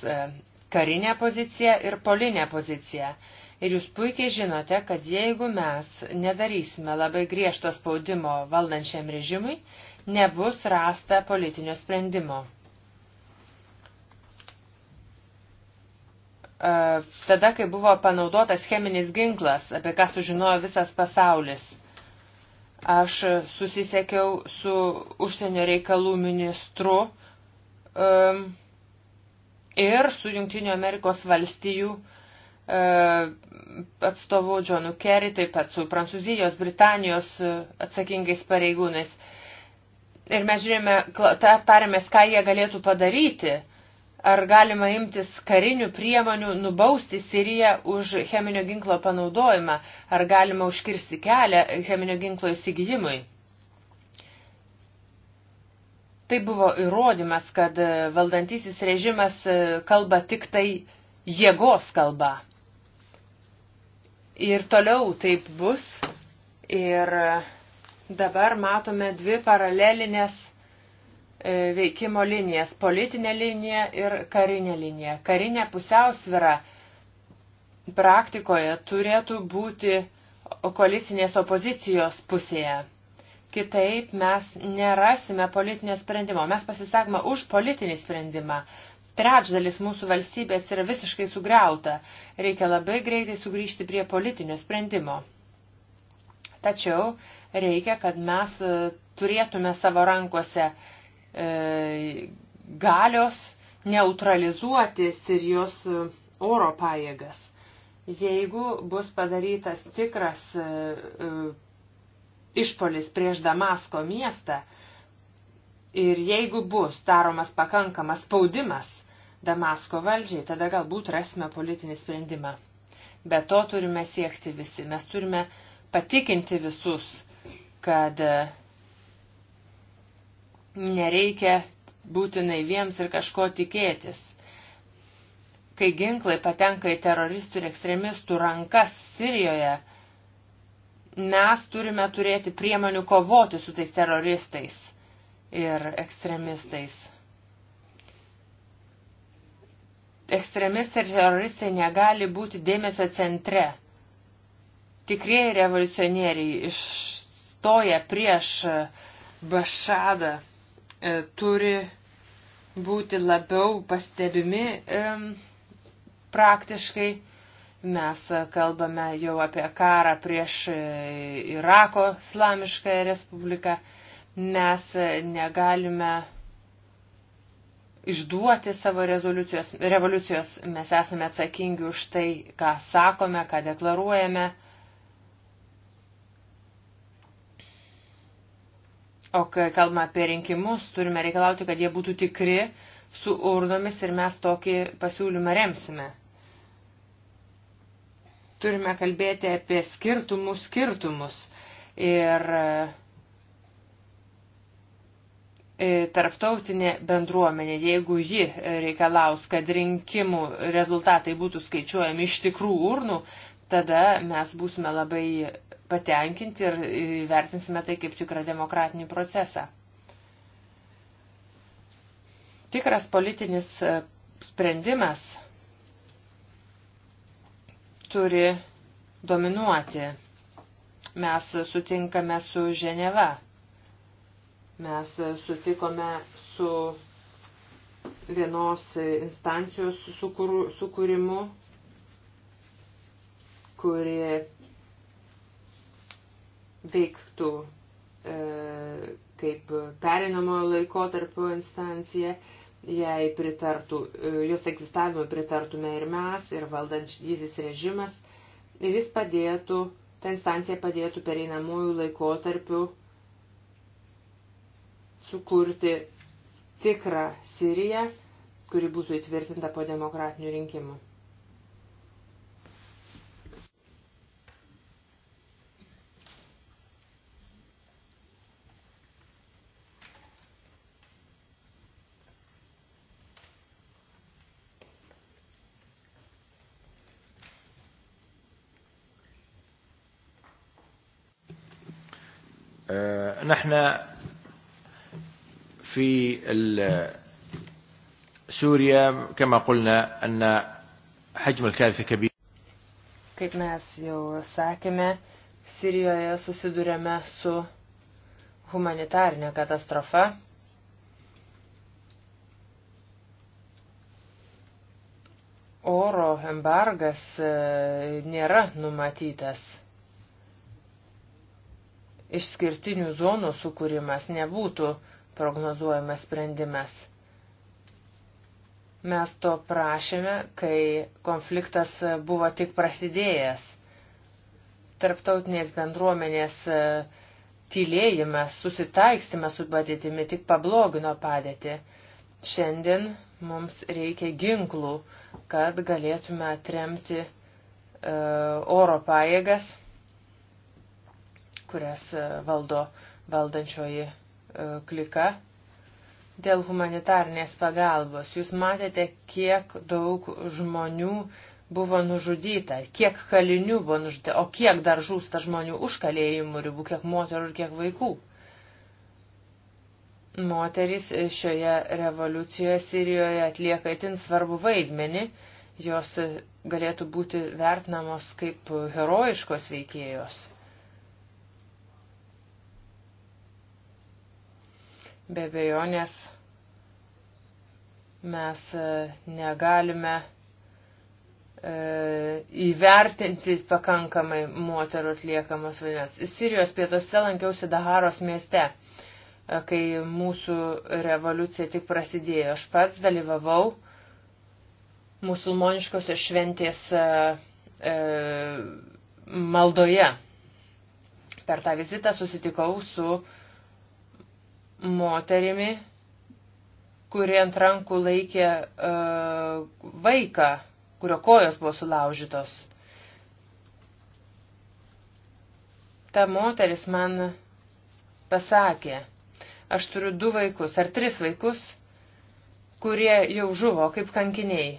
karinę poziciją ir polinę poziciją. Ir jūs puikiai žinote, kad jeigu mes nedarysime labai griežto spaudimo valdančiam režimui, nebus rasta politinio sprendimo. E, tada, kai buvo panaudotas cheminis ginklas, apie ką sužinojo visas pasaulis, aš susisiekiau su užsienio reikalų ministru um, ir su Junktinio Amerikos valstijų uh, E, atstovu Johnu Kerry, taip pat su Prancūzijos, Britanijos e, atsakingais pareigūnais. Ir mes žiūrėjome, tarėmės, ką jie galėtų padaryti. Ar galima imtis karinių priemonių nubausti Siriją už cheminio ginklo panaudojimą? Ar galima užkirsti kelią cheminio ginklo įsigijimui? Tai buvo įrodymas, kad valdantysis režimas e, kalba tik tai jėgos kalba. Ir toliau taip bus. Ir dabar matome dvi paralelinės e, veikimo linijas - politinė linija ir karinė linija. Karinė pusiausvyra praktikoje turėtų būti koalicinės opozicijos pusėje. Kitaip mes nerasime politinio sprendimo. Mes pasisakome už politinį sprendimą, trečdalis mūsų valstybės yra visiškai sugriauta. Reikia labai greitai sugrįžti prie politinio sprendimo. Tačiau reikia, kad mes e, turėtume savo rankose e, galios neutralizuoti Sirijos e, oro pajėgas. Jeigu bus padarytas tikras e, e, išpolis prieš Damasko miestą, Ir jeigu bus daromas pakankamas spaudimas Damasko valdžiai, tada galbūt rasime politinį sprendimą. Be to turime siekti visi. Mes turime patikinti visus, kad e, nereikia būti naiviems ir kažko tikėtis. Kai ginklai patenka į teroristų ir ekstremistų rankas Sirijoje, mes turime turėti priemonių kovoti su tais teroristais ir ekstremistais. ekstremistai ir teroristai negali būti dėmesio centre. Tikrieji revoliucionieriai išstoja prieš bašadą e, turi būti labiau pastebimi e, praktiškai. Mes kalbame jau apie karą prieš e, Irako islamišką respubliką. Mes negalime išduoti savo rezoliucijos, revoliucijos. Mes esame atsakingi už tai, ką sakome, ką deklaruojame. O kai kalbame apie rinkimus, turime reikalauti, kad jie būtų tikri su urnomis ir mes tokį pasiūlymą remsime. Turime kalbėti apie skirtumus skirtumus ir uh, E, tarptautinė bendruomenė, jeigu ji reikalaus, kad rinkimų rezultatai būtų skaičiuojami iš tikrų urnų, tada mes būsime labai patenkinti ir vertinsime tai kaip tikrą demokratinį procesą. Tikras politinis sprendimas turi dominuoti. Mes sutinkame su Ženeva Mes sutikome su vienos instancijos sukūrimu, kurie veiktų e, kaip perinamojo laikotarpio instancija, jai pritartų, e, jos egzistavimui pritartume ir mes, ir valdančysis režimas, ir jis padėtų, ta instancija padėtų pereinamųjų laikotarpių sukurti tikrą Siriją, kuri būtų įtvirtinta po demokratinių rinkimų. نحن eh, في سوريا كما قلنا أن حجم الكارثة كبير Kaip mes jau sakėme, Sirijoje susidurėme su humanitarinė katastrofa. Oro embargas nėra numatytas išskirtinių zonų sukūrimas nebūtų prognozuojamas sprendimas. Mes to prašėme, kai konfliktas buvo tik prasidėjęs. Tarptautinės bendruomenės e, tylėjimas, susitaiksime su padėtimi tik pablogino padėtį. Šiandien mums reikia ginklų, kad galėtume atremti e, oro pajėgas, kurias e, valdo valdančioji E, klika dėl humanitarnės pagalbos. Jūs matėte, kiek daug žmonių buvo nužudyta, kiek kalinių buvo nužudyta, o kiek dar žūsta žmonių už kalėjimų ribų, kiek moterų ir kiek vaikų. Moterys šioje revoliucijoje Sirijoje atlieka itin svarbu vaidmenį, jos galėtų būti vertinamos kaip herojiškos veikėjos. Be bejonės mes e, negalime e, įvertinti pakankamai moterų atliekamos vaidmens. Sirijos pietuose lankiausi Daharos mieste, e, kai mūsų revoliucija tik prasidėjo. Aš pats dalyvavau musulmoniškosios šventės maldoje. Per tą vizitą susitikau su uh, moterimi, kuri ant rankų laikė uh, vaiką, kurio kojos buvo sulaužytos. Ta moteris man pasakė, aš turiu du vaikus ar tris vaikus, kurie jau žuvo kaip kankiniai.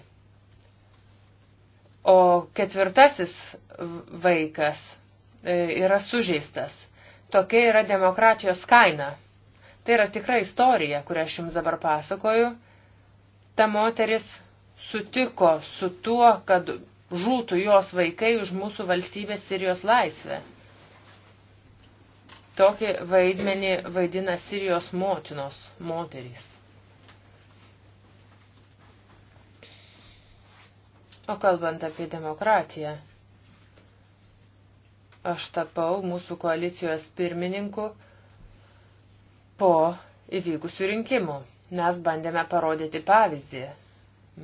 O ketvirtasis vaikas e, yra sužeistas. Tokia yra demokratijos kaina. Tai yra tikra istorija, kurią aš jums dabar pasakoju. Ta moteris sutiko su tuo, kad žūtų jos vaikai už mūsų valstybės ir jos laisvę. Tokį vaidmenį vaidina Sirijos motinos moterys. O kalbant apie demokratiją, aš tapau mūsų koalicijos pirmininku po įvykusių rinkimų. Mes bandėme parodyti pavyzdį.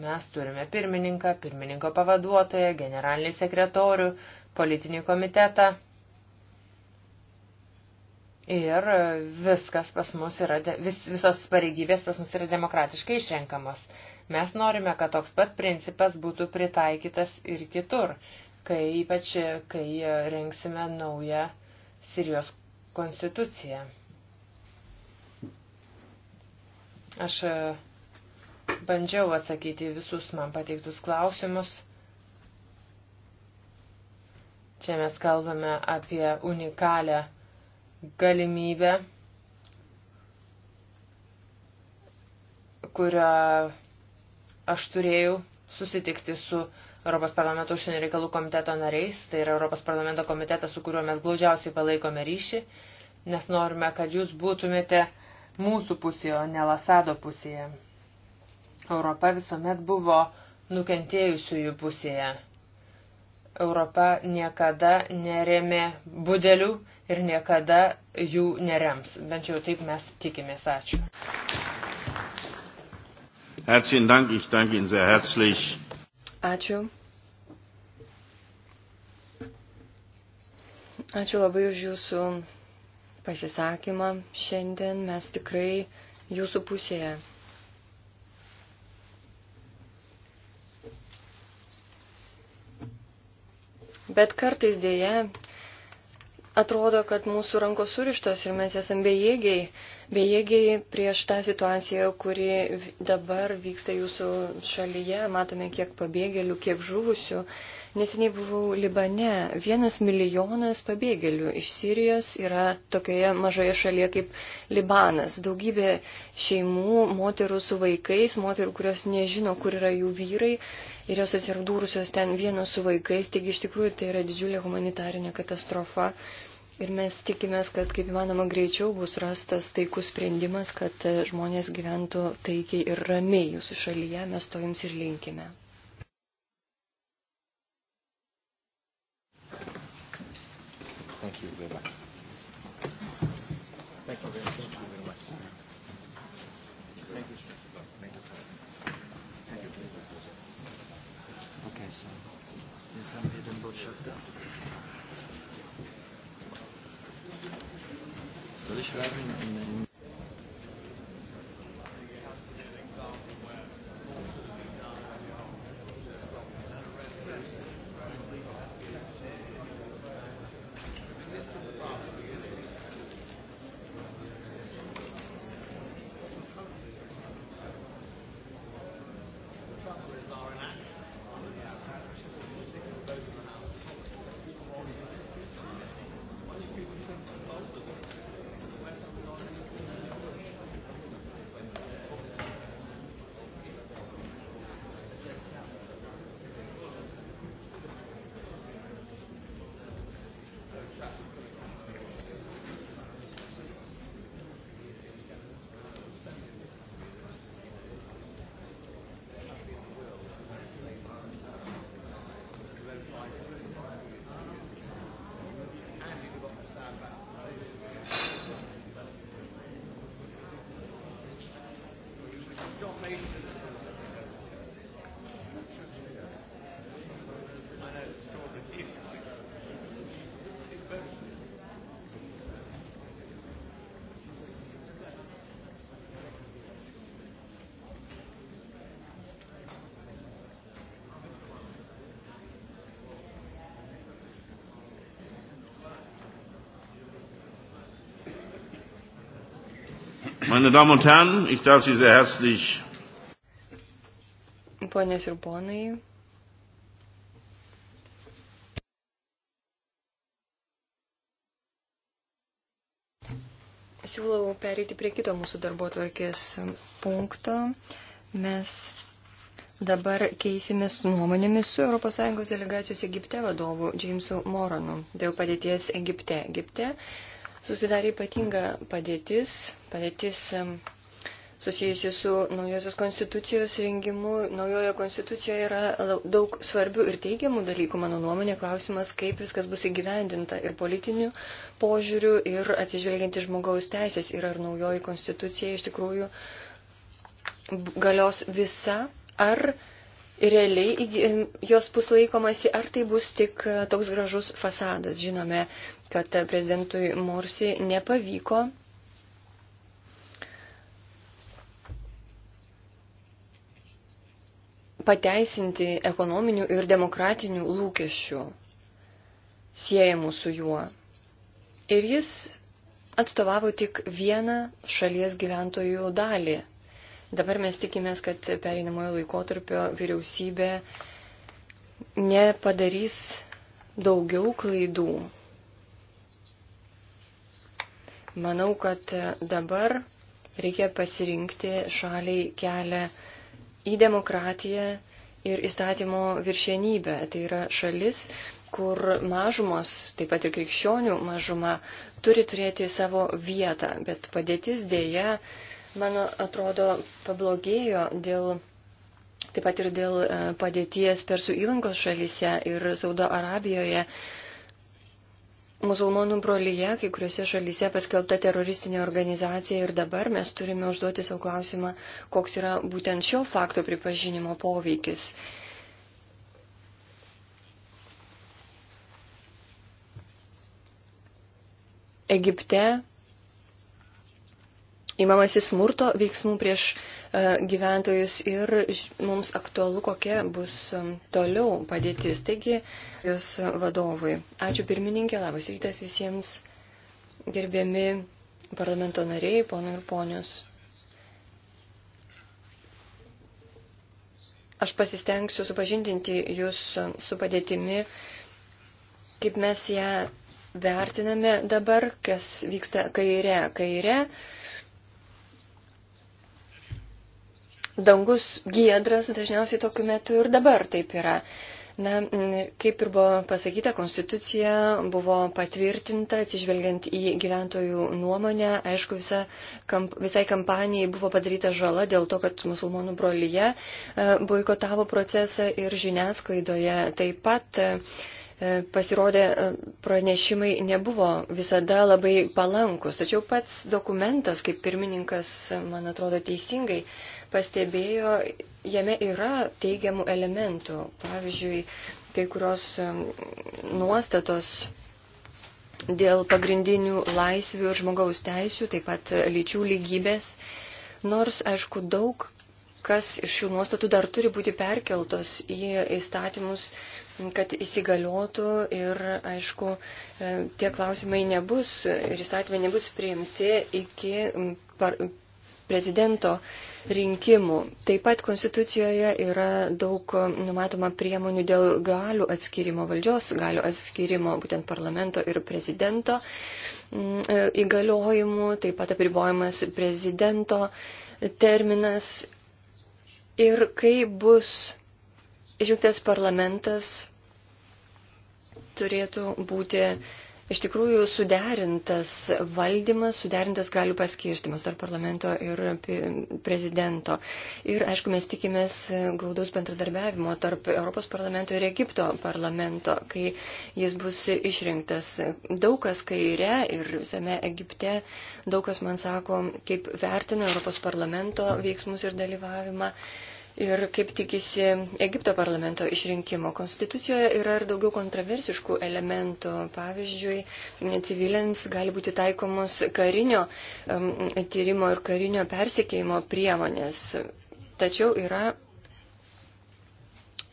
Mes turime pirmininką, pirmininko pavaduotoją, generalinį sekretorių, politinį komitetą. Ir viskas pas mus yra, vis, visos pareigybės pas mus yra demokratiškai išrenkamos. Mes norime, kad toks pat principas būtų pritaikytas ir kitur, kai ypač, kai e, rengsime naują Sirijos konstituciją. Aš e, bandžiau atsakyti visus man pateiktus klausimus. Čia mes kalbame apie unikalią galimybę, kurią aš turėjau susitikti su Europos parlamento užsienio reikalų komiteto nariais, tai yra Europos parlamento komitetas, su kuriuo mes glaudžiausiai palaikome ryšį, nes norime, kad jūs būtumėte uh, mūsų pusėje, o ne Lasado pusėje. Europa visuomet buvo nukentėjusiųjų pusėje. Europa niekada neremė budelių ir niekada jų nerems. Bent jau taip mes tikimės. Ačiū. Herzlichen Dank, ich danke Ihnen sehr herzlich. Ačiū. Ačiū labai už Jūsų pasisakymą šiandien. Mes tikrai jūsų pusėje. Bet kartais dėje atrodo, kad mūsų rankos surištos ir mes esame bejėgiai, bejėgiai prieš tą situaciją, kuri dabar vyksta jūsų šalyje. Matome, kiek pabėgėlių, kiek žuvusių. Uh, Neseniai buvau Libane. Vienas milijonas pabėgėlių iš Sirijos yra tokioje mažoje šalyje kaip Libanas. Daugybė šeimų, moterų su vaikais, moterų, kurios nežino, kur yra jų vyrai ir jos atsirdūrusios ten vienos su vaikais. Taigi iš tikrųjų tai yra didžiulė humanitarinė katastrofa. Ir mes tikimės, kad kaip įmanoma greičiau bus rastas taikus sprendimas, kad žmonės gyventų taikiai ir ramiai jūsų šalyje. Mes to jums ir linkime. Thank you very much. Thank you very, thank you very much. Thank you, sir. Thank you. Thank you. Okay, so there's some hidden bullshit there. Soll ich schreiben in, in Meine Damen und Herren, ich darf Sie sehr herzlich. Ponios ir ponai. Siūlau pereiti prie kito mūsų darbo tvarkės punkto. Mes dabar keisimės nuomonėmis su ES delegacijos Egipte vadovu Jamesu Moronu dėl padėties Egipte. Egipte susidarė ypatinga padėtis, padėtis susijusi su naujosios konstitucijos rengimu. Naujojo konstitucijoje yra daug svarbių ir teigiamų dalykų, mano nuomonė, klausimas, kaip viskas bus įgyvendinta ir politiniu požiūriu, ir atsižvelgiant į žmogaus teisės, ir ar naujoji konstitucija iš tikrųjų galios visa, ar realiai jos bus laikomasi, ar tai bus tik e, toks gražus fasadas. Žinome, kad e, prezidentui Morsi nepavyko. pateisinti ekonominių ir demokratinių lūkesčių siejamų su juo. Ir jis atstovavo tik vieną šalies gyventojų dalį Dabar mes tikimės, kad pereinamojo laikotarpio vyriausybė nepadarys daugiau klaidų. Manau, kad dabar reikia pasirinkti šaliai kelią į demokratiją ir įstatymo viršienybę. Tai yra šalis, kur mažumos, taip pat ir krikščionių mažuma, turi turėti savo vietą, bet padėtis dėja man atrodo, pablogėjo dėl. Taip pat ir dėl e, padėties Persų įlankos šalyse ir Saudo Arabijoje musulmonų brolyje, kai kuriuose šalyse paskelbta teroristinė organizacija ir dabar mes turime užduoti savo klausimą, koks yra būtent šio fakto pripažinimo poveikis. Egipte įmamasi smurto veiksmų prieš e, gyventojus ir mums aktualu, kokia bus e, toliau padėtis. Taigi, jūs vadovai. Ačiū pirmininkė, labas rytas visiems gerbiami parlamento nariai, ponai ir ponios. Aš pasistengsiu supažindinti jūs su padėtimi, kaip mes ją vertiname dabar, kas vyksta kaire. Kaire dangus giedras, dažniausiai tokiu metu ir dabar taip yra. Na, kaip ir buvo pasakyta, konstitucija buvo patvirtinta atsižvelgiant į gyventojų nuomonę. Aišku, visa, kamp, visai kampanijai buvo padaryta žala dėl to, kad musulmonų brolyje e, boikotavo procesą ir žiniasklaidoje taip pat e, e, pasirodė pranešimai nebuvo visada labai palankus, tačiau pats dokumentas, kaip pirmininkas, man atrodo, teisingai pastebėjo, jame yra teigiamų elementų. Pavyzdžiui, kai kurios nuostatos dėl pagrindinių laisvių ir žmogaus teisių, taip pat lyčių lygybės. Nors, aišku, daug kas iš šių nuostatų dar turi būti perkeltos į įstatymus, kad įsigaliotų ir, aišku, e, tie klausimai nebus ir įstatymai nebus priimti iki prezidento rinkimų. Taip pat Konstitucijoje yra daug e, numatoma priemonių dėl galių atskirimo, valdžios galių atskirimo, būtent parlamento ir prezidento mm, e, įgaliojimų, taip pat apribojamas prezidento terminas. Ir kai bus išjungtas parlamentas, turėtų būti uh, iš tikrųjų suderintas valdymas, suderintas galių paskirstimas tarp parlamento ir prezidento. Ir, aišku, mes tikimės glaudaus bendradarbiavimo tarp Europos parlamento ir Egipto parlamento, kai jis bus išrinktas. Daug kas kaire ir visame Egipte, daug kas man sako, kaip vertina Europos parlamento veiksmus ir dalyvavimą ir kaip tikisi Egipto parlamento išrinkimo. Konstitucijoje yra ir daugiau kontroversiškų elementų. Pavyzdžiui, civiliams gali būti taikomos karinio um, tyrimo ir karinio persikėjimo priemonės. Tačiau yra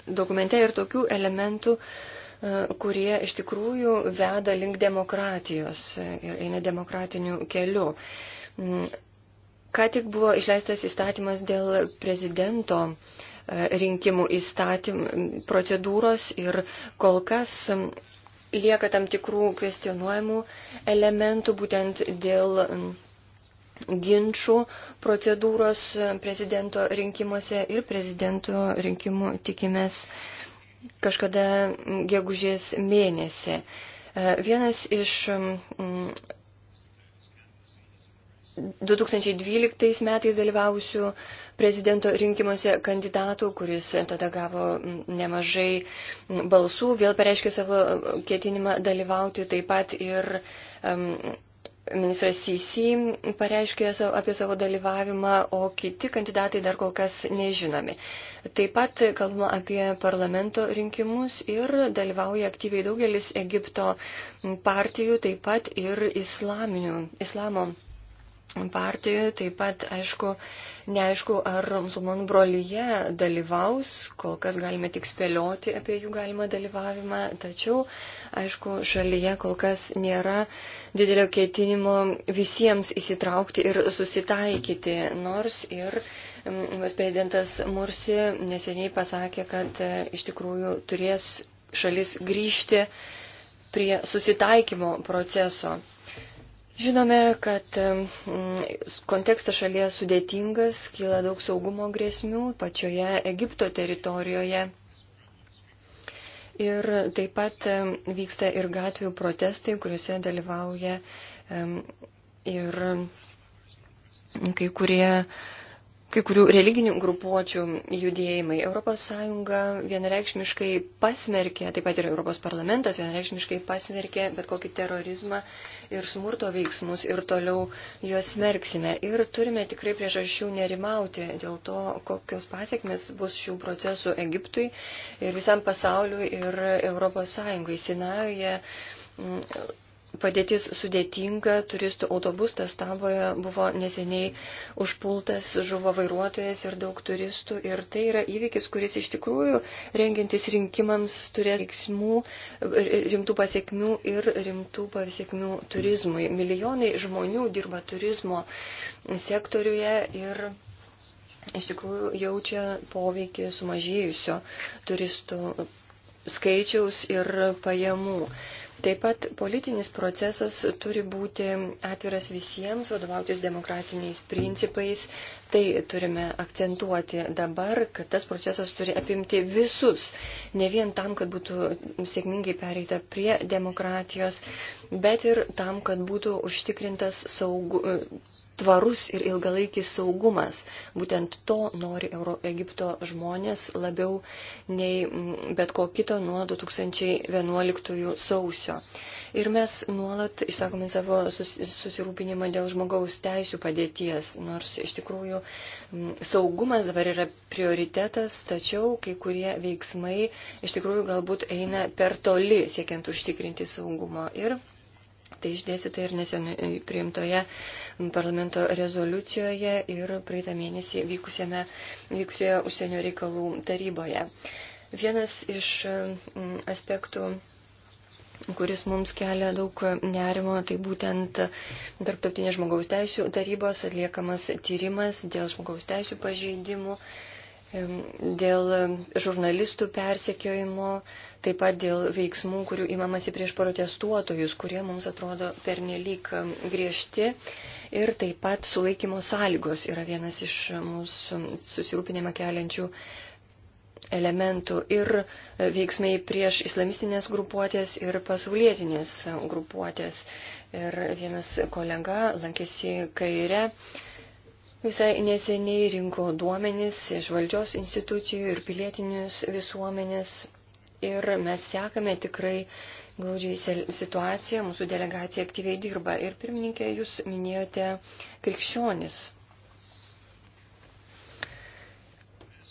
dokumente ir tokių elementų, e, kurie iš tikrųjų veda link demokratijos ir eina demokratiniu keliu mm, Ką tik buvo išleistas įstatymas dėl prezidento e, rinkimų įstatymų procedūros ir kol kas lieka tam tikrų kvestionuojamų elementų būtent dėl ginčių procedūros prezidento rinkimuose ir prezidento rinkimų tikimės kažkada gegužės mėnesį. E, vienas iš 2012 metais dalyvavusių prezidento rinkimuose kandidatų, kuris tada gavo nemažai balsų, vėl pareiškė savo ketinimą dalyvauti. Taip pat ir um, ministras Sisi pareiškė apie savo dalyvavimą, o kiti kandidatai dar kol kas nežinomi. Taip pat kalbama apie parlamento rinkimus ir dalyvauja aktyviai daugelis Egipto partijų, taip pat ir islaminių, islamo partijų partijoje. Taip pat, aišku, neaišku, ar musulmonų brolyje dalyvaus, kol kas galime tik spėlioti apie jų galimą dalyvavimą, tačiau, aišku, šalyje kol kas nėra didelio ketinimo visiems įsitraukti ir susitaikyti, nors ir mm, prezidentas Mursi neseniai pasakė, kad e, iš tikrųjų turės šalis grįžti prie susitaikymo proceso. Žinome, kad kontekstas šalyje sudėtingas, kyla daug saugumo grėsmių pačioje Egipto teritorijoje. Ir taip pat vyksta ir gatvių protestai, kuriuose dalyvauja ir kai kurie kai kurių religinių grupuočių judėjimai. ES vienareikšmiškai pasmerkė, taip pat ir Europos parlamentas vienareikšmiškai pasmerkė bet kokį terorizmą ir smurto veiksmus ir toliau juos smerksime. Ir turime tikrai priežasčių nerimauti dėl to, kokios pasiekmes bus šių procesų Egiptui ir visam pasauliu ir ES. Sinajoje mm, Padėtis sudėtinga, turistų autobusas Taboje buvo neseniai užpultas, žuvo vairuotojas ir daug turistų. Ir tai yra įvykis, kuris iš tikrųjų rengiantis rinkimams turė veiksmų, rimtų pasiekmių ir rimtų pasiekmių turizmui. Milijonai žmonių dirba turizmo sektoriuje ir iš tikrųjų jaučia poveikį sumažėjusio turistų skaičiaus ir pajamų. Taip pat politinis procesas turi būti atviras visiems, vadovautis demokratiniais principais, tai turime akcentuoti dabar, kad tas procesas turi apimti visus, ne vien tam, kad būtų sėkmingai pereita prie demokratijos, bet ir tam, kad būtų užtikrintas saugu, tvarus ir ilgalaikis saugumas. Būtent to nori Euro Egipto žmonės labiau nei mm, bet ko kito nuo 2011 sausio. Ir mes nuolat išsakome savo susirūpinimą dėl žmogaus teisų padėties, nors iš tikrųjų Mm, saugumas dabar yra prioritetas, tačiau kai kurie veiksmai iš tikrųjų galbūt eina per toli siekiant užtikrinti saugumo. Ir tai išdėsite ir neseniai priimtoje parlamento rezoliucijoje ir praeitą mėnesį vykusiame, vykusioje užsienio reikalų taryboje. Vienas iš mm, aspektų kuris mums kelia daug nerimo, tai būtent Tarptautinės žmogaus teisų tarybos atliekamas tyrimas dėl žmogaus teisų pažeidimų, dėl žurnalistų persekiojimo, taip pat dėl veiksmų, kurių imamasi prieš protestuotojus, kurie mums atrodo pernelyg griežti. Ir taip pat sulaikymo sąlygos yra vienas iš mūsų susirūpinimą keliančių elementų ir veiksmai prieš islamistinės grupuotės ir pasaulietinės grupuotės. Ir vienas kolega lankėsi kaire. Visai neseniai rinko duomenis iš valdžios institucijų ir pilietinius visuomenės. Ir mes sekame tikrai glaudžiai situaciją, mūsų delegacija aktyviai dirba. Ir pirmininkė, jūs minėjote krikščionis.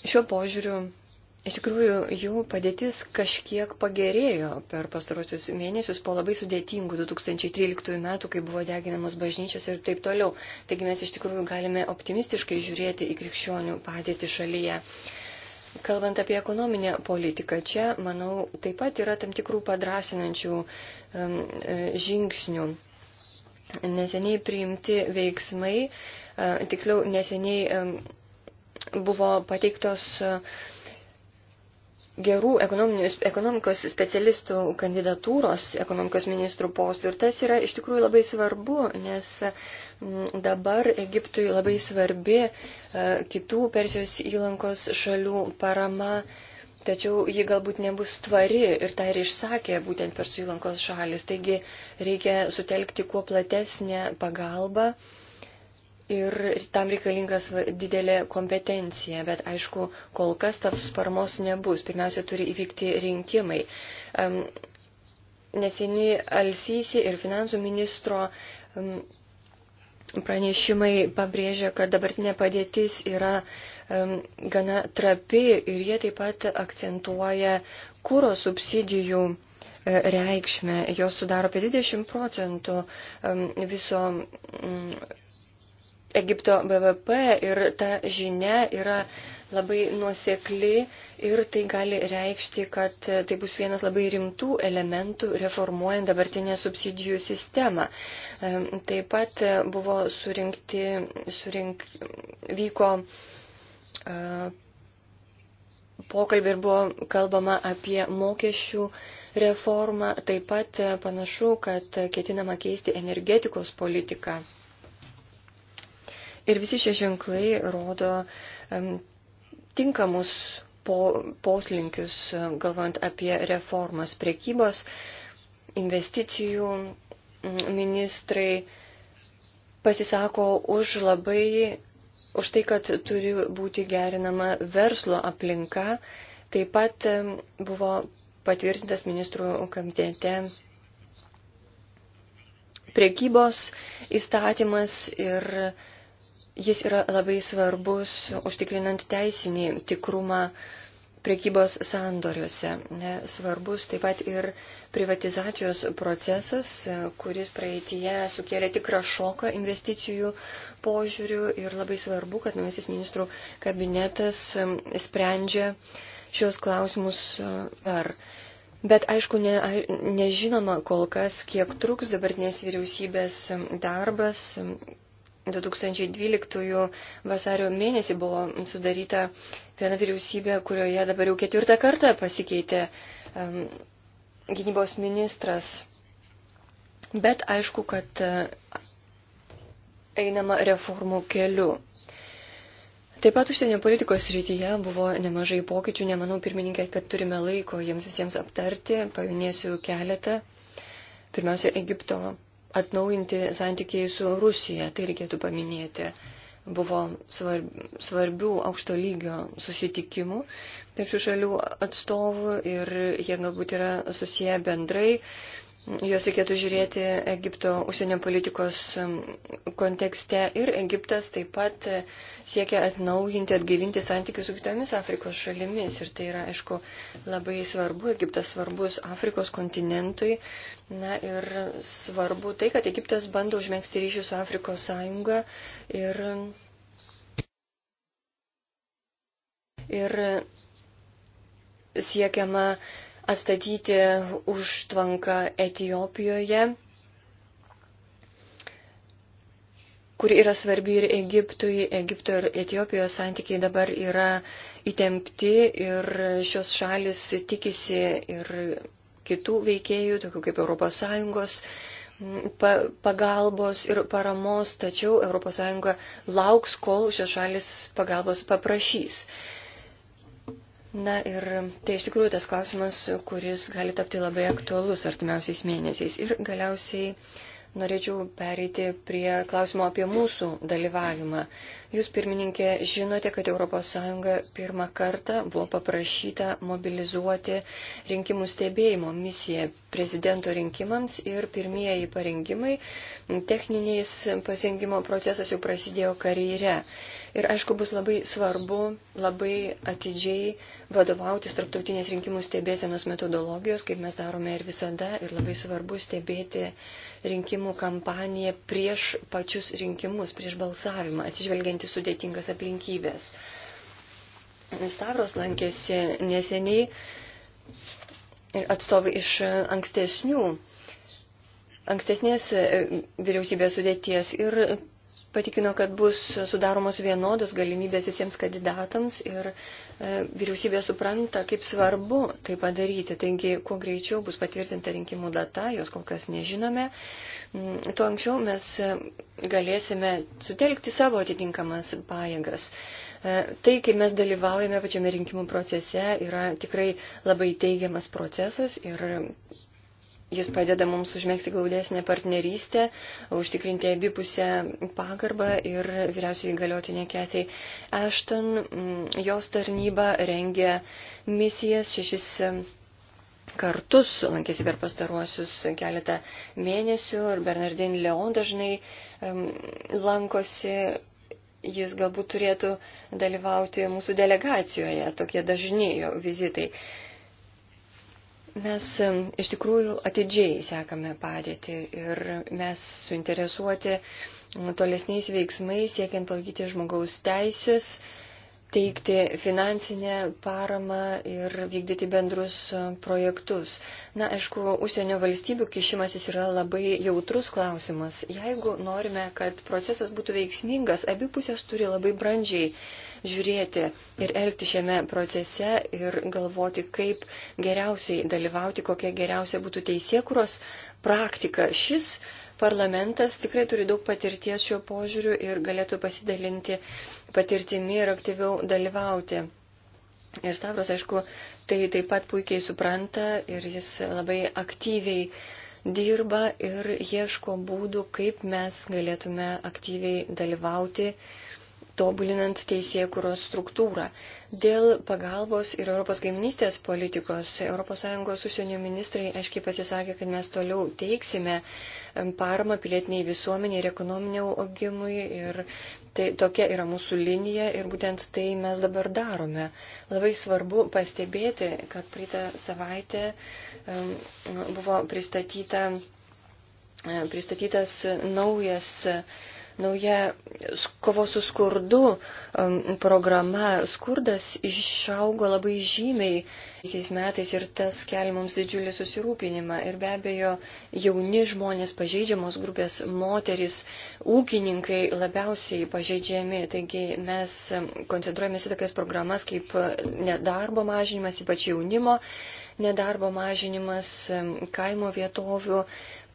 Šiuo požiūriu Iš tikrųjų, jų padėtis kažkiek pagerėjo per pastarosius mėnesius po labai sudėtingų 2013 metų, kai buvo deginamos bažnyčios ir taip toliau. Taigi mes iš tikrųjų galime optimistiškai žiūrėti į krikščionių padėtį šalyje. Kalbant apie ekonominę politiką, čia, manau, taip pat yra tam tikrų padrasinančių um, žingsnių. Neseniai priimti veiksmai, uh, tiksliau, neseniai um, buvo pateiktos. Uh, gerų ekonomikos specialistų kandidatūros ekonomikos ministrų postų. Ir tas yra iš tikrųjų labai svarbu, nes mm, dabar Egiptui labai svarbi e, kitų Persijos įlankos šalių parama. Tačiau ji galbūt nebus tvari ir tai ir išsakė būtent per suilankos šalis. Taigi reikia sutelkti kuo platesnę pagalbą uh, ir tam reikalingas didelė kompetencija, bet aišku, kol kas taps paramos nebus. Pirmiausia, turi įvykti rinkimai. Neseniai Alsysi ir finansų ministro pranešimai pabrėžia, kad dabartinė padėtis yra gana trapi ir jie taip pat akcentuoja kūro subsidijų e, reikšmę. Jos sudaro apie 20 procentų viso Egipto BVP ir ta žinia yra labai nuosekli ir tai gali reikšti, kad tai bus vienas labai rimtų elementų reformuojant dabartinę subsidijų sistemą. Taip pat buvo surinkti, surink, vyko pokalbį ir buvo kalbama apie mokesčių reformą. Taip pat panašu, kad ketinama keisti energetikos politiką. Ir visi šie ženklai rodo um, tinkamus po, poslinkius, galvant apie reformas priekybos, investicijų ministrai pasisako už labai, už tai, kad turi būti gerinama verslo aplinka. Taip pat buvo patvirtintas ministrų komitete priekybos įstatymas ir Jis yra labai svarbus užtikrinant teisinį tikrumą prekybos sandoriuose. Svarbus taip pat ir privatizacijos procesas, kuris praeitie sukėlė tikrą šoką investicijų požiūrių ir labai svarbu, kad naujasis ministrų kabinetas sprendžia šios klausimus ar. Bet aišku, ne, nežinoma kol kas, kiek truks dabartinės vyriausybės darbas, 2012 vasario mėnesį buvo sudaryta viena vyriausybė, kurioje dabar jau ketvirtą kartą pasikeitė um, gynybos ministras. Bet aišku, kad e, einama reformų keliu. Taip pat užsienio politikos rytyje buvo nemažai pokyčių, nemanau pirmininkė, kad turime laiko jiems visiems aptarti, paminėsiu keletą. Pirmiausia, Egipto atnaujinti santykiai su Rusija, tai reikėtų paminėti. Buvo svarbių aukšto lygio susitikimų tarp šių šalių atstovų ir jie galbūt yra susiję bendrai Juos reikėtų žiūrėti Egipto užsienio politikos kontekste ir Egiptas taip pat siekia atnaujinti, atgaivinti santykius su kitomis Afrikos šalimis. Ir tai yra, aišku, labai svarbu. Egiptas svarbus Afrikos kontinentui. Na ir svarbu tai, kad Egiptas bando užmėgsti ryšių su Afrikos sąjunga ir. ir siekiama atstatyti užtvanką Etijopijoje, kuri yra svarbi ir Egiptui. Egipto ir Etijopijos santykiai dabar yra įtempti ir šios šalis tikisi ir kitų veikėjų, tokių kaip ES mm, pagalbos ir paramos, tačiau ES lauks, kol šios šalis pagalbos paprašys. Na ir tai iš tikrųjų tas klausimas, kuris gali tapti labai aktualus artimiausiais mėnesiais. Ir galiausiai norėčiau pereiti prie klausimo apie mūsų dalyvavimą. Jūs, pirmininkė, žinote, kad ES pirmą kartą buvo paprašyta mobilizuoti rinkimų stebėjimo misiją prezidento rinkimams ir pirmieji parengimai, techniniais pasirinkimo procesas jau prasidėjo karyre. Ir aišku, bus labai svarbu labai atidžiai vadovautis tarptautinės rinkimų stebėsenos metodologijos, kaip mes darome ir visada, ir labai svarbu stebėti rinkimų kampaniją prieš pačius rinkimus, prieš balsavimą, atsižvelgiant vertinti sudėtingas aplinkybės. Stavros lankėsi neseniai ir atstovai iš ankstesnių, ankstesnės e, vyriausybės sudėties ir patikino, kad bus sudaromos vienodos galimybės visiems kandidatams ir e, vyriausybė supranta, kaip svarbu tai padaryti. Taigi, kuo greičiau bus patvirtinta rinkimų data, jos kol kas nežinome, tuo anksčiau mes e, galėsime sutelkti savo atitinkamas pajėgas. E, tai, kai mes dalyvaujame pačiame rinkimų procese, yra tikrai labai teigiamas procesas ir Jis padeda mums užmėgsti glaudesnę partnerystę, užtikrinti abipusę pagarbą ir vyriausiai įgaliotinė Ketei Ashton. Mm, jos tarnyba rengia misijas šešis kartus, lankėsi per pastaruosius keletą mėnesių ir Bernardin Leon dažnai lankosi. Jis galbūt turėtų dalyvauti mūsų delegacijoje, tokie dažni jo vizitai. Mes iš tikrųjų atidžiai sekame padėtį ir mes suinteresuoti tolesniais veiksmais, siekiant palaikyti žmogaus teisės, teikti finansinę paramą ir vykdyti bendrus e, projektus. Na, aišku, užsienio valstybių kišimasis yra labai jautrus klausimas. Jeigu norime, kad procesas būtų veiksmingas, abi pusės turi labai brandžiai žiūrėti ir elgti šiame procese ir galvoti, kaip geriausiai dalyvauti, kokia geriausia būtų teisėkuros praktika. Šis parlamentas tikrai turi daug patirties šiuo požiūriu ir galėtų pasidalinti patirtimi ir aktyviau dalyvauti. Ir Stavros, aišku, tai taip pat puikiai supranta ir jis labai aktyviai dirba ir ieško būdų, kaip mes galėtume aktyviai dalyvauti uh, tobulinant teisėje kūros struktūrą. Dėl pagalbos ir Europos kaiminystės politikos ES užsienio ministrai aiškiai pasisakė, kad mes toliau teiksime paramą pilietiniai visuomeniai ir ekonominiau augimui. Ir tai, tokia yra mūsų linija ir būtent tai mes dabar darome. Labai svarbu pastebėti, kad praeitą savaitę um, buvo pristatyta, e, pristatytas naujas uh, nauja kovos su skurdu programa. Skurdas išaugo labai žymiai šiais metais ir tas kelia mums didžiulį susirūpinimą. Ir be abejo, jauni žmonės, pažeidžiamos grupės, moteris, ūkininkai labiausiai pažeidžiami. Taigi mes koncentruojamės į tokias programas kaip nedarbo mažinimas, ypač jaunimo nedarbo mažinimas, kaimo vietovių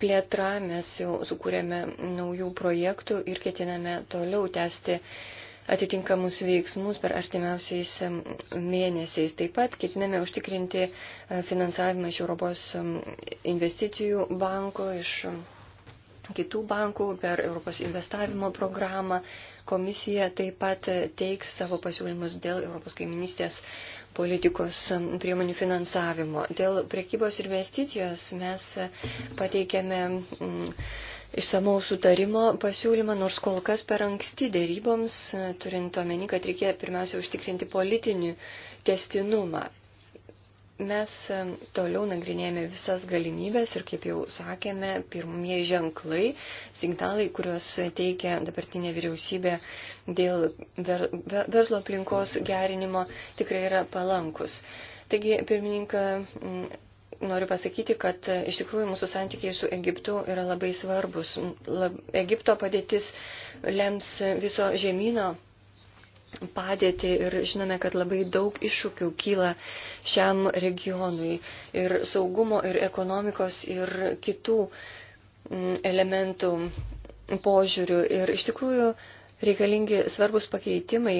plėtra, mes jau sukūrėme naujų projektų ir ketiname toliau tęsti atitinkamus veiksmus per artimiausiais mėnesiais. Taip pat ketiname užtikrinti e, finansavimą iš Europos investicijų banko, iš kitų bankų per Europos investavimo programą. Komisija taip pat e, teiks savo pasiūlymus dėl Europos kaiminystės politikos priemonių finansavimo. Dėl priekybos ir investicijos mes pateikėme išsamaus sutarimo pasiūlymą, nors kol kas per anksti dėryboms, turint omeny, kad reikia pirmiausia užtikrinti politinį testinumą. Mes toliau nagrinėjame visas galimybės ir, kaip jau sakėme, pirmieji ženklai, signalai, kuriuos teikia dabartinė vyriausybė dėl ver, ver, verslo aplinkos gerinimo, tikrai yra palankus. Taigi, pirmininką, noriu pasakyti, kad e, iš tikrųjų mūsų santykiai su Egiptu yra labai svarbus. Lab, Egipto padėtis lems viso žemynio padėtį ir žinome, kad labai daug iššūkių kyla šiam regionui ir saugumo, ir ekonomikos, ir kitų mm, elementų požiūrių. Ir iš tikrųjų reikalingi svarbus pakeitimai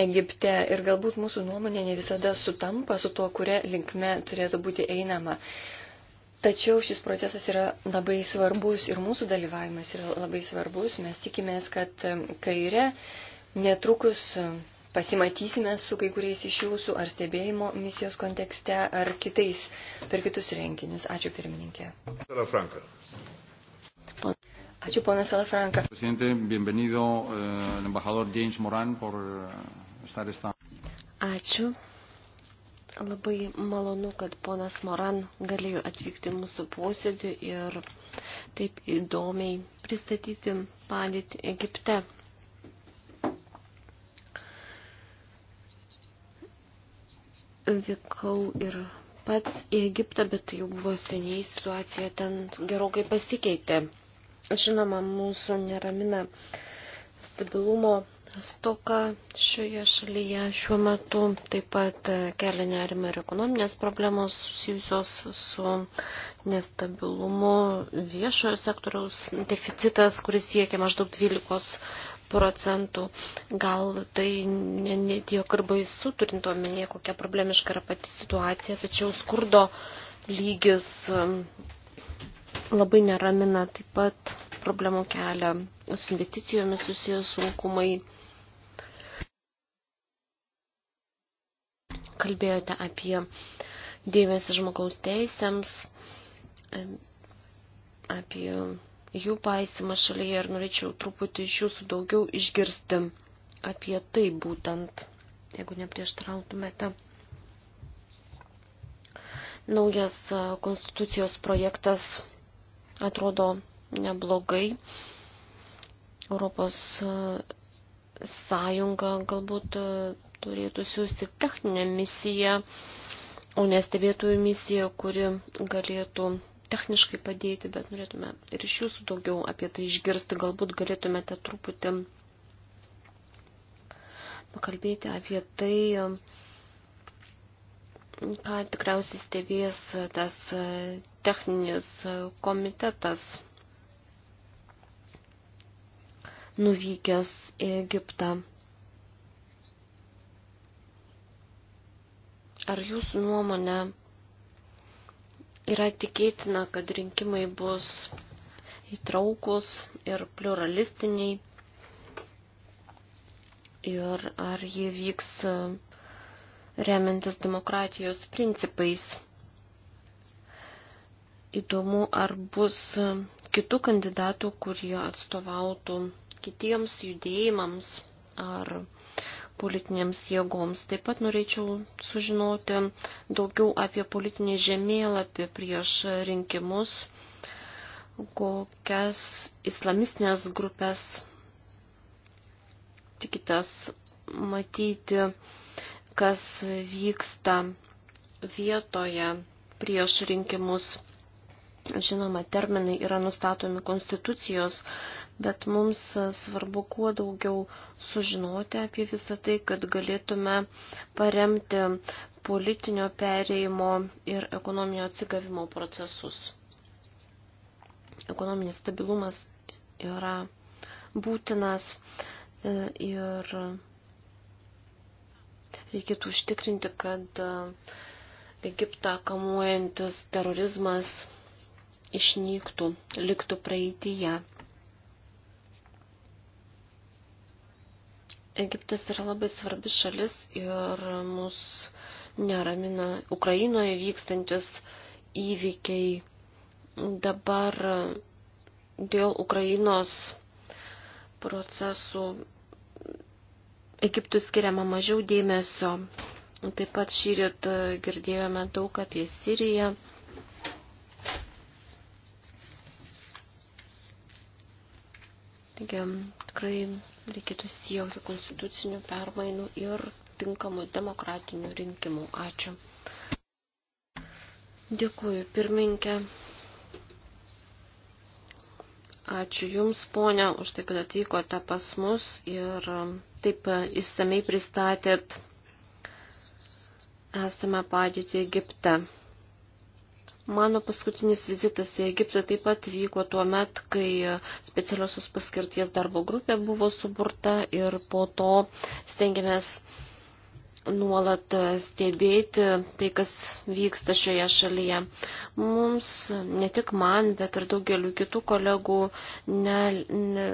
Egipte ir galbūt mūsų nuomonė ne visada sutampa su tuo, kuria linkme turėtų būti einama. Tačiau šis procesas yra labai svarbus ir mūsų dalyvavimas yra labai svarbus. Mes tikimės, kad e, kaire Netrukus pasimatysime su kai kuriais iš jūsų ar stebėjimo misijos kontekste, ar kitais per kitus renginius. Ačiū pirmininkė. Salafranka. Ačiū ponas Salafranka. Eh, eh, Ačiū. Labai malonu, kad ponas Moran galėjo atvykti mūsų posėdį ir taip įdomiai pristatyti padėtį Egipte. vykau ir pats į Egiptą, bet tai jau buvo seniai situacija ten gerokai pasikeitė. Žinoma, mūsų neramina stabilumo stoka šioje šalyje šiuo metu, taip pat kelia nerima ir ekonominės problemos susijusios su nestabilumu viešojo sektoriaus deficitas, kuris siekia maždaug 12 procentų. Gal tai netiek ir baisu, turint omenyje, kokia problemiška yra pati situacija, tačiau skurdo lygis um, labai neramina, taip pat problemų kelia su investicijomis susijęs sunkumai. Kalbėjote apie dėmesį žmogaus teisėms, um, apie jų paisimą šalyje ir norėčiau truputį iš jūsų daugiau išgirsti apie tai būtent, jeigu neprieštarautumėte. Naujas konstitucijos projektas atrodo neblogai. Europos sąjunga galbūt turėtų siūsti techninę misiją, o nestebėtųjų misiją, kuri galėtų techniškai padėti, bet norėtume ir iš jūsų daugiau apie tai išgirsti. Galbūt galėtumėte truputį pakalbėti apie tai, ką tikriausiai stebės tas techninis komitetas nuvykęs į Egiptą. Ar jūsų nuomonė Yra tikėtina, kad rinkimai bus įtraukus ir pluralistiniai. Ir ar jie vyks e, remiantis demokratijos principais. Įdomu, ar bus e, kitų kandidatų, kurie atstovautų kitiems judėjimams ar politinėms jėgoms. Taip pat norėčiau sužinoti daugiau apie politinį žemėlapį prieš rinkimus, kokias islamistinės grupės tikitės matyti, kas vyksta vietoje prieš rinkimus. Žinoma, terminai yra nustatomi konstitucijos, bet mums svarbu kuo daugiau sužinoti apie visą tai, kad galėtume paremti politinio pereimo ir ekonominio atsigavimo procesus. Ekonominis stabilumas yra būtinas e, ir reikėtų užtikrinti, kad e, Egiptą kamuojantis terorizmas išnyktų, liktų praeitįje. Egiptas yra labai svarbi šalis ir mus neramina Ukrainoje vykstantis įvykiai. Dabar dėl Ukrainos procesų Egiptui skiriama mažiau dėmesio. Taip pat šįryt girdėjome daug apie Siriją Taigi tikrai reikėtų siekti konstitucinių permainų ir tinkamų demokratinių rinkimų. Ačiū. Dėkuoju, pirminkė. Ačiū Jums, ponia, už tai, kad atvykote pas mus ir taip įsamei pristatėt esame padėti Egipte. Mano paskutinis vizitas į Egiptą taip pat vyko tuo met, kai specialiosios paskirties darbo grupė buvo suburta ir po to stengiamės nuolat stebėti tai, kas vyksta šioje šalyje. Mums, ne tik man, bet ir daugeliu kitų kolegų ne, ne,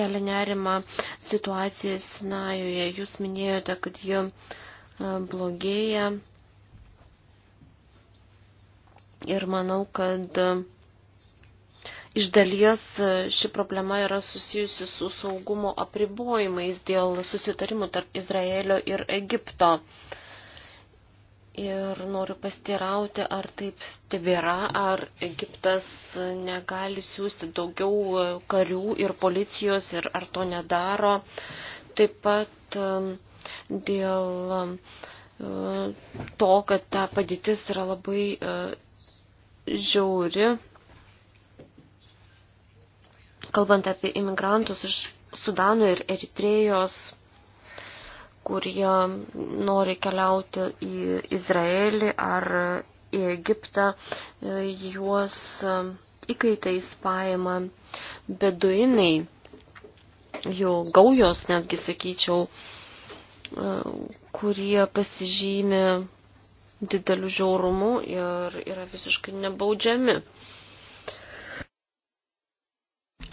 kelia nerima situacija Sinajoje. Jūs minėjote, kad ji e, blogėja. Ir manau, kad e, iš dalies e, ši problema yra susijusi su saugumo apribojimais dėl susitarimų tarp Izraelio ir Egipto. Ir noriu pastirauti, ar taip tebėra, ar Egiptas negali siūsti daugiau e, karių ir policijos, ir ar to nedaro. Taip pat dėl to, kad ta padėtis yra labai žiauri, kalbant apie imigrantus iš Sudano ir Eritrėjos, kurie nori keliauti į Izraelį ar į Egiptą, juos įkaitais paima beduinai, jų gaujos netgi sakyčiau, kurie pasižymi dideliu žiaurumu ir yra visiškai nebaudžiami.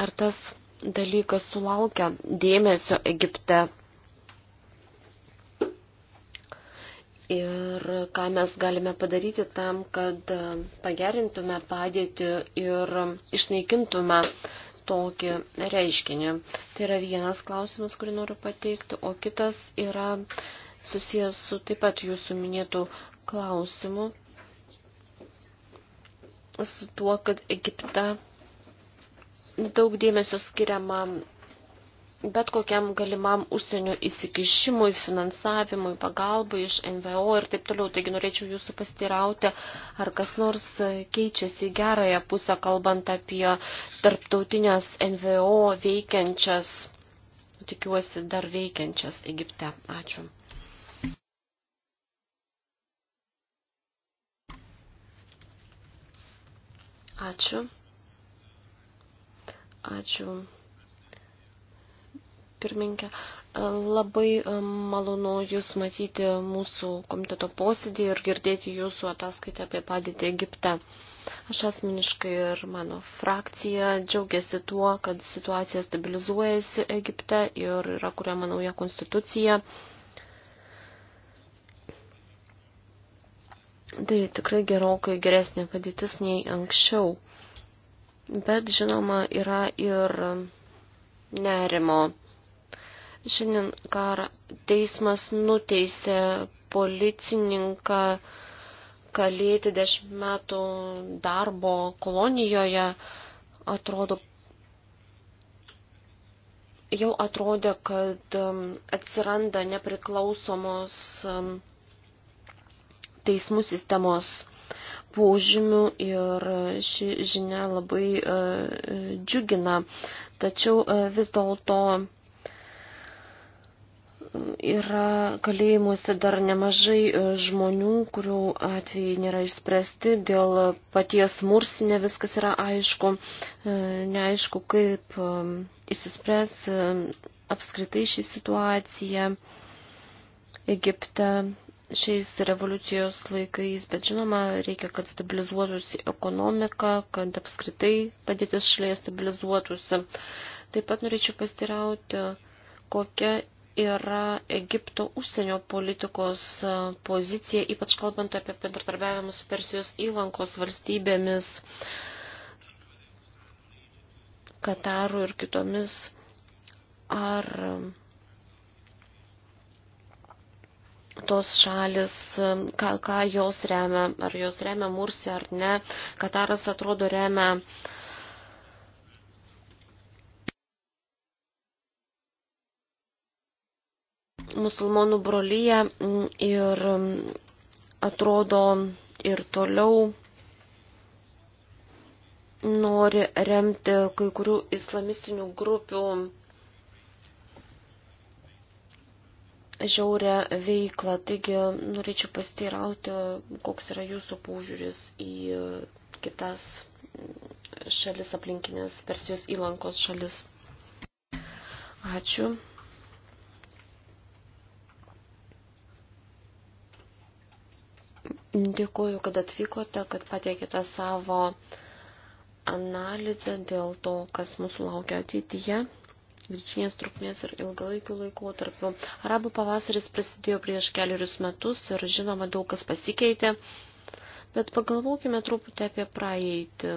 Ar tas dalykas sulaukia dėmesio Egipte? Ir ką mes galime padaryti tam, kad pagerintume padėtį ir išnaikintume tokį reiškinį. Tai yra vienas klausimas, kurį noriu pateikti, o kitas yra uh, susijęs su taip pat jūsų minėtų klausimų, su tuo, kad Egipte daug dėmesio skiriama bet kokiam galimam užsienio įsikišimui, finansavimui, pagalbai iš NVO ir taip toliau. Taigi norėčiau jūsų pastirauti, ar kas nors keičiasi į gerąją pusę, kalbant apie tarptautinės NVO veikiančias, tikiuosi, dar veikiančias Egipte. Ačiū. Ačiū. Ačiū. Pirminkė, labai e, malonu Jūs matyti mūsų komiteto posėdį ir girdėti Jūsų ataskaitę apie padėtį Egipte. Aš asmeniškai ir mano frakcija džiaugiasi tuo, kad situacija stabilizuojasi Egipte ir yra kuriama nauja konstitucija. Tai tikrai gerokai geresnė padėtis nei anksčiau. Bet, žinoma, yra ir nerimo. Šiandien kar teismas nuteisė policininką kalėti dešimt metų darbo kolonijoje. Atrodo, jau atrodė, kad um, atsiranda nepriklausomos um, teismų sistemos požymių ir ši žinia labai e, džiugina. Tačiau e, vis dėlto e, yra kalėjimuose dar nemažai žmonių, kurių atvejai nėra išspręsti, dėl paties mursinė viskas yra aišku, neaišku, kaip įsispręs apskritai šį situaciją Egipte šiais revoliucijos laikais, bet žinoma, reikia, kad stabilizuotųsi ekonomika, kad apskritai padėtis šalyje stabilizuotųsi. Taip pat norėčiau pastirauti, kokia yra Egipto užsienio politikos pozicija, ypač kalbant apie bendradarbiavimą su Persijos įlankos valstybėmis, Kataru ir kitomis. Ar tos šalis, ką, ką jos remia, ar jos remia Mursi ar ne. Kataras atrodo remia. musulmonų brolyje ir atrodo ir toliau nori remti kai kurių islamistinių grupių žiaurę veiklą. Taigi norėčiau pasteirauti, koks yra jūsų paužiūris į kitas šalis aplinkinės Persijos įlankos šalis. Ačiū. Dėkuoju, kad atvykote, kad patiekite savo analizę dėl to, kas mūsų laukia ateityje vidutinės trukmės ir ilgalaikių laikotarpių. Arabų pavasaris prasidėjo prieš keliarius metus ir žinoma daug kas pasikeitė, bet pagalvokime truputį apie praeitį.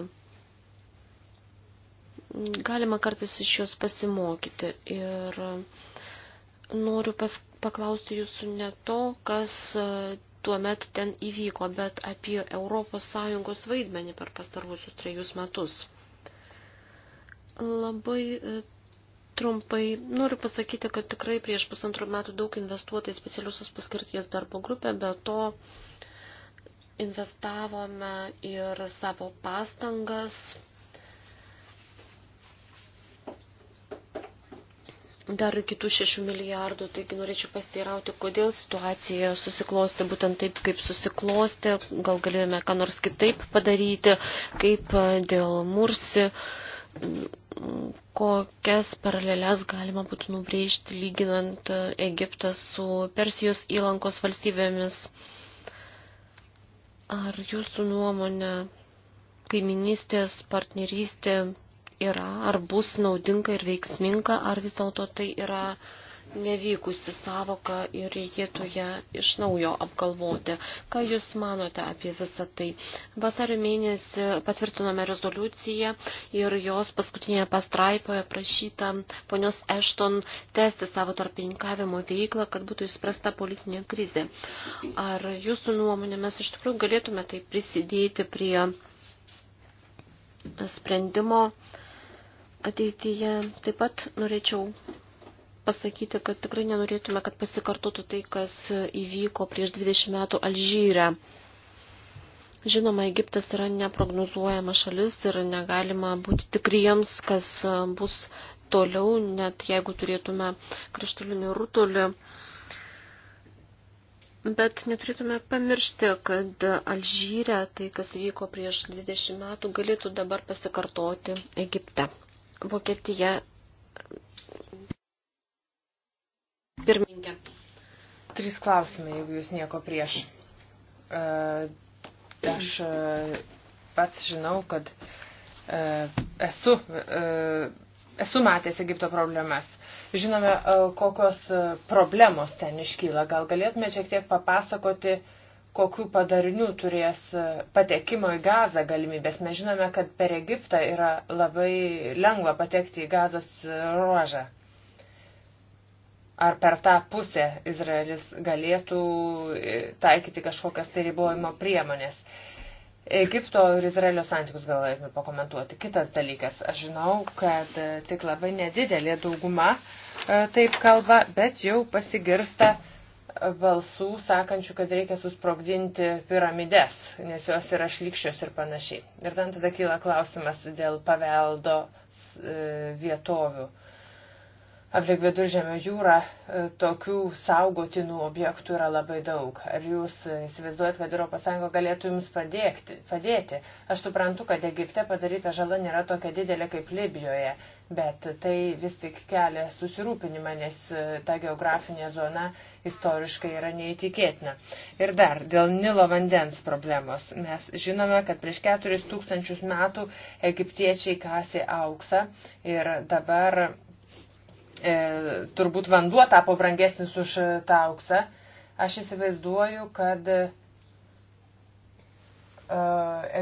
Galima kartais iš jos pasimokyti ir noriu pas, paklausti jūsų ne to, kas e, tuo met ten įvyko, bet apie Europos Sąjungos vaidmenį per pastaruosius trejus metus. Labai e, Trumpai noriu pasakyti, kad tikrai prieš pusantrų metų daug investuota į specialiusios paskirties darbo grupę, be to investavome ir savo pastangas. Dar kitų 6 milijardų, taigi norėčiau pasteirauti, kodėl situacija susiklosti būtent taip, kaip susiklosti, gal galėjome ką nors kitaip padaryti, kaip dėl Mursi kokias paralelės galima būtų nubrėžti lyginant e, Egiptą su Persijos įlankos valstybėmis. Ar jūsų nuomonė kaiminystės partnerystė yra, ar bus naudinga ir veiksminga, ar vis dėlto tai yra uh, nevykusi savoka ir reikėtų ją iš naujo apgalvoti. Ką Jūs manote apie visą tai? Vasario mėnesį patvirtinome rezoliuciją ir jos paskutinėje pastraipoje prašyta ponios Ešton tęsti savo tarpininkavimo veiklą, kad būtų išspręsta politinė krizė. Ar Jūsų nuomonė mes iš tikrųjų galėtume tai prisidėti prie sprendimo ateityje? Taip pat norėčiau pasakyti, kad tikrai nenorėtume, kad pasikartotų tai, kas įvyko prieš 20 metų Alžyre. Žinoma, Egiptas yra neprognozuojama šalis ir negalima būti tikriems, kas bus toliau, net jeigu turėtume krištolinį rutulį. Bet neturėtume pamiršti, kad Alžyre tai, kas vyko prieš 20 metų, galėtų dabar pasikartoti Egipte. Vokietija Pirmininkė. Trys klausimai, jeigu jūs nieko prieš. E, aš e, pats žinau, kad e, esu, esu matęs Egipto problemas. Žinome, kokios problemos ten iškyla. Gal galėtume šiek tiek papasakoti, kokiu padariniu turės patekimo į gazą galimybės. Mes žinome, kad per Egiptą yra labai lengva patekti į gazos ruožą ar per tą pusę Izraelis galėtų e, taikyti kažkokias tai ribojimo priemonės. Egipto ir Izraelio santykius galėtume pakomentuoti. Kitas dalykas, aš žinau, kad e, tik labai nedidelė dauguma e, taip kalba, bet jau pasigirsta balsų sakančių, kad reikia susprogdinti piramides, nes jos yra šlikščios ir panašiai. Ir ten tada kyla klausimas dėl paveldo vietovių. E, aplink viduržėmio jūrą e, tokių saugotinų objektų yra labai daug. Ar jūs įsivaizduojat, kad ES galėtų jums padėkti, padėti? Aš suprantu, kad Egipte padaryta žala nėra tokia didelė kaip Libijoje, bet tai vis tik kelia susirūpinimą, nes e, ta geografinė zona istoriškai yra neįtikėtina. Ir dar dėl Nilo vandens problemos. Mes žinome, kad prieš 4000 metų egiptiečiai kasė auksą ir dabar e, turbūt vanduo tapo brangesnis už tą auksą, aš įsivaizduoju, kad e,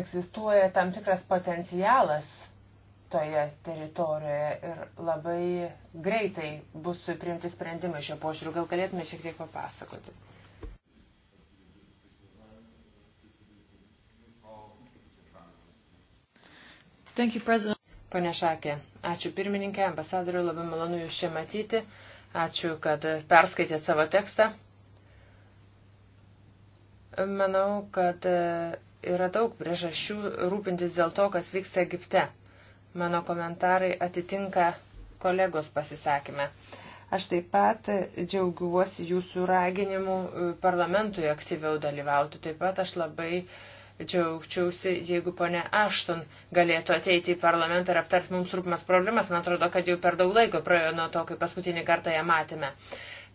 egzistuoja tam tikras potencialas toje teritorijoje ir labai greitai bus priimti sprendimai šio požiūriu. Gal galėtume šiek tiek papasakoti? Thank you, President. Pone Šakė, ačiū pirmininkė, ambasadoriu, labai malonu Jūs čia matyti. Ačiū, kad perskaitėt savo tekstą. Manau, kad e, yra daug priežasčių rūpintis dėl to, kas vyksta Egipte. Mano komentarai atitinka kolegos pasisakymę. Aš taip pat džiaugiuosi jūsų raginimu e, parlamentui aktyviau dalyvauti. Taip pat aš labai uh, Džiaugčiausi, jeigu ponė Ašton galėtų ateiti į parlamentą ir aptarti mums rūpimas problemas. Man atrodo, kad jau per daug laiko praėjo nuo to, kai paskutinį kartą ją matėme.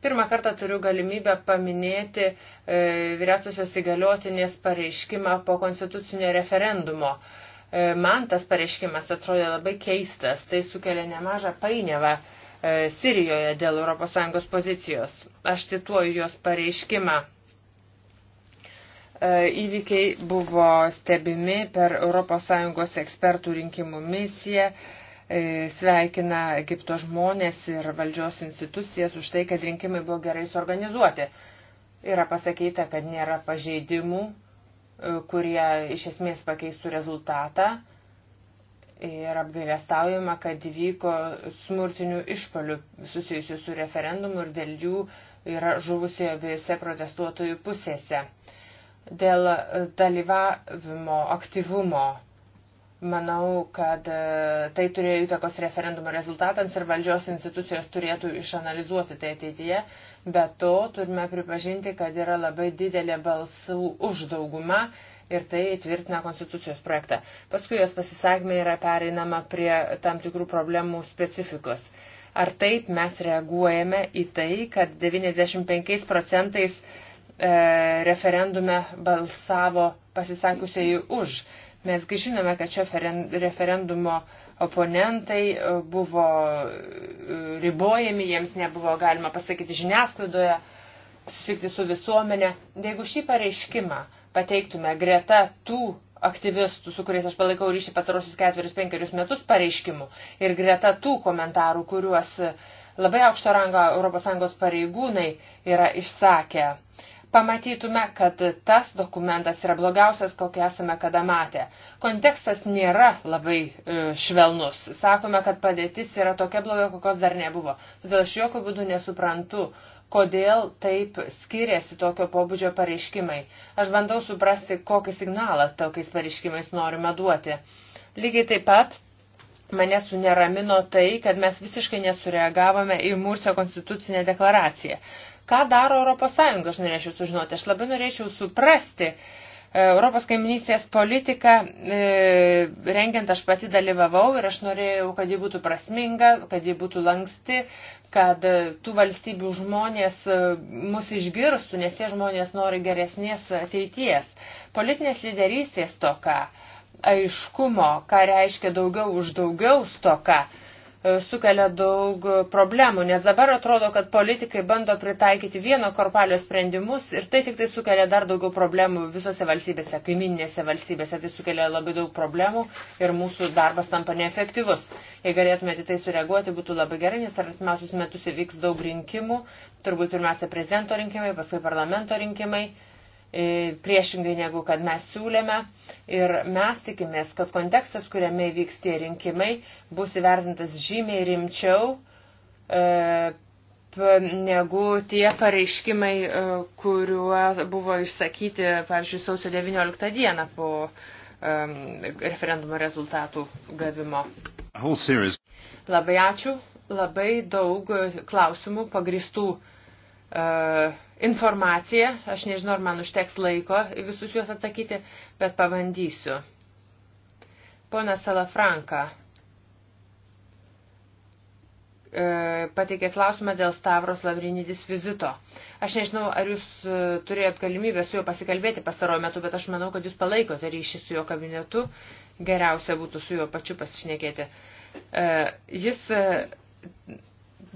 Pirmą kartą turiu galimybę paminėti e, vyriausiosios įgaliotinės pareiškimą po konstitucinio referendumo. E, man tas pareiškimas atrodė labai keistas, tai sukelia nemažą painiavą e, Sirijoje dėl ES pozicijos. Aš cituoju jos pareiškimą E, įvykiai buvo stebimi per ES ekspertų rinkimų misiją. E, sveikina Egipto žmonės ir valdžios institucijas už tai, kad rinkimai buvo gerai suorganizuoti. Yra pasakyta, kad nėra pažeidimų, e, kurie iš esmės pakeistų rezultatą. Ir apgailestaujama, kad vyko smurtinių išpalių susijusių su referendumu ir dėl jų yra žuvusi abiejose protestuotojų pusėse. Dėl e, dalyvavimo aktyvumo manau, kad e, tai turėjo įtakos referendumo rezultatams ir valdžios institucijos turėtų išanalizuoti tai ateityje. Be to turime pripažinti, kad yra labai didelė balsų už daugumą ir tai tvirtina konstitucijos projektą. Paskui jos pasisakymai yra pereinama prie tam tikrų problemų specifikos. Ar taip mes reaguojame į tai, kad 95 procentais E, referendume balsavo pasisakiusiai už. Mesgi žinome, kad čia referendumo oponentai e, buvo e, ribojami, jiems nebuvo galima pasakyti žiniasklaidoje, susikti su visuomenė. Jeigu šį pareiškimą pateiktume greta tų aktyvistų, su kuriais aš palaikau ryšį pasarosius ketverius penkerius metus pareiškimų ir greta tų komentarų, kuriuos labai aukšto rango ES pareigūnai yra išsakę pamatytume, kad tas dokumentas yra blogiausias, kokį esame kada matę. Kontekstas nėra labai e, švelnus. Sakome, kad padėtis yra tokia bloga, kokios dar nebuvo. Todėl aš jokių būdų nesuprantu, kodėl taip skiriasi tokio pobūdžio pareiškimai. Aš bandau suprasti, kokį signalą tokiais pareiškimais norime duoti. Lygiai taip pat mane suneramino tai, kad mes visiškai nesureagavome į Mursio konstitucinę deklaraciją. Ką daro ES, aš norėčiau sužinoti. Aš labai norėčiau suprasti e, Europos kaiminystės politiką, e, rengiant aš pati dalyvavau ir aš norėjau, kad ji būtų prasminga, kad ji būtų lanksti, kad e, tų valstybių žmonės mus išgirstų, nes tie žmonės nori geresnės ateities. Politinės lyderystės toka, aiškumo, ką reiškia daugiau už daugiau stoka. To, sukelia daug problemų, nes dabar atrodo, kad politikai bando pritaikyti vieno korpalio sprendimus ir tai tik tai sukelia dar daugiau problemų visose valstybėse, kaiminėse valstybėse, tai sukelia labai daug problemų ir mūsų darbas tampa neefektyvus. Jei galėtume į tai sureaguoti, būtų labai gerai, nes artimiausius metus įvyks daug rinkimų, turbūt pirmiausia prezidento rinkimai, paskui parlamento rinkimai. E, priešingai negu kad mes siūlėme. Ir mes tikimės, kad kontekstas, kuriame vyks tie rinkimai, bus įvertintas žymiai rimčiau e, negu tie pareiškimai, e, kuriuo buvo išsakyti, pavyzdžiui, sausio 19 dieną po referendumo rezultatų gavimo. Labai ačiū, labai daug klausimų pagristų uh, informaciją. Aš nežinau, ar man užteks laiko visus juos atsakyti, bet pabandysiu. Pona Salafranka e, pateikė klausimą dėl Stavros Lavrinidis vizito. Aš nežinau, ar jūs e, turėjot galimybę su juo pasikalbėti pastaruoju metu, bet aš manau, kad jūs palaikote ryšį su jo kabinetu. Geriausia būtų su juo pačiu pasišnekėti. E, jis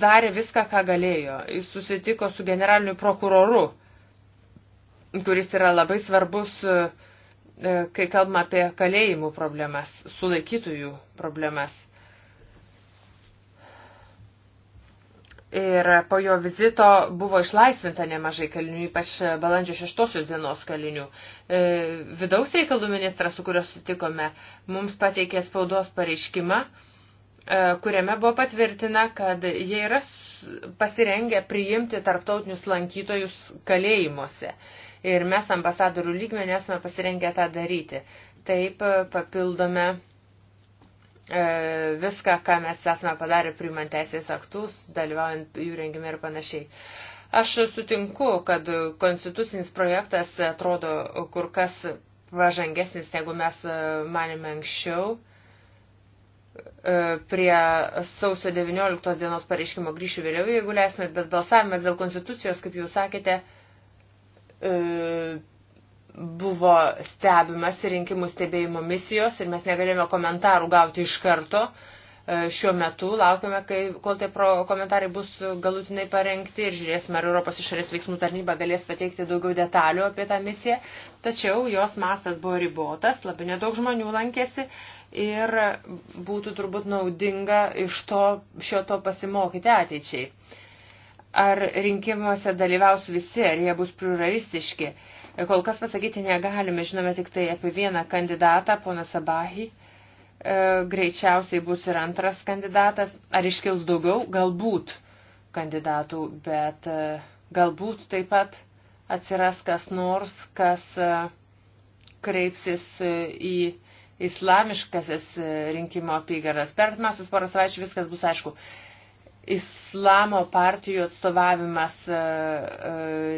darė viską, ką galėjo. Jis susitiko su generaliniu prokuroru, kuris yra labai svarbus, e, kai kalbama apie kalėjimų problemas, sulaikytųjų problemas. Ir po jo vizito buvo išlaisvinta nemažai kalinių, ypač balandžio 6 dienos kalinių. E, vidaus reikalų ministras, su kuriuo sutikome, mums pateikė spaudos pareiškimą, E, kuriame buvo patvirtina, kad jie yra pasirengę priimti tarptautinius lankytojus kalėjimuose. Ir mes ambasadorių lygmenį esame pasirengę tą daryti. Taip e, papildome e, viską, ką mes esame padarę priimant teisės aktus, dalyvaujant jų rengime ir panašiai. Aš sutinku, kad konstitucinis projektas atrodo kur kas pažangesnis, negu mes manėme anksčiau. E, prie sausio 19 dienos pareiškimo grįšiu vėliau, jeigu leisime, bet balsavimas dėl konstitucijos, kaip jūs sakėte, e, buvo stebimas rinkimų stebėjimo misijos ir mes negalėjome komentarų gauti iš karto. Uh, E, šiuo metu laukime, kai, kol tie komentarai bus galutinai parengti ir žiūrėsime, ar Europos išorės veiksmų tarnyba galės pateikti daugiau detalių apie tą misiją. Tačiau jos mastas buvo ribotas, labai nedaug žmonių lankėsi ir būtų turbūt naudinga iš to, šio to pasimokyti ateičiai. Ar rinkimuose dalyvaus visi, ar jie bus pluralistiški? Kol kas pasakyti negalime, žinome tik tai apie vieną kandidatą, poną Sabahį. E, greičiausiai bus ir antras kandidatas. Ar iškils daugiau? Galbūt kandidatų, bet e, galbūt taip pat atsiras kas nors, kas e, kreipsis į islamiškasis rinkimo apygardas. Per atmasius porą savaičių viskas bus aišku. Islamo partijų atstovavimas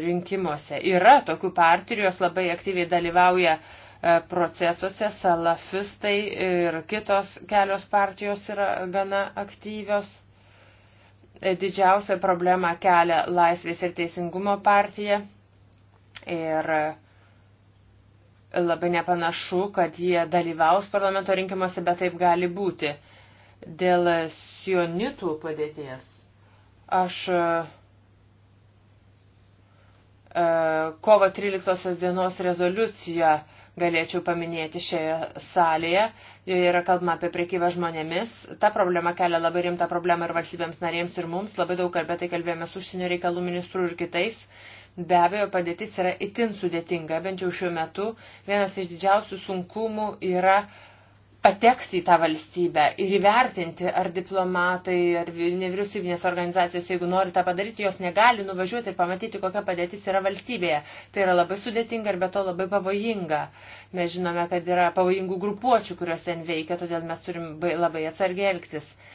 rinkimuose. Yra tokių partijų, jos labai aktyviai dalyvauja uh, E, procesuose salafistai ir kitos kelios partijos yra gana aktyvios. E, didžiausia problema kelia Laisvės ir Teisingumo partija ir e, labai nepanašu, kad jie dalyvaus parlamento rinkimuose, bet taip gali būti. Dėl sionitų padėties aš kovo 13 dienos rezoliuciją galėčiau paminėti šioje salėje. Joje yra kalbama apie priekybą žmonėmis. Ta problema kelia labai rimtą problemą ir valstybėms narėms ir mums. Labai daug apie tai kalbėjome su užsienio reikalų ministru ir kitais. Be abejo, padėtis yra itin sudėtinga, bent jau šiuo metu. Vienas iš didžiausių sunkumų yra uh, patekti į tą valstybę ir įvertinti, ar diplomatai, ar nevyriausybinės organizacijos, jeigu nori tą padaryti, jos negali nuvažiuoti ir pamatyti, kokia padėtis yra valstybėje. Tai yra labai sudėtinga ir be to labai pavojinga. Mes žinome, kad yra pavojingų grupuočių, kurios ten veikia, todėl mes turim labai atsargiai elgtis. Uh,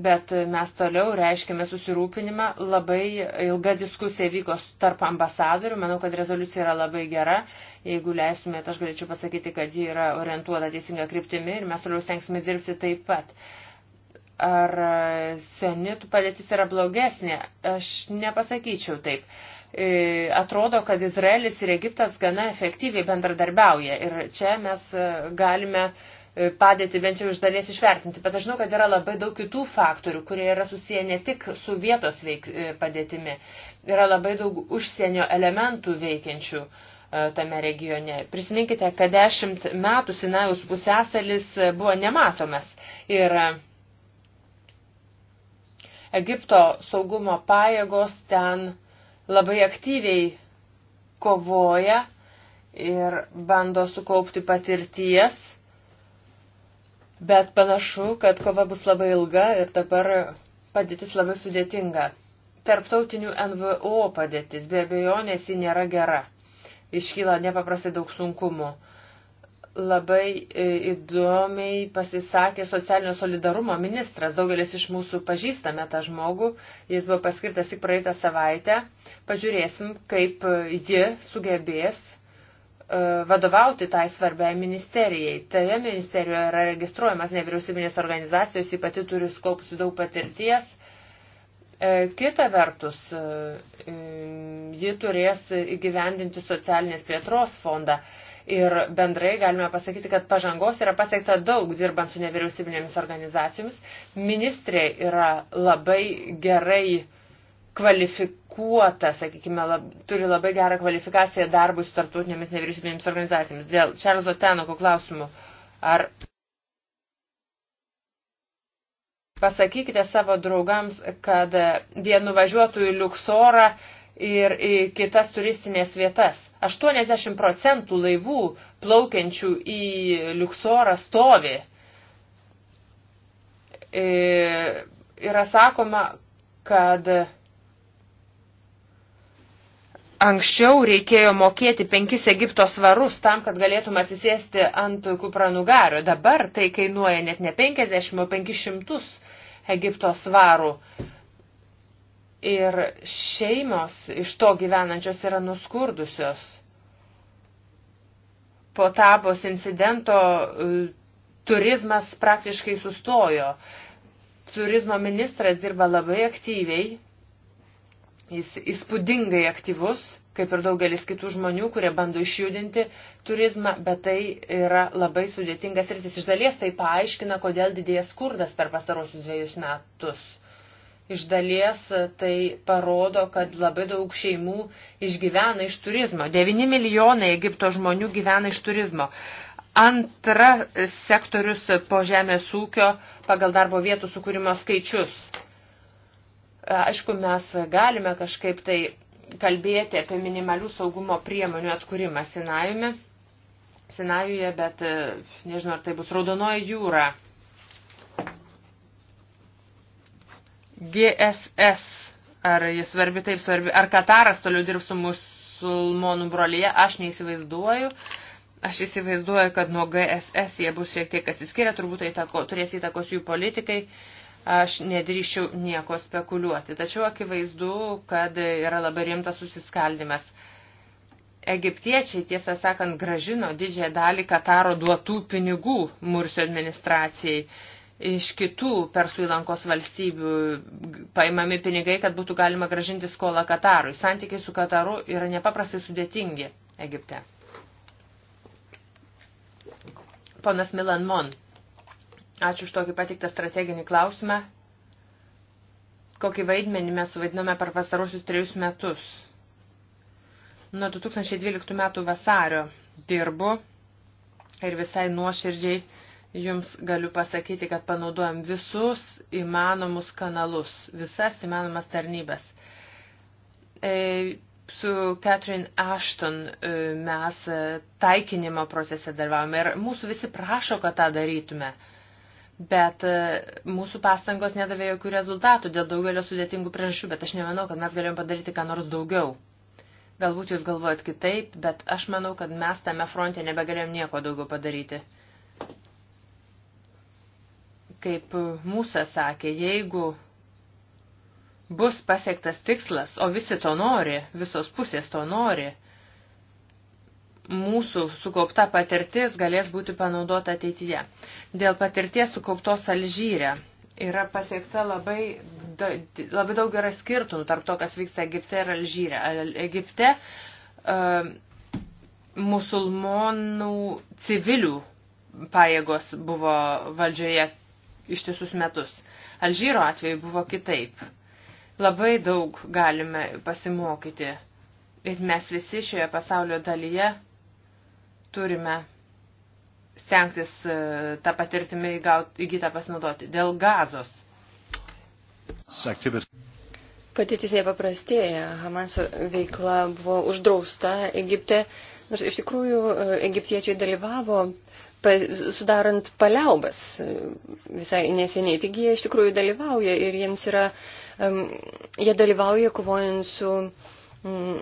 bet mes toliau reiškime susirūpinimą. Labai ilga diskusija vyko tarp ambasadorių. Manau, kad rezoliucija yra labai gera. Jeigu leisumėt, aš galėčiau pasakyti, kad ji yra orientuota teisinga kryptimi ir mes toliau stengsime dirbti taip pat. Ar senitų padėtis yra blogesnė? Aš nepasakyčiau taip e, atrodo, kad Izraelis ir Egiptas gana efektyviai bendradarbiauja. Ir čia mes e, galime E, padėti bent jau iš dalies išvertinti. Bet aš žinau, kad yra labai daug kitų faktorių, kurie yra susiję ne tik su vietos veik, e, padėtimi. Yra labai daug užsienio elementų veikiančių e, tame regione. Prisiminkite, kad dešimt metų Sinajaus pusėsalis buvo nematomas. Ir Egipto saugumo pajėgos ten labai aktyviai kovoja ir bando sukaupti patirties Bet panašu, kad kova bus labai ilga ir dabar padėtis labai sudėtinga. Tarptautinių NVO padėtis be abejonės ji nėra gera. Iškyla nepaprastai daug sunkumų. Labai e, įdomiai pasisakė socialinio solidarumo ministras. Daugelis iš mūsų pažįstame tą žmogų. Jis buvo paskirtas tik praeitą savaitę. Pažiūrėsim, kaip e, ji sugebės E, vadovauti tai svarbiai ministerijai. Toje ministerijoje yra registruojamas nevyriausybinės organizacijos, ji pati turi skaupusi daug patirties. E, kita vertus, e, ji turės įgyvendinti socialinės plėtros fondą. Ir bendrai galime pasakyti, kad pažangos yra pasiekta daug dirbant su nevyriausybinėmis organizacijomis. Ministrė yra labai gerai uh, kvalifikuota, sakykime, lab, turi labai gerą kvalifikaciją darbui su tarptautinėmis nevyriausybinėmis organizacijomis. Dėl Čarlzo Tenoko klausimų, ar pasakykite savo draugams, kad jie nuvažiuotų į Liuksorą ir į kitas turistinės vietas. 80 procentų laivų plaukiančių į Liuksorą stovi. E, yra sakoma, kad Anksčiau reikėjo mokėti penkis Egipto svarus tam, kad galėtum atsisėsti ant kupranugario. Dabar tai kainuoja net ne 50, o 500 Egipto svarų. Ir šeimos iš to gyvenančios yra nuskurdusios. Po tabos incidento e, turizmas praktiškai sustojo. Turizmo ministras dirba labai aktyviai Jis įspūdingai aktyvus, kaip ir daugelis kitų žmonių, kurie bando išjudinti turizmą, bet tai yra labai sudėtingas rytis. Iš dalies tai paaiškina, kodėl didėja skurdas per pastarosius dviejus metus. Iš dalies tai parodo, kad labai daug šeimų išgyvena iš turizmo. 9 milijonai Egipto žmonių gyvena iš turizmo. Antra sektorius po žemės ūkio pagal darbo vietų sukūrimo skaičius Aišku, mes galime kažkaip tai kalbėti apie minimalių saugumo priemonių atkūrimą Sinajumi, Sinajuje, bet e, nežinau, ar tai bus Raudonoji jūra. GSS. Ar jis svarbi taip svarbi? Ar Kataras toliau dirbs su musulmonų brolyje? Aš neįsivaizduoju. Aš įsivaizduoju, kad nuo GSS jie bus šiek tiek atsiskiria, turbūt tai tako, turės įtakos jų politikai. Uh, Aš nedrįšiau nieko spekuliuoti, tačiau akivaizdu, kad yra labai rimtas susiskaldimas. Egiptiečiai, tiesą sakant, gražino didžiąją dalį Kataro duotų pinigų Mursio administracijai iš kitų Persų įlankos valstybių paimami pinigai, kad būtų galima gražinti skolą Katarui. Santykiai su Kataru yra nepaprastai sudėtingi Egipte. Ponas Milan Mon. Ačiū už tokį patiktą strateginį klausimą. Kokį vaidmenį mes suvaidinome per pastarosius trejus metus? Nuo 2012 metų vasario dirbu ir visai nuoširdžiai jums galiu pasakyti, kad panaudojam visus įmanomus kanalus, visas įmanomas tarnybas. E, su Catherine Ashton e, mes taikinimo procese dalyvavome ir mūsų visi prašo, kad tą darytume. E, Bet e, mūsų pastangos nedavė jokių rezultatų dėl daugelio sudėtingų priežasčių, bet aš nemanau, kad mes galėjom padaryti ką nors daugiau. Galbūt jūs galvojat kitaip, bet aš manau, kad mes tame fronte nebegalėjom nieko daugiau padaryti. Kaip mūsų sakė, jeigu bus pasiektas tikslas, o visi to nori, visos pusės to nori, mūsų sukaupta patirtis galės būti panaudota ateityje. Dėl patirties sukauptos Alžyre yra pasiekta labai, da, labai daug yra skirtumų tarp to, kas vyksta Egipte ir Alžyre. Egipte uh, musulmonų civilių pajėgos buvo valdžioje ištisus metus. Alžyro atveju buvo kitaip. Labai daug galime pasimokyti. Ir mes visi šioje pasaulio dalyje turime stengtis e, tą patirtimį įgytą pasinaudoti. Dėl gazos. Patytis nepaprastėja. Hamaso veikla buvo uždrausta Egipte. Nors iš tikrųjų e, egiptiečiai dalyvavo sudarant paliaubas e, visai neseniai. Taigi jie iš tikrųjų dalyvauja ir jiems yra, um, jie dalyvauja kovojant su um,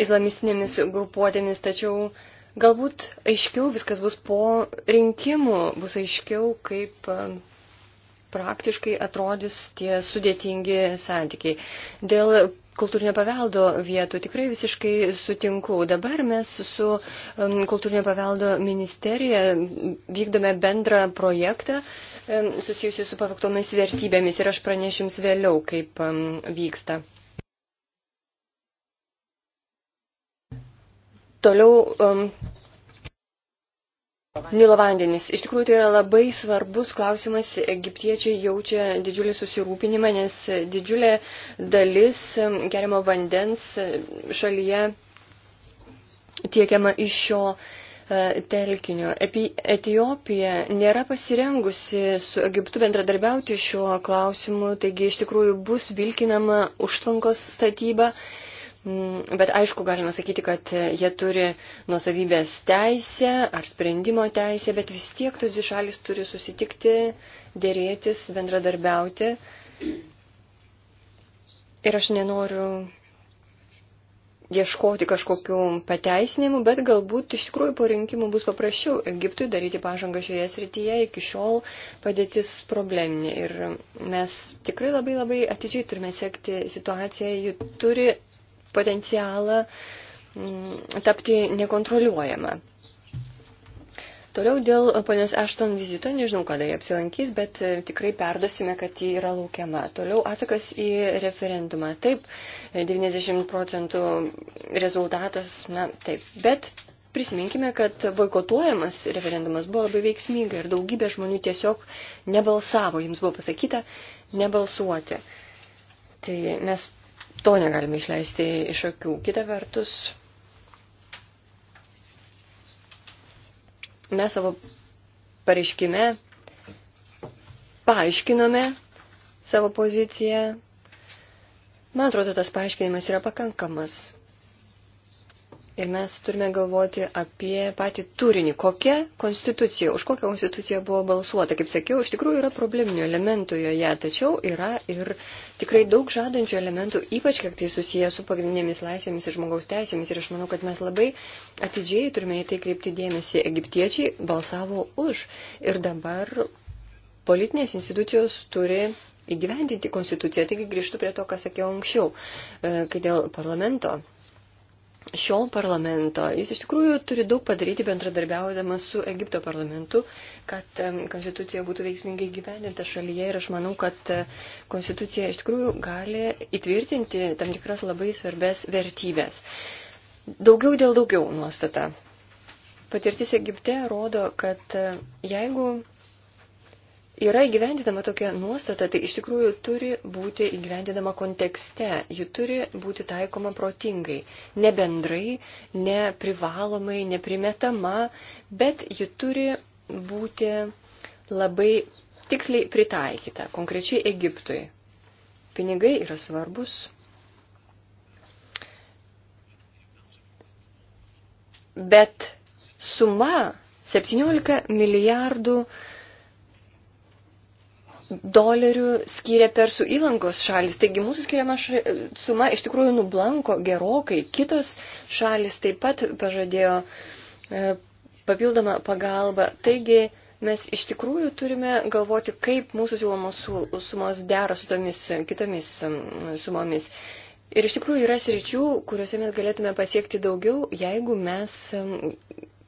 islamistinėmis grupuotėmis, tačiau galbūt aiškiau viskas bus po rinkimų, bus aiškiau, kaip e, praktiškai atrodys tie sudėtingi santykiai. Dėl kultūrinio paveldo vietų tikrai visiškai sutinku. Dabar mes su kultūrinio paveldo ministerija vykdome bendrą projektą susijusiu su pavaktomis vertybėmis ir aš pranešims vėliau, kaip vyksta. Toliau um, Nilo vandenis. Iš tikrųjų, tai yra labai svarbus klausimas. Egiptiečiai jaučia didžiulį susirūpinimą, nes didžiulė dalis um, geriamo vandens um, šalyje tiekiama iš šio uh, telkinio. Etijopija nėra pasirengusi su Egiptu bendradarbiauti šiuo klausimu, taigi iš tikrųjų bus vilkinama užtvankos statyba Mm, bet aišku, galima sakyti, kad jie turi nuosavybės teisę ar sprendimo teisę, bet vis tiek tos dvi šalis turi susitikti, dėrėtis, bendradarbiauti. Ir aš nenoriu ieškoti kažkokių pateisinimų, bet galbūt iš tikrųjų po rinkimų bus paprasčiau Egiptui daryti pažangą šioje srityje, iki šiol padėtis probleminė. Ir mes tikrai labai labai atidžiai turime sekti situaciją, ji turi potencialą mm, tapti nekontroliuojama. Toliau dėl ponios Ešton vizito, nežinau, kada jie apsilankys, bet e, tikrai perdosime, kad ji yra laukiama. Toliau atsakas į referendumą. Taip, 90 e, procentų rezultatas, na taip, bet prisiminkime, kad boikotuojamas referendumas buvo labai veiksminga ir daugybė žmonių tiesiog nebalsavo, jiems buvo pasakyta nebalsuoti. Tai mes To negalime išleisti iš akių. Kita vertus, mes savo pareiškime paaiškinome savo poziciją. Man atrodo, tas paaiškinimas yra pakankamas. Ir mes turime galvoti apie patį turinį. Kokia konstitucija, už kokią konstituciją buvo balsuota. Kaip sakiau, iš tikrųjų yra probleminių elementų joje, tačiau yra ir tikrai daug žadančių elementų, ypač kiek tai susiję su pagrindinėmis laisvėmis ir žmogaus teisėmis. Ir aš manau, kad mes labai atidžiai turime į tai kreipti dėmesį. Egiptiečiai balsavo už. Ir dabar politinės institucijos turi įgyvendinti konstituciją. Taigi grįžtu prie to, ką sakiau anksčiau, e, kai dėl parlamento šio parlamento. Jis iš tikrųjų turi daug padaryti bendradarbiaudamas su Egipto parlamentu, kad konstitucija būtų veiksmingai gyveninta šalyje ir aš manau, kad e, konstitucija iš tikrųjų gali įtvirtinti tam tikras labai svarbės vertybės. Daugiau dėl daugiau nuostata. Patirtis Egipte rodo, kad e, jeigu yra įgyvendinama tokia nuostata, tai iš tikrųjų turi būti įgyvendinama kontekste, ji turi būti taikoma protingai, ne bendrai, ne privalomai, ne primetama, bet ji turi būti labai tiksliai pritaikyta, konkrečiai Egiptui. Pinigai yra svarbus. Bet suma 17 milijardų eurų dolerių skyrė Persų įlankos šalis. Taigi mūsų skiriama ša... suma iš tikrųjų nublanko gerokai. Kitos šalis taip pat pažadėjo e, papildomą pagalbą. Taigi mes iš tikrųjų turime galvoti, kaip mūsų siūlomos sumos dera su tomis kitomis sumomis. Ir iš tikrųjų yra sričių, kuriuose mes galėtume pasiekti daugiau, jeigu mes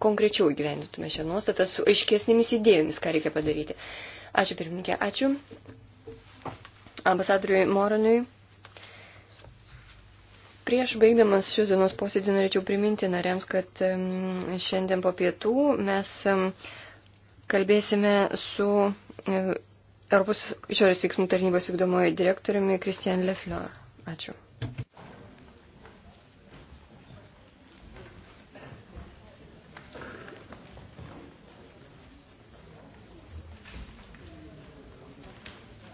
konkrečiau įgyvendintume šią nuostatą su aiškesnėmis idėjomis, ką reikia padaryti. Ačiū pirmininkė, ačiū ambasadoriui Moronui. Prieš baigdamas šios dienos posėdį norėčiau priminti nariams, kad šiandien po pietų mes kalbėsime su Europos išorės veiksmų tarnybos vykdomojo direktoriumi Kristian Lefleur. Ačiū.